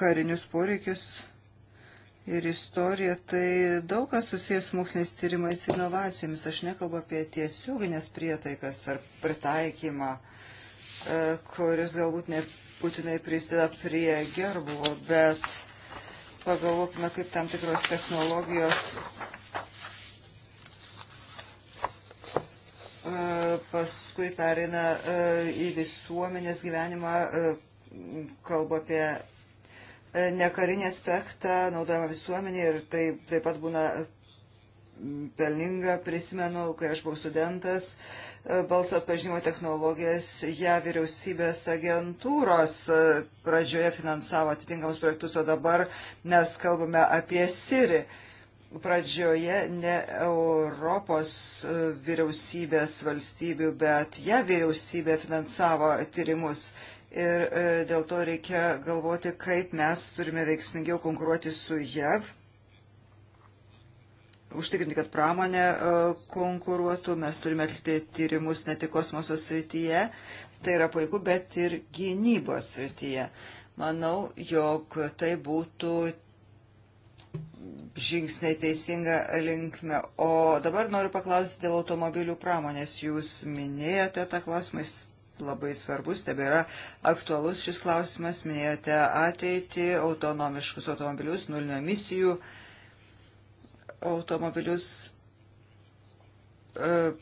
karinius poreikius ir istoriją, tai daug kas susijęs moksliniais tyrimais ir inovacijomis. Aš nekalbu apie tiesioginės prietaikas ar pritaikymą uh, E, kuris galbūt nebūtinai prisideda prie gerbuvo, bet pagalvokime, kaip tam tikros technologijos e, paskui perina e, į visuomenės gyvenimą, kalba apie nekarinį aspektą, naudojama visuomenė ir tai taip pat būna pelninga, prisimenu, kai aš buvau studentas, balso atpažinimo technologijas, ją vyriausybės agentūros e, pradžioje finansavo atitinkamus projektus, o dabar mes kalbame apie Siri. Pradžioje ne Europos e, vyriausybės valstybių, bet ją vyriausybė finansavo tyrimus ir e, dėl to reikia galvoti, kaip mes turime veiksmingiau konkuruoti su JAV užtikrinti, kad pramonė e, konkuruotų. Mes turime atlikti tyrimus ne tik kosmoso srityje, tai yra puiku, bet ir gynybos srityje. Manau, jog tai būtų žingsniai teisinga linkme. O dabar noriu paklausyti dėl automobilių pramonės. Jūs minėjote tą klausimą, jis labai svarbus, tebėra aktualus šis klausimas, minėjote ateitį, autonomiškus automobilius, nulinio emisijų. Uh, automobilius e,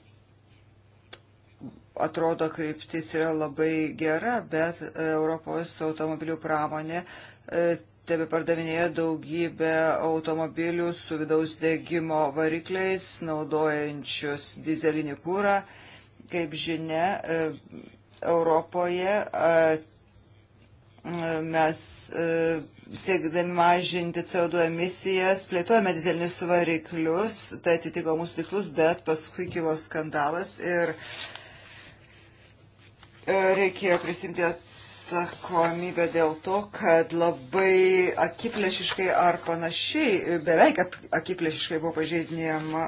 atrodo kryptis yra labai gera, bet e, Europos automobilių pramonė e, tebe pardavinėja daugybę automobilių su vidaus degimo varikliais, naudojančius dizelinį kūrą. Kaip žinia, Europoje mes siekdami mažinti CO2 emisijas, plėtojame dizelinius variklius, tai atitiko mūsų tiklus, bet paskui kilo skandalas ir e, reikėjo prisimti atsakomybę dėl to, kad labai akiplėšiškai ar panašiai, beveik akiplėšiškai buvo pažeidinėjama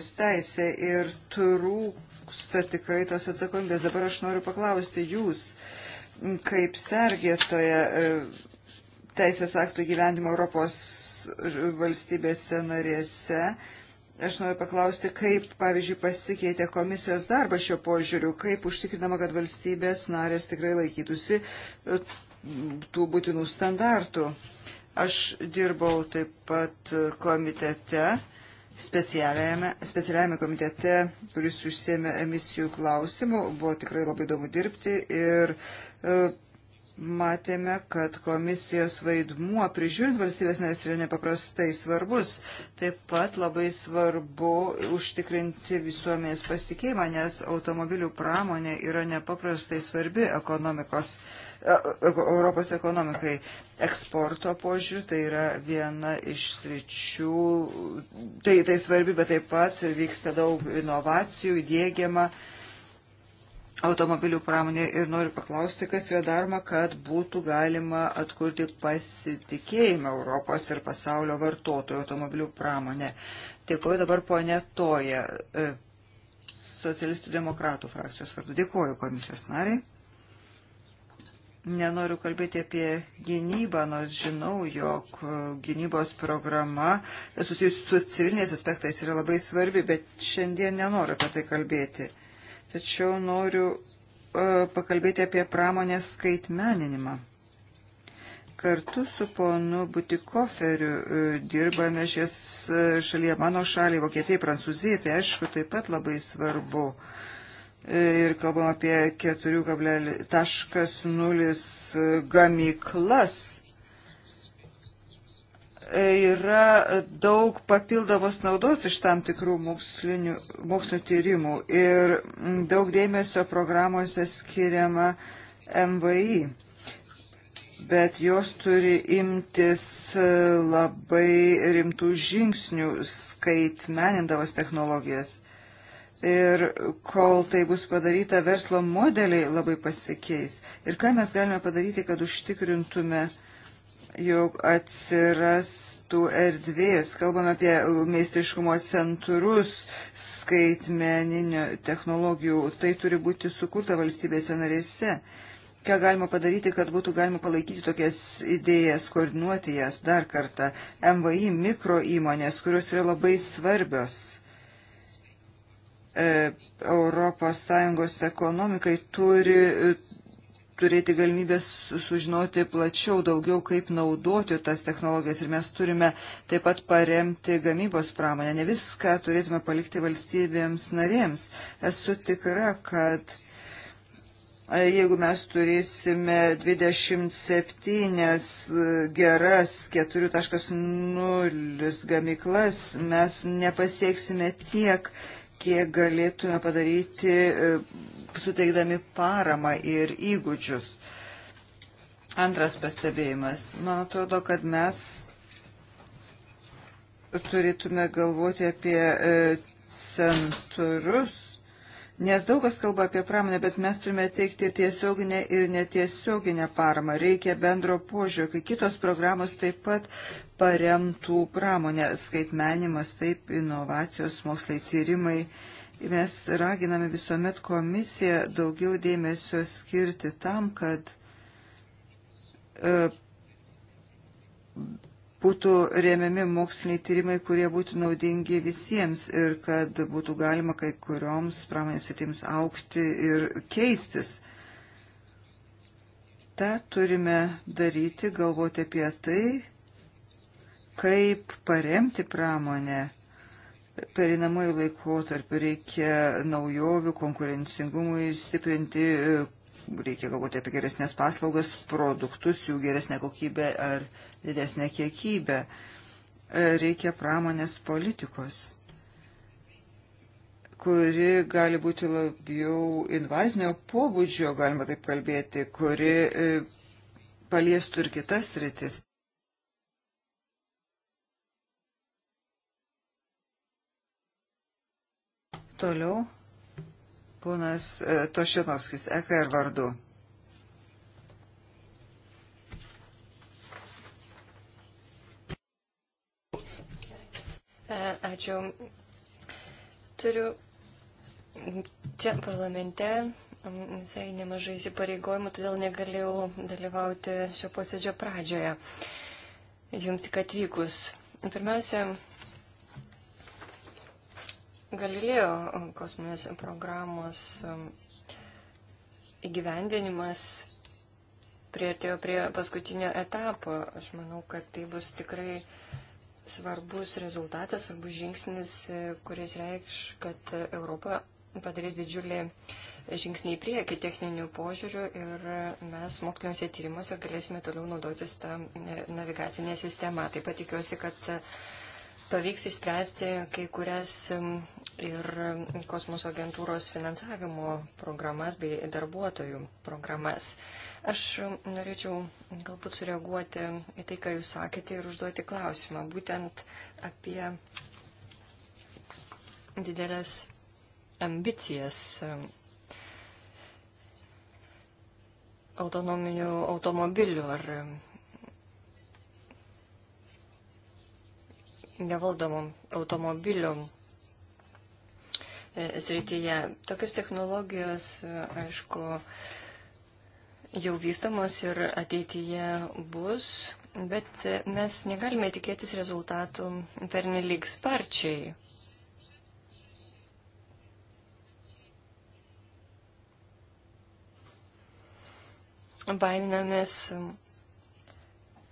ES teisė ir trūksta tikrai tos atsakomybės. Dabar aš noriu paklausti jūs kaip sergėtoja e, teisės aktų gyvendimo Europos valstybėse narėse. Aš noriu paklausti, kaip, pavyzdžiui, pasikeitė komisijos darbas šio požiūriu, kaip užtikrinama, kad valstybės narės tikrai laikytųsi e, tų būtinų standartų. Aš dirbau taip pat komitete, specialiajame, specialiajame komitete, kuris užsėmė emisijų klausimų, buvo tikrai labai įdomu dirbti ir uh, matėme, kad komisijos vaidmuo prižiūrint valstybės narės yra nepaprastai svarbus. Taip pat labai svarbu užtikrinti visuomenės pasitikėjimą, nes automobilių pramonė yra nepaprastai svarbi ekonomikos, e, e, Europos ekonomikai. Eksporto požiūrį tai yra viena iš sričių, tai, tai svarbi, bet taip pat vyksta daug inovacijų, dėgiama. Uh, automobilių pramonė ir noriu paklausti, kas yra daroma, kad būtų galima atkurti pasitikėjimą Europos ir pasaulio vartotojų automobilių pramonė. Dėkuoju dabar ponė Toja, e, socialistų demokratų frakcijos vardu. Dėkuoju komisijos nariai. Nenoriu kalbėti apie gynybą, nors žinau, jog e, gynybos programa susijusi su civiliniais aspektais yra labai svarbi, bet šiandien nenoriu apie tai kalbėti tačiau noriu e, pakalbėti apie pramonės skaitmeninimą. Kartu su ponu Butikoferiu e, dirbame šies e, šalyje, mano šaliai, Vokietijai, Prancūzijai, tai aišku, taip pat labai svarbu. Ir kalbam apie 4,0 gamyklas yra daug papildomos naudos iš tam tikrų mokslinių, mokslinio tyrimų ir daug dėmesio programuose skiriama MVI. Bet jos turi imtis labai rimtų žingsnių skaitmenindavos technologijas. Ir kol tai bus padaryta, verslo modeliai labai pasikeis. Ir ką mes galime padaryti, kad užtikrintume uh, jog atsirastų erdvės. Kalbame apie meistriškumo centrus skaitmeninių technologijų. Tai turi būti sukurta valstybėse narėse. Ką galima padaryti, kad būtų galima palaikyti tokias idėjas, koordinuoti jas dar kartą. MVI mikro įmonės, kurios yra labai svarbios. E, Europos Sąjungos ekonomikai turi turėti galimybę sužinoti plačiau daugiau, kaip naudoti tas technologijas. Ir mes turime taip pat paremti gamybos pramonę. Ne viską turėtume palikti valstybėms narėms. Esu tikra, kad e, jeigu mes turėsime 27 e, geras 4.0 gamyklas, mes nepasieksime tiek, kiek galėtume padaryti e, suteikdami paramą ir įgūdžius. Antras pastebėjimas. Man atrodo, kad mes turėtume galvoti apie e, centrus, nes daug kas kalba apie pramonę, bet mes turime teikti ir tiesioginę ir netiesioginę paramą. Reikia bendro požiūrio, kai kitos programos taip pat paremtų pramonę, skaitmenimas, taip, inovacijos, mokslai, tyrimai. Uh, Mes raginame visuomet komisiją daugiau dėmesio skirti tam, kad e, būtų remiami moksliniai tyrimai, kurie būtų naudingi visiems ir kad būtų galima kai kurioms pramonės sritims aukti ir keistis. Ta turime daryti, galvoti apie tai, kaip paremti pramonę perinamųjų laikotarpių reikia naujovių, konkurencingumui stiprinti, reikia galvoti apie geresnės paslaugas, produktus, jų geresnę kokybę ar didesnę kiekybę. Reikia pramonės politikos kuri gali būti labiau invazinio pobūdžio, galima taip kalbėti, kuri e, paliestų ir kitas rytis. Toliau ponas e, Tošinovskis, EKR vardu. E, ačiū. Turiu čia parlamente visai nemažai įsipareigojimų, todėl negalėjau dalyvauti šio posėdžio pradžioje. Jums tik atvykus. Pirmiausia, Galilėjo um, kosminės programos um, įgyvendinimas prieartėjo prie paskutinio etapo. Aš manau, kad tai bus tikrai svarbus rezultatas, svarbus žingsnis, e, kuris reikš, kad Europa padarys didžiulį žingsnį į priekį techninių požiūrių ir mes moksliniuose tyrimuose galėsime toliau naudotis tą e, navigacinę sistemą. Taip pat tikiuosi, kad pavyks išspręsti kai kurias ir kosmoso agentūros finansavimo programas bei darbuotojų programas. Aš norėčiau galbūt sureaguoti į tai, ką Jūs sakėte ir užduoti klausimą būtent apie didelės ambicijas autonominių automobilių ar nevaldomom automobilium e, srityje. Tokios technologijos, e, aišku, jau vystomos ir ateityje bus, bet e, mes negalime tikėtis rezultatų pernelyg sparčiai. Baiminamės,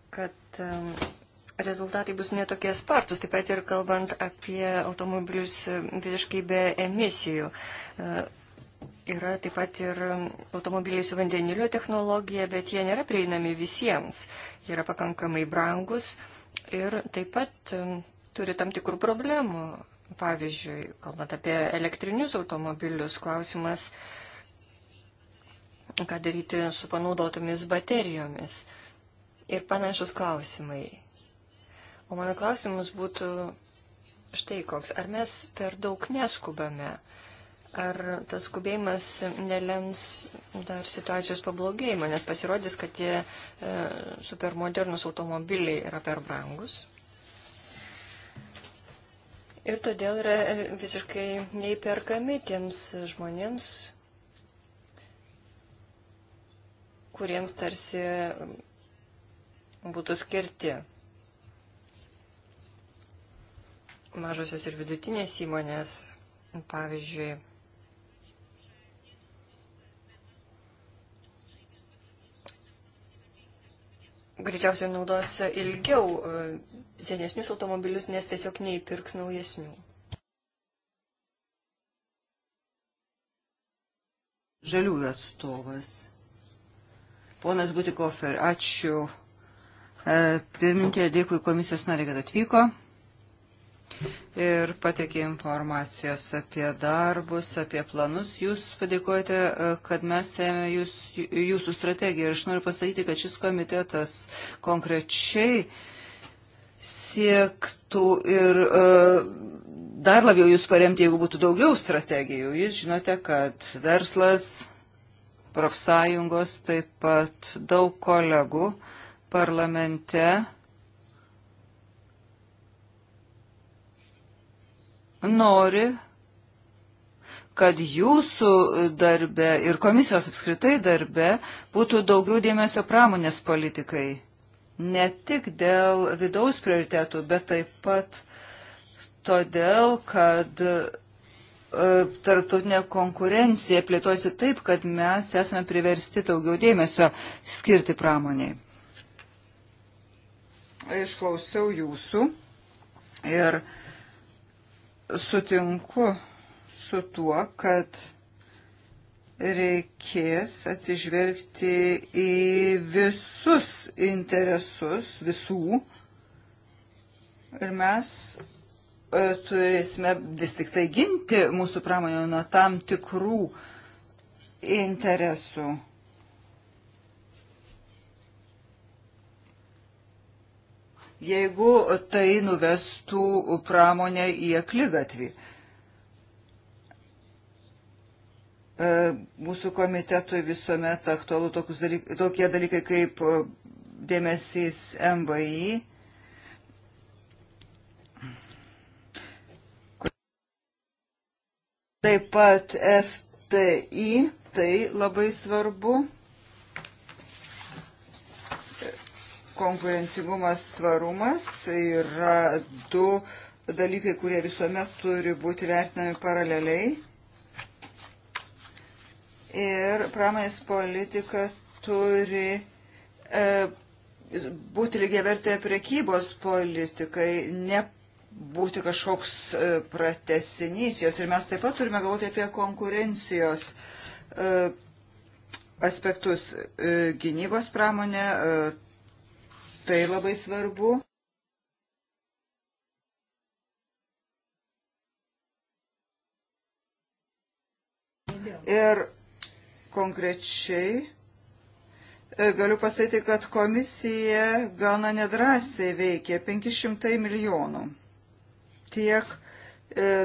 kad rezultatai bus netokie spartus, taip pat ir kalbant apie automobilius visiškai be emisijų. E, yra taip pat ir automobiliai su vandenilio technologija, bet jie nėra prieinami visiems. Jie yra pakankamai brangus ir taip pat e, turi tam tikrų problemų. Pavyzdžiui, kalbant apie elektrinius automobilius, klausimas, ką daryti su panaudotomis baterijomis ir panašus klausimai. O mano klausimas būtų štai koks. Ar mes per daug neskubame? Ar tas skubėjimas nelems dar situacijos pablogėjimo, nes pasirodys, kad tie e, supermodernus automobiliai yra per brangus? Ir todėl yra e, visiškai neįperkami tiems žmonėms, kuriems tarsi būtų skirti mažosios ir vidutinės įmonės, pavyzdžiui, greičiausiai naudos ilgiau e, senesnius automobilius, nes tiesiog neįpirks naujesnių. Žaliųjų atstovas. Ponas Butikofer, ačiū. E, pirminkė, dėkui komisijos nariai, kad atvyko ir patekė informacijos apie darbus, apie planus. Jūs padėkojate, e, kad mes ėmė jūs, jūsų strategiją ir aš noriu pasakyti, kad šis komitetas konkrečiai siektų ir uh, dar labiau jūs paremti, jeigu būtų daugiau strategijų. Jūs žinote, kad verslas, profsąjungos, taip pat daug kolegų parlamente nori, kad jūsų darbe ir komisijos apskritai darbe būtų daugiau dėmesio pramonės politikai. Ne tik dėl vidaus prioritetų, bet taip pat todėl, kad e, tartutinė konkurencija plėtosi taip, kad mes esame priversti daugiau dėmesio skirti pramoniai. Išklausiau jūsų ir uh, sutinku su tuo, kad reikės atsižvelgti į visus interesus visų ir mes e, turėsime vis tik tai ginti mūsų pramonę nuo tam tikrų interesų. jeigu tai nuvestų pramonę į aklygatvį. E, mūsų komitetui visuomet aktualu dalyk, tokie dalykai kaip e, dėmesys MVI. Taip pat FTI, tai labai svarbu. konkurencingumas, tvarumas yra du dalykai, kurie visuomet turi būti vertinami paraleliai. Ir pramonės politika turi e, būti lygiai vertė prekybos politikai, nebūti kažkoks e, pratesinys jos. Ir mes taip pat turime galvoti apie konkurencijos e, aspektus e, gynybos pramonė. E, Tai labai svarbu. Ir konkrečiai e, galiu pasakyti, kad komisija gana nedrasiai veikia 500 milijonų. Tiek e,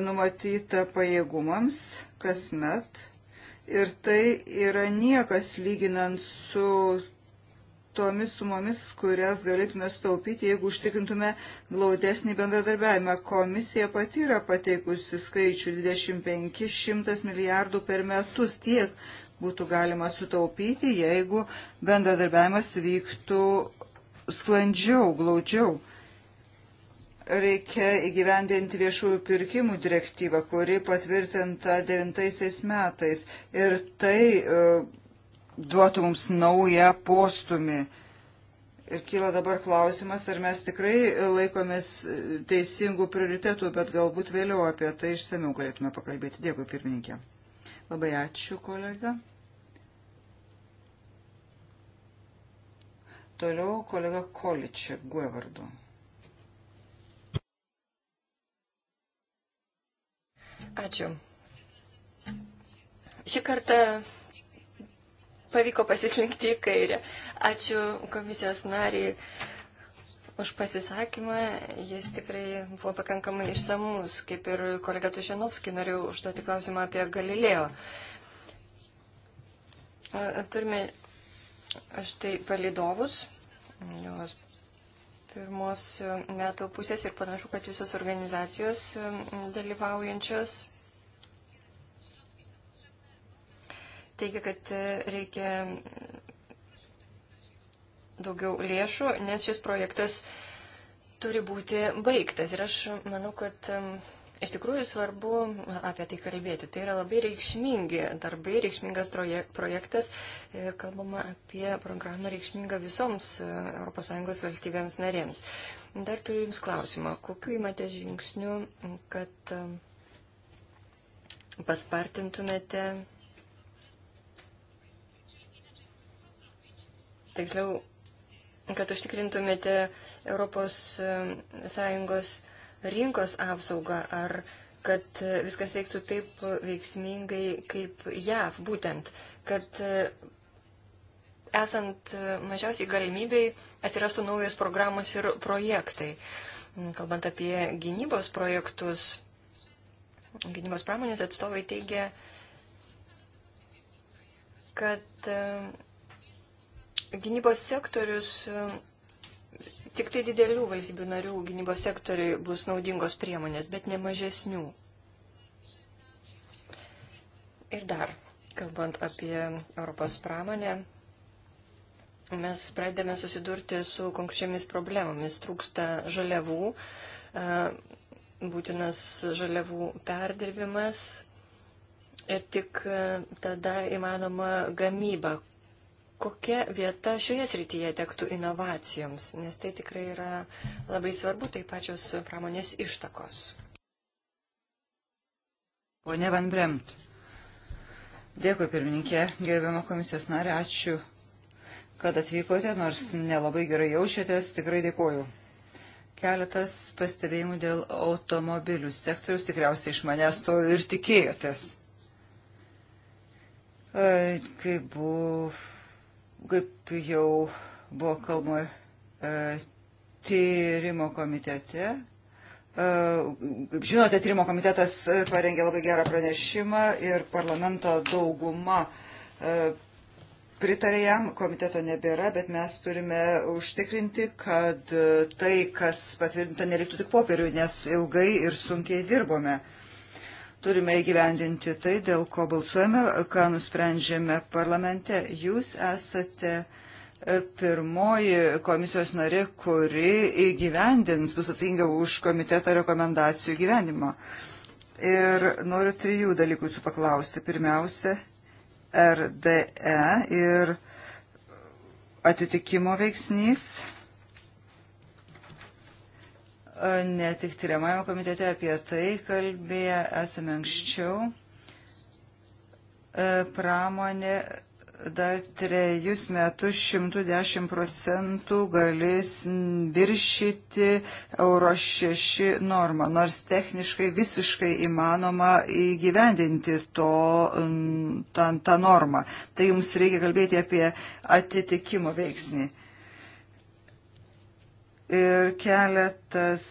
numatyta pajėgumams kasmet. Ir tai yra niekas lyginant su tomis sumomis, kurias galėtume staupyti, jeigu užtikrintume glaudesnį bendradarbiavimą. Komisija pati yra pateikusi skaičių 25-100 milijardų per metus tiek būtų galima sutaupyti, jeigu bendradarbiavimas vyktų sklandžiau, glaudžiau. Reikia įgyvendinti viešųjų pirkimų direktyvą, kuri patvirtinta devintaisiais metais. Ir tai uh, duotų mums naują postumį. Ir kyla dabar klausimas, ar mes tikrai laikomės teisingų prioritetų, bet galbūt vėliau apie tai išsamiau galėtume pakalbėti. Dėkui, pirmininkė. Labai ačiū, kolega. Toliau kolega Količia, Guevardu. Ačiū. Šį kartą pavyko pasislinkti į kairę. Ačiū komisijos nariai už pasisakymą. Jis tikrai buvo pakankamai išsamus, kaip ir kolega Tušenovski norėjau užduoti klausimą apie Galilėjo. Turime štai palidovus, jos pirmos metų pusės ir panašu, kad visos organizacijos dalyvaujančios teigia, kad e, reikia daugiau lėšų, nes šis projektas turi būti baigtas. Ir aš manau, kad iš tikrųjų svarbu apie tai kalbėti. Tai yra labai reikšmingi darbai, reikšmingas projektas. E, kalbama apie programą reikšmingą visoms e, ES valstybėms narėms. Dar turiu Jums klausimą. Kokiu įmate žingsniu, kad paspartintumėte tiksliau, kad užtikrintumėte ES e, rinkos apsaugą ar kad e, viskas veiktų taip veiksmingai kaip JAV, būtent, kad e, esant mažiausiai galimybei atsirastų naujos programos ir projektai. Mm, kalbant apie gynybos projektus, gynybos pramonės atstovai teigia, kad Gynybos sektorius, e, tik tai didelių valstybių narių gynybos sektoriui bus naudingos priemonės, bet ne mažesnių. Ir dar, kalbant apie Europos pramonę, mes pradėme susidurti su konkrečiamis problemomis. Trūksta žaliavų, e, būtinas žaliavų perdirbimas ir tik e, tada įmanoma gamyba, kokia vieta šioje srityje tektų inovacijoms, nes tai tikrai yra labai svarbu, tai pačios pramonės ištakos. Pone Van Bremt. Dėkui, pirmininkė, gerbiamo komisijos narė, ačiū, kad atvykote, nors nelabai gerai jaučiatės, tikrai dėkoju. Keletas pastebėjimų dėl automobilių sektorius, tikriausiai iš manęs to ir tikėjotės. Kai buvo kaip jau buvo kalbama e, tyrimo komitete. E, kaip žinote, tyrimo komitetas parengė labai gerą pranešimą ir parlamento dauguma e, pritarė jam, komiteto nebėra, bet mes turime užtikrinti, kad tai, kas patvirtinta, neliktų tik popieriui, nes ilgai ir sunkiai dirbome turime įgyvendinti tai, dėl ko balsuojame, ką nusprendžiame parlamente. Jūs esate e, pirmoji komisijos narė, kuri įgyvendins, bus atsakinga už komiteto rekomendacijų gyvenimą. Ir noriu trijų dalykų jūsų paklausti. Pirmiausia, RDE ir atitikimo veiksnys ne tik tyriamajame komitete apie tai kalbėję esame anksčiau. E, pramonė dar trejus metus 110 procentų galės viršyti Euro 6 normą, nors techniškai visiškai įmanoma įgyvendinti to, tą, tą normą. Tai jums reikia kalbėti apie atitikimo veiksnį ir keletas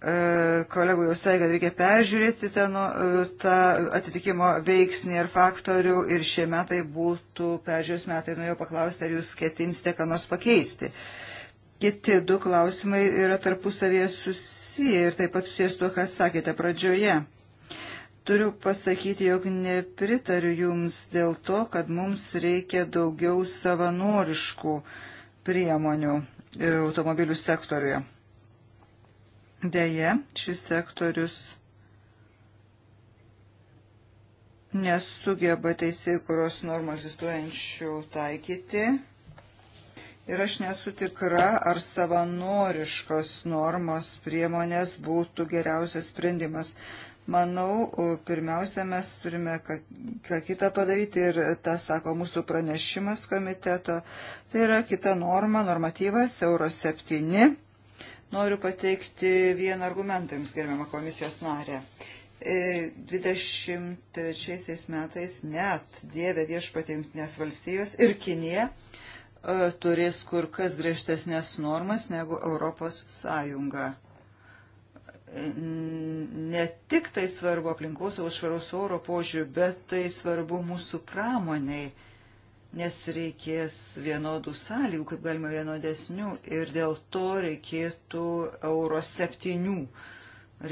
e, kolegų jau sakė, kad reikia peržiūrėti tą, nu, tą atitikimo veiksnį ir faktorių ir šie metai būtų peržiūrės metai. Nuėjau paklausti, ar jūs ketinsite ką nors pakeisti. Kiti du klausimai yra tarpusavėje susiję ir taip pat susijęs tuo, ką sakėte pradžioje. Turiu pasakyti, jog nepritariu jums dėl to, kad mums reikia daugiau savanoriškų priemonių automobilių sektoriuje. Deja, šis sektorius nesugeba teisėjų, kurios normų egzistuojančių taikyti. Ir aš nesu tikra, ar savanoriškos normos priemonės būtų geriausias sprendimas. Manau, pirmiausia, mes turime ką, ką kitą padaryti ir tą sako mūsų pranešimas komiteto. Tai yra kita norma, normatyvas Euro 7. Noriu pateikti vieną argumentą jums, gerbiamą komisijos narę. 23 e, metais net Dieve viešpatė Junktinės valstijos ir Kinija e, turės kur kas griežtesnės normas negu Europos Sąjunga ne tik tai svarbu aplinkosaugos švaraus oro požiūriu, bet tai svarbu mūsų pramoniai, nes reikės vienodų sąlygų, kaip galima vienodesnių ir dėl to reikėtų euro septynių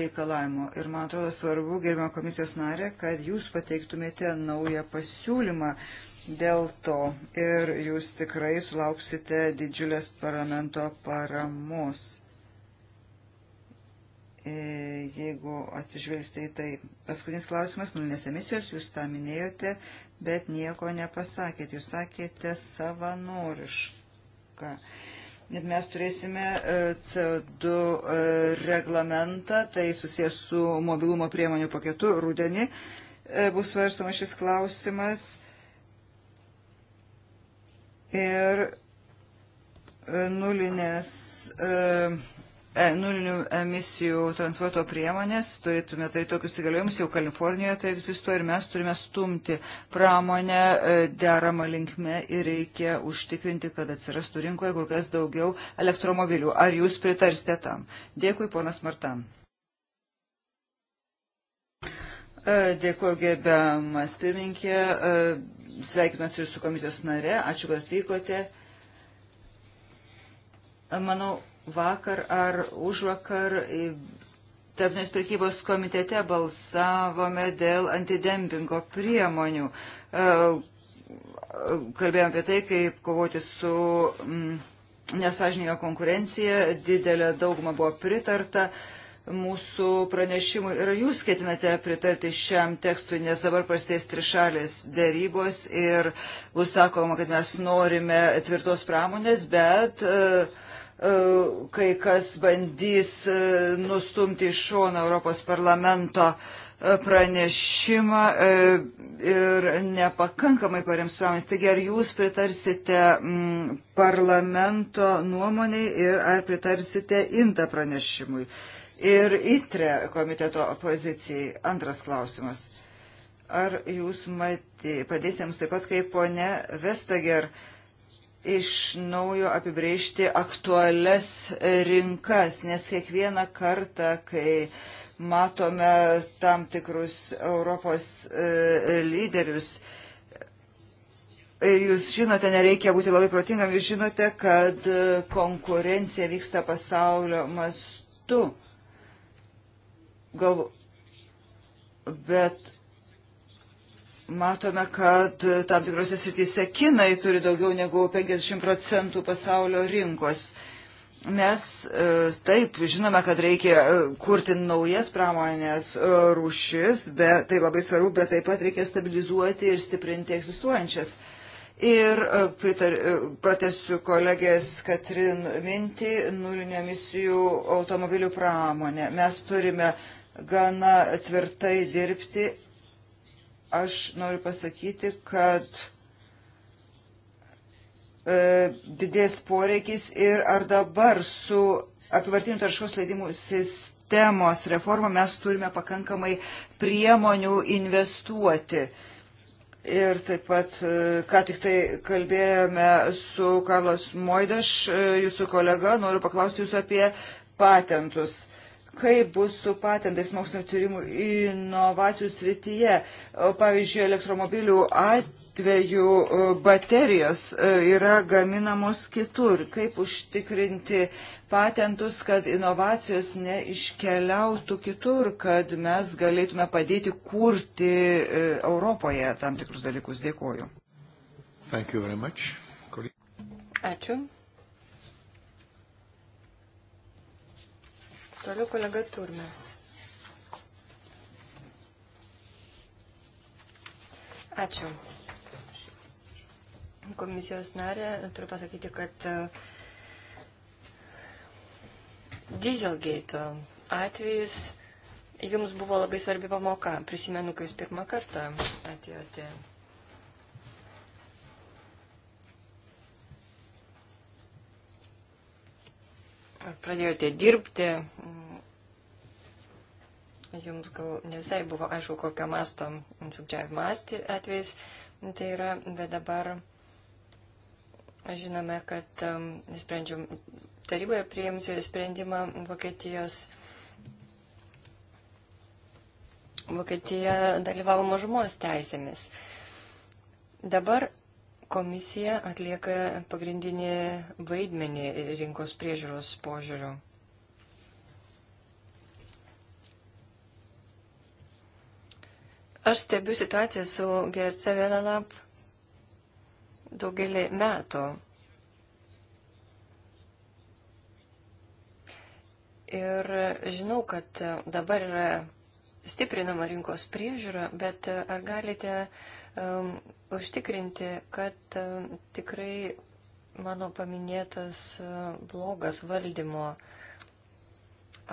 reikalavimo. Ir man atrodo svarbu, gerbimo komisijos narė, kad jūs pateiktumėte naują pasiūlymą dėl to ir jūs tikrai sulauksite didžiulės parlamento paramos E, jeigu atsižvelgsite į tai. Paskutinis klausimas, nulinės emisijos, jūs tą minėjote, bet nieko nepasakėte. Jūs sakėte savanorišką. Ir mes turėsime e, CO2 e, reglamentą, tai susijęs su mobilumo priemonių paketu rudenį. Bus svarstamas šis klausimas. Ir nulinės. Uh, E, nulinių emisijų transporto priemonės, turėtume tai tokius įgaliojimus, jau Kalifornijoje tai egzistuoja ir mes turime stumti pramonę e, deramą linkme ir reikia užtikrinti, kad atsirastų rinkoje kur kas daugiau elektromobilių. Ar jūs pritarsite tam? Dėkui, ponas Martan. E, dėkuoju, gerbiamas pirmininkė. Sveikinuosi ir su komisijos nare. Ačiū, kad atvykote. Manau, vakar ar už vakar Tarpinės prekybos komitete balsavome dėl antidempingo priemonių. E, kalbėjome apie tai, kaip kovoti su mm, nesažininga konkurencija. Didelė dauguma buvo pritarta mūsų pranešimui. Ir jūs ketinate pritarti šiam tekstui, nes dabar prasidės trišalės dėrybos ir bus sakoma, kad mes norime tvirtos pramonės, bet uh, E, kai kas bandys e, nustumti iš šono Europos parlamento e, pranešimą ir nepakankamai parems pramonės. Taigi ar jūs pritarsite mm, parlamento nuomoniai ir ar pritarsite inta pranešimui? Ir įtre komiteto opozicijai. Antras klausimas. Ar jūs matė, padėsite mums taip pat kaip ponė Vestager? Uh, iš naujo apibrėžti aktualias rinkas, nes kiekvieną kartą, kai matome tam tikrus Europos e, lyderius. Ir jūs žinote, nereikia būti labai protingam, jūs žinote, kad e, konkurencija vyksta pasaulio mastu. Gal, bet matome, kad tam tikrose srityse Kinai turi daugiau negu 50 procentų pasaulio rinkos. Mes e, taip žinome, kad reikia e, kurti naujas pramonės e, rūšis, bet tai labai svarbu, bet taip pat reikia stabilizuoti ir stiprinti egzistuojančias. Ir pritar, pratesiu kolegės Katrin mintį, nulinio emisijų automobilių pramonė. Mes turime gana tvirtai dirbti aš noriu pasakyti, kad e, didės poreikis ir ar dabar su apivartinių taršos leidimų sistemos reforma mes turime pakankamai priemonių investuoti. Ir taip pat, e, ką tik tai kalbėjome su Karlos Moidaš, e, jūsų kolega, noriu paklausti jūsų apie patentus kaip bus su patentais mokslinio tyrimų inovacijų srityje. Pavyzdžiui, elektromobilių atveju baterijos yra gaminamos kitur. Kaip užtikrinti patentus, kad inovacijos neiškeliautų kitur, kad mes galėtume padėti kurti e, Europoje tam tikrus dalykus. Dėkuoju. Ačiū. Toliau kolega Turmes. Ačiū. Komisijos narė, turiu pasakyti, kad e, Dieselgate atvejis jums buvo labai svarbi pamoka. Prisimenu, kai jūs pirmą kartą atėjote ar pradėjote dirbti, jums gal ne visai buvo aišku, kokio masto sukčiavimo atvejais tai yra, bet dabar žinome, kad um, sprendžiam, taryboje priims sprendimą Vokietijos. Vokietija dalyvavo mažumos teisėmis. Dabar Komisija atlieka pagrindinį vaidmenį rinkos priežiūros požiūrių. Aš stebiu situaciją su GRC Velalap daugelį metų. Ir žinau, kad dabar yra stiprinama rinkos priežiūra, bet ar galite um, užtikrinti, kad e, tikrai mano paminėtas e, blogas valdymo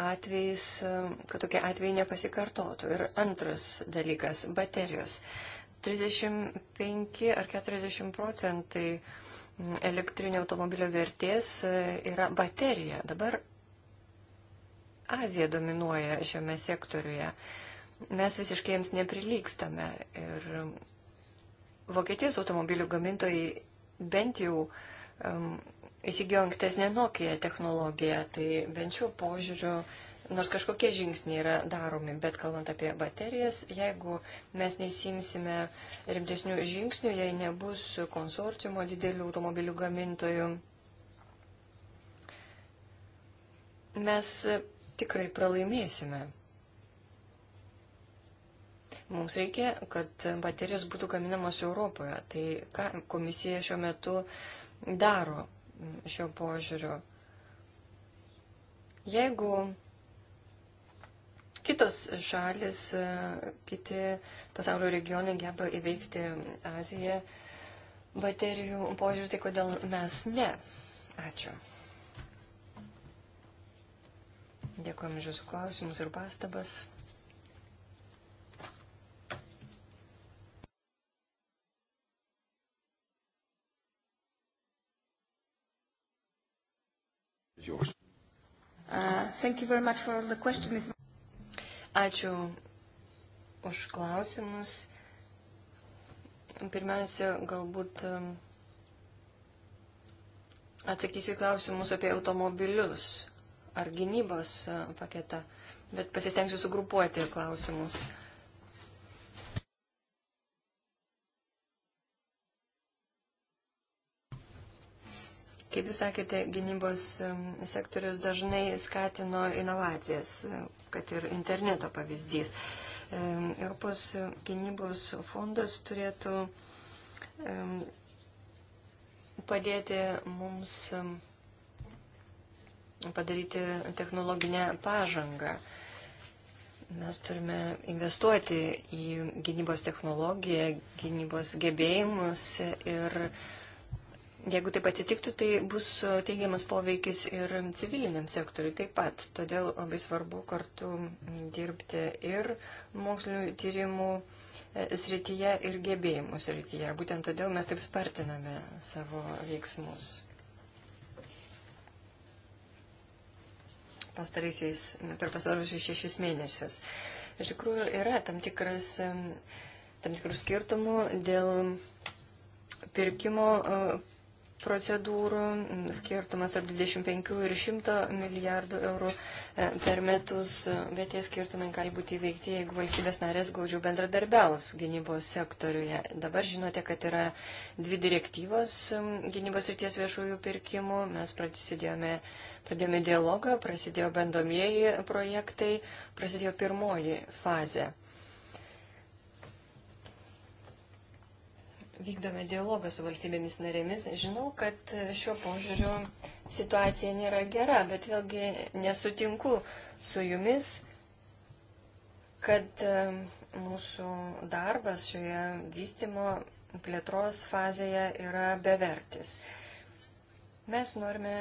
atvejais, e, kad tokie atvejai nepasikartotų. Ir antras dalykas - baterijos. 35 ar 40 procentai elektrinio automobilio vertės yra baterija. Dabar Azija dominuoja šiame sektoriuje. Mes visiškai jiems neprilykstame ir Vokietijos automobilių gamintojai bent jau um, įsigijo ankstesnę Nokia technologiją, tai bent šiuo požiūriu, nors kažkokie žingsniai yra daromi, bet kalbant apie baterijas, jeigu mes nesimsime rimtesnių žingsnių, jei nebus konsorciumo didelių automobilių gamintojų, mes tikrai pralaimėsime. Mums reikia, kad baterijos būtų gaminamos Europoje. Tai ką komisija šiuo metu daro šio požiūriu? Jeigu kitos šalis, e, kiti pasaulio regionai geba įveikti Aziją baterijų požiūrį, tai kodėl mes ne? Ačiū. Dėkuojame už jūsų klausimus ir pastabas. Uh, Ačiū už klausimus. Pirmiausia, galbūt um, atsakysiu į klausimus apie automobilius ar gynybos uh, paketą, bet pasistengsiu sugrupuoti klausimus. Uh, Kaip jūs sakėte, gynybos sektorius dažnai skatino inovacijas, e, kad ir interneto pavyzdys. Europos gynybos fondas turėtų padėti mums padaryti technologinę pažangą. Mes turime investuoti į gynybos technologiją, gynybos gebėjimus ir uh, Jeigu taip atsitiktų, tai bus teigiamas poveikis ir civiliniam sektoriu taip pat. Todėl labai svarbu kartu dirbti ir mokslinio tyrimų e, srityje, ir gebėjimų srityje. Ir būtent todėl mes taip spartiname savo veiksmus. Pastaraisiais, per pastarusius šešis mėnesius. Iš tikrųjų yra tam, tikras, tam tikrų skirtumų dėl pirkimo e, procedūrų, skirtumas tarp 25 ir 100 milijardų eurų e, per metus, bet tie skirtumai gali būti įveikti, jeigu valstybės narės glaudžiau bendradarbiaus gynybos sektoriuje. Dabar žinote, kad yra dvi direktyvos gynybos ir ties viešųjų pirkimų. Mes prasidėjome, pradėjome dialogą, prasidėjo bandomieji projektai, prasidėjo pirmoji fazė. vykdome dialogą su valstybėmis narėmis. Žinau, kad šiuo požiūriu situacija nėra gera, bet vėlgi nesutinku su jumis, kad e, mūsų darbas šioje vystimo plėtros fazėje yra bevertis. Mes norime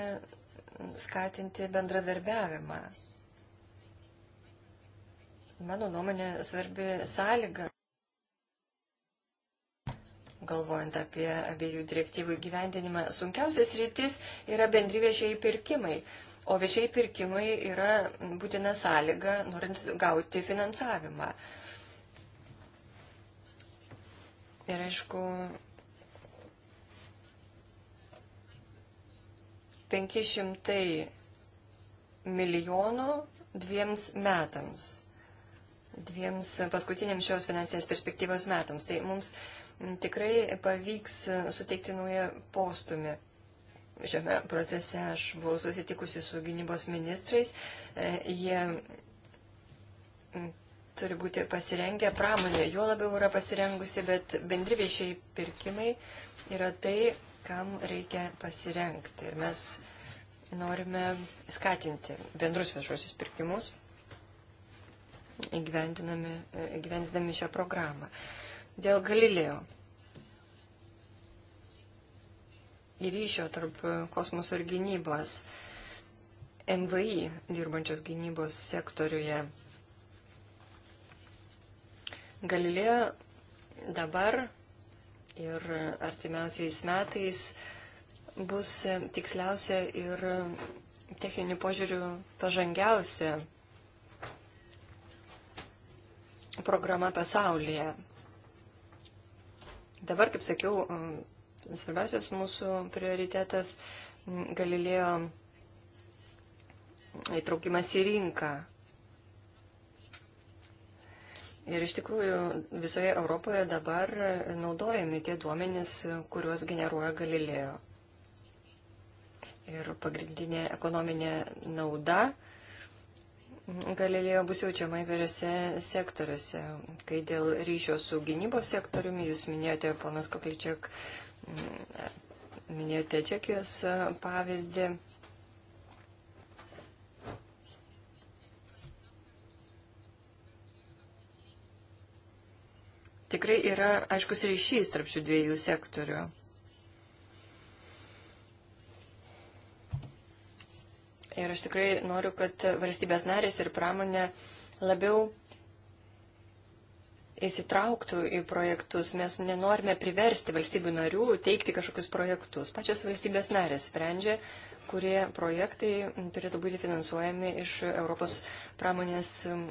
skatinti bendradarbiavimą. Mano nuomonė svarbi sąlyga galvojant apie abiejų direktyvų įgyvendinimą, sunkiausias rytis yra bendryviešiai pirkimai. O viešiai pirkimai yra būtina sąlyga, norint gauti finansavimą. Ir aišku, 500 milijonų dviems metams. Dviems paskutiniams šios finansinės perspektyvos metams. Tai mums tikrai pavyks e, suteikti naują postumį. Šiame procese aš buvau susitikusi su gynybos ministrais. E, jie turi būti pasirengę, pramonė juo labiau yra pasirengusi, bet bendri viešiai pirkimai yra tai, kam reikia pasirengti. Ir mes norime skatinti bendrus viešuosius pirkimus įgyvendinami e, šią programą. Dėl Galilėjo ir ryšio tarp kosmoso ir gynybos MVI dirbančios gynybos sektoriuje. Galilėjo dabar ir artimiausiais metais bus tiksliausia ir techninių požiūrių pažangiausia programa pasaulyje. Dabar, kaip sakiau, svarbiausias mūsų prioritetas Galilėjo įtraukimas į rinką. Ir iš tikrųjų visoje Europoje dabar naudojami tie duomenys, kuriuos generuoja Galilėjo. Ir pagrindinė ekonominė nauda Galilėjo bus jaučiama įvairiose sektoriuose. Kai dėl ryšio su gynybos sektoriumi, jūs minėjote, ponas Kokličiak, mm, minėjote Čekijos e, pavyzdį. Tikrai yra aiškus ryšys tarp šių dviejų sektorių. Ir aš tikrai noriu, kad valstybės narės ir pramonė labiau įsitrauktų į projektus. Mes nenorime priversti valstybių narių teikti kažkokius projektus. Pačios valstybės narės sprendžia, kurie projektai turėtų būti finansuojami iš Europos pramonės um,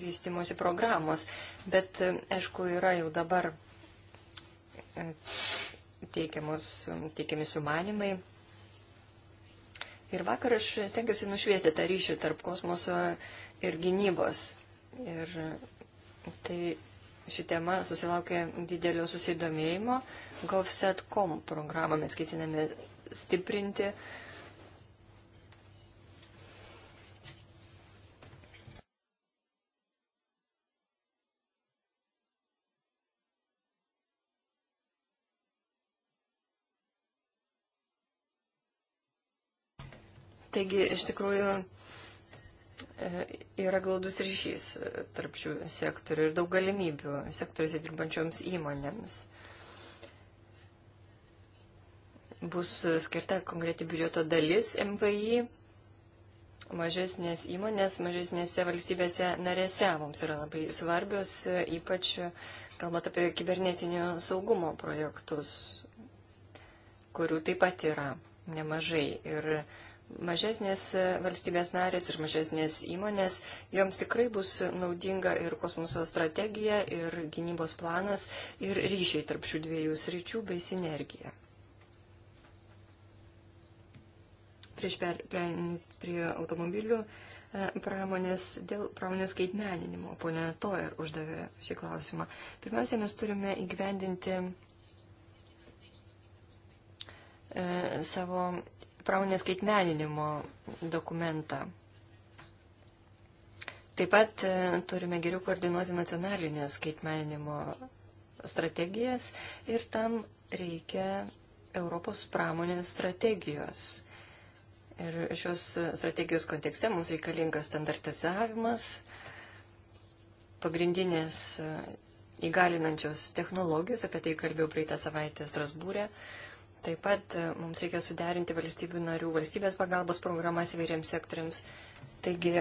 vystimosi programos. Bet, um, aišku, yra jau dabar um, teikiamos, teikiami sumanimai Ir vakar aš stengiuosi nušviesti tą ryšį tarp kosmoso ir gynybos. Ir tai ši tema susilaukė didelio susidomėjimo. GovSatcom programą mes ketiname stiprinti Taigi, iš tikrųjų, e, yra glaudus ryšys e, tarp šių sektorių ir daug galimybių sektoriuose dirbančioms įmonėms. Bus skirta konkreti biudžeto dalis MPI mažesnės įmonės, mažesnėse valstybėse narėse mums yra labai svarbios, e, ypač kalbant apie kibernetinio saugumo projektus, kurių taip pat yra nemažai. Ir mažesnės valstybės narės ir mažesnės įmonės, joms tikrai bus naudinga ir kosmoso strategija, ir gynybos planas, ir ryšiai tarp šių dviejų sričių bei sinergija. Prieš per, prie, prie automobilių e, pramonės, dėl pramonės skaitmeninimo, ponė Toer uždavė šį klausimą. Pirmiausia, mes turime įgyvendinti e, savo pramonės skaitmeninimo dokumentą. Taip pat e, turime geriau koordinuoti nacionalinės skaitmeninimo strategijas ir tam reikia Europos pramonės strategijos. Ir šios strategijos kontekste mums reikalingas standartizavimas, pagrindinės e, įgalinančios technologijos, apie tai kalbėjau praeitą savaitę Strasbūrė, e, Taip pat e, mums reikia suderinti valstybių narių valstybės pagalbos programas įvairiems sektoriams. Taigi,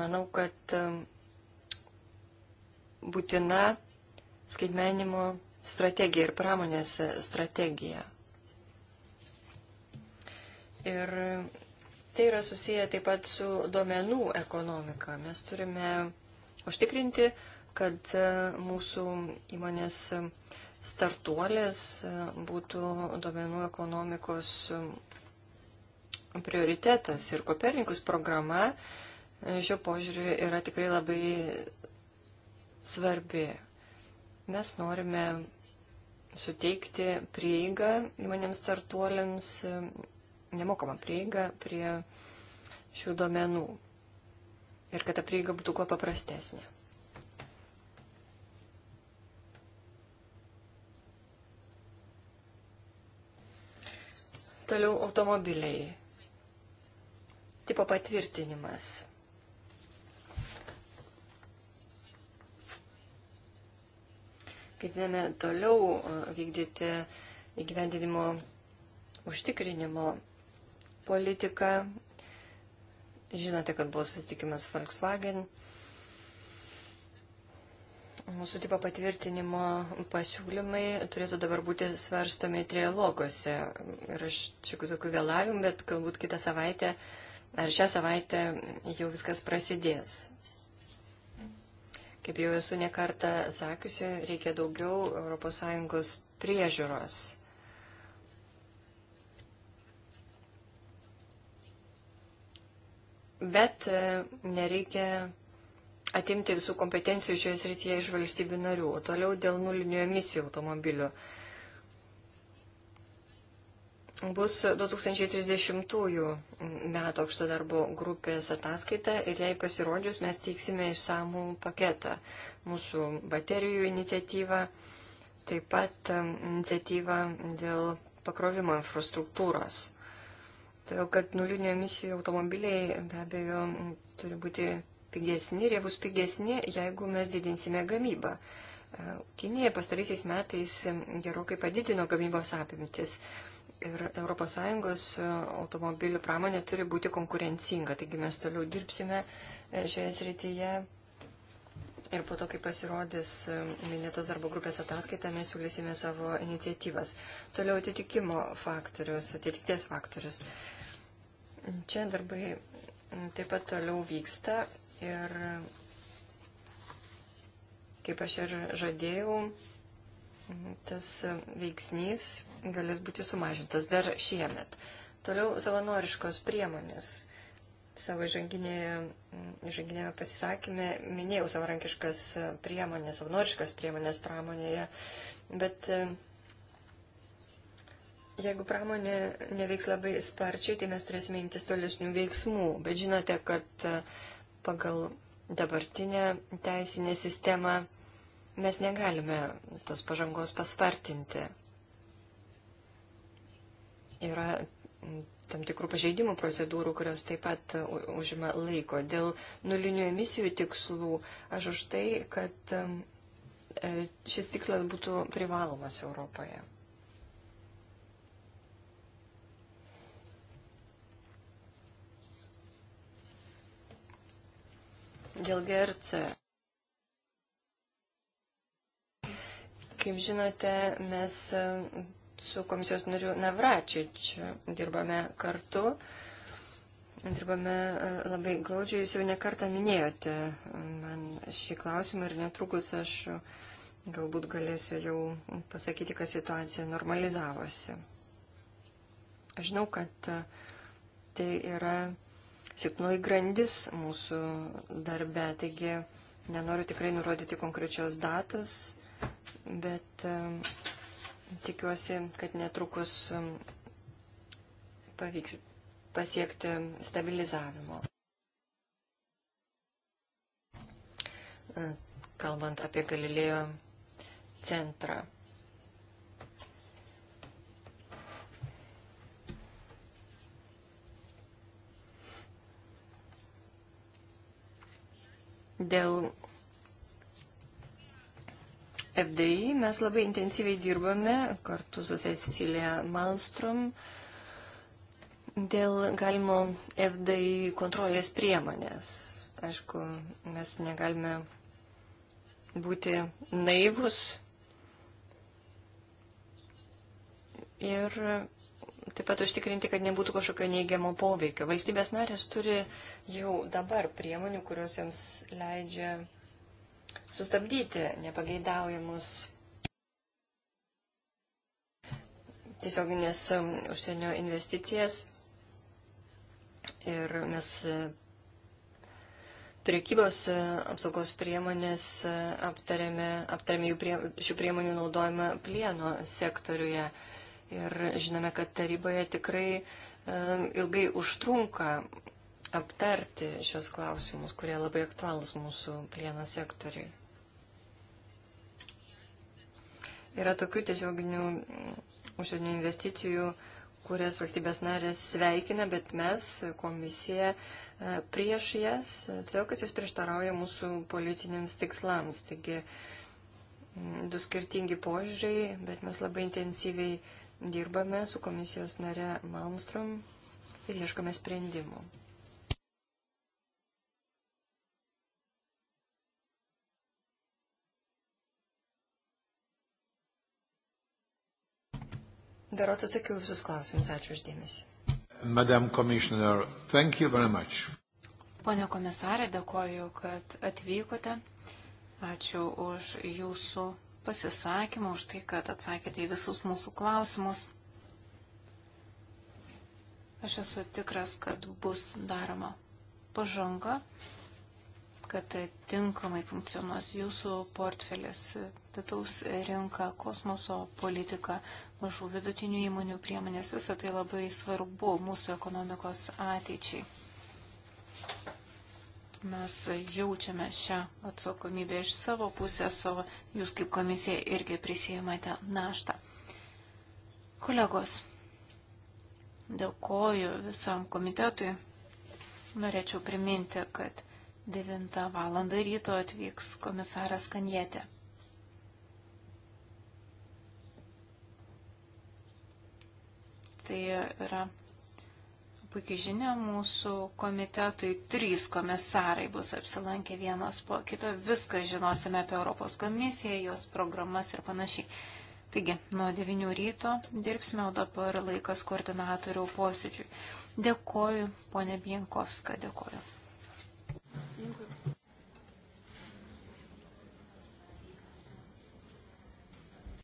manau, kad e, būtina skaitmenimo strategija ir pramonės strategija. Ir tai yra susiję taip pat su duomenų ekonomika. Mes turime užtikrinti, kad e, mūsų įmonės startuolės e, būtų duomenų ekonomikos e, prioritetas. Ir Kopernikus programa e, šiuo požiūriu yra tikrai labai svarbi. Mes norime suteikti prieigą įmonėms startuoliams, nemokamą prieigą prie šių duomenų. Ir kad ta prieiga būtų kuo paprastesnė. Toliau automobiliai. Tipo patvirtinimas. Ketiname toliau e, vykdyti įgyvendinimo užtikrinimo politiką. Žinote, kad buvo susitikimas Volkswagen Mūsų tipo patvirtinimo pasiūlymai turėtų dabar būti svarstomi trialoguose. Ir aš šiokių tokių vėlavimų, bet galbūt kitą savaitę ar šią savaitę jau viskas prasidės. Kaip jau esu nekartą sakiusi, reikia daugiau ES priežiūros. Bet e, nereikia atimti visų kompetencijų šioje srityje iš valstybių narių, o toliau dėl nulinių emisijų automobilių. Bus 2030 metų aukšto darbo grupės ataskaita ir jai pasirodžius mes teiksime išsamų paketą. Mūsų baterijų iniciatyva, taip pat um, iniciatyva dėl pakrovimo infrastruktūros. Todėl, kad nulinių emisijų automobiliai be abejo turi būti pigesni ir jie bus pigesni, jeigu mes didinsime gamybą. E, Kinėje pastaraisiais metais gerokai padidino gamybos apimtis ir ES e, automobilių pramonė turi būti konkurencinga, taigi mes toliau dirbsime e, šioje srityje. Ir po to, kai pasirodys minėtos darbo grupės ataskaita, mes siūlysime savo iniciatyvas. Toliau atitikimo faktorius, atitikties faktorius. Čia darbai taip pat toliau vyksta Ir kaip aš ir žadėjau, tas veiksnys galės būti sumažintas dar šiemet. Toliau savanoriškos priemonės. Savo žanginėme pasisakymė minėjau savarankiškas priemonės, savanoriškas priemonės pramonėje, bet e, jeigu pramonė neveiks labai sparčiai, tai mes turėsime imtis tolesnių veiksmų. Bet žinote, kad pagal dabartinę teisinę sistemą mes negalime tos pažangos paspartinti. Yra tam tikrų pažeidimų procedūrų, kurios taip pat užima laiko. Dėl nulinių emisijų tikslų aš už tai, kad e, šis tikslas būtų privalomas Europoje. dėl GRC. Kaip žinote, mes e, su komisijos nariu Navračičiu dirbame kartu. Dirbame e, labai glaudžiai, jūs jau nekartą minėjote e, man šį klausimą ir netrukus aš galbūt galėsiu jau pasakyti, kad situacija normalizavosi. Aš žinau, kad tai yra silpnoji grandis mūsų darbe. Taigi nenoriu tikrai nurodyti konkrečios datos, bet tikiuosi, kad netrukus pavyks pasiekti stabilizavimo. E, kalbant apie Galilėjo centrą. Dėl FDI mes labai intensyviai dirbame kartu su Cecilija Malmstrom dėl galimo FDI kontrolės priemonės. Aišku, mes negalime būti naivus ir taip pat užtikrinti, kad nebūtų kažkokio neigiamo poveikio. Valstybės narės turi jau dabar priemonių, kurios jiems leidžia sustabdyti nepageidaujamus tiesioginės um, užsienio investicijas. Ir mes uh, priekybos uh, apsaugos priemonės uh, aptarėme, aptarėme prie, šių priemonių naudojimą plieno sektoriuje. Ir žinome, kad taryboje tikrai ilgai užtrunka aptarti šios klausimus, kurie labai aktualūs mūsų plieno sektoriui. Yra tokių tiesioginių mm, užsienio investicijų, kurias valstybės narės sveikina, bet mes, komisija, e, prieš jas, e, todėl kad jos prieštarauja mūsų politiniams tikslams. Taigi, mm, du skirtingi požiūriai, bet mes labai intensyviai dirbame su komisijos nare Malmstrom ir ieškome sprendimų. Berot atsakiau visus klausimus. Ačiū uždėmesi. Madam Commissioner, thank you very much. Pone komisarė, dėkoju, kad atvykote. Ačiū už jūsų pasisakymą, už tai, kad atsakėte į visus mūsų klausimus. Aš esu tikras, kad bus daroma pažanga, kad tinkamai funkcionuos jūsų portfelis, vidaus rinka, kosmoso politika, mažų vidutinių įmonių priemonės. Visą tai labai svarbu mūsų ekonomikos ateičiai mes jaučiame šią atsakomybę iš savo pusės, o jūs kaip komisija irgi prisijimate naštą. Kolegos, dėkoju visam komitetui. Norėčiau priminti, kad 9 val. ryto atvyks komisaras Kanjetė. Tai yra puikiai žinia, mūsų komitetui trys komisarai bus apsilankę vienas po kito, viską žinosime apie Europos komisiją, jos programas ir panašiai. Taigi, nuo 9 ryto dirbsime, o dabar laikas koordinatorių posėdžiui. Dėkoju, ponė Bienkovska, dėkoju.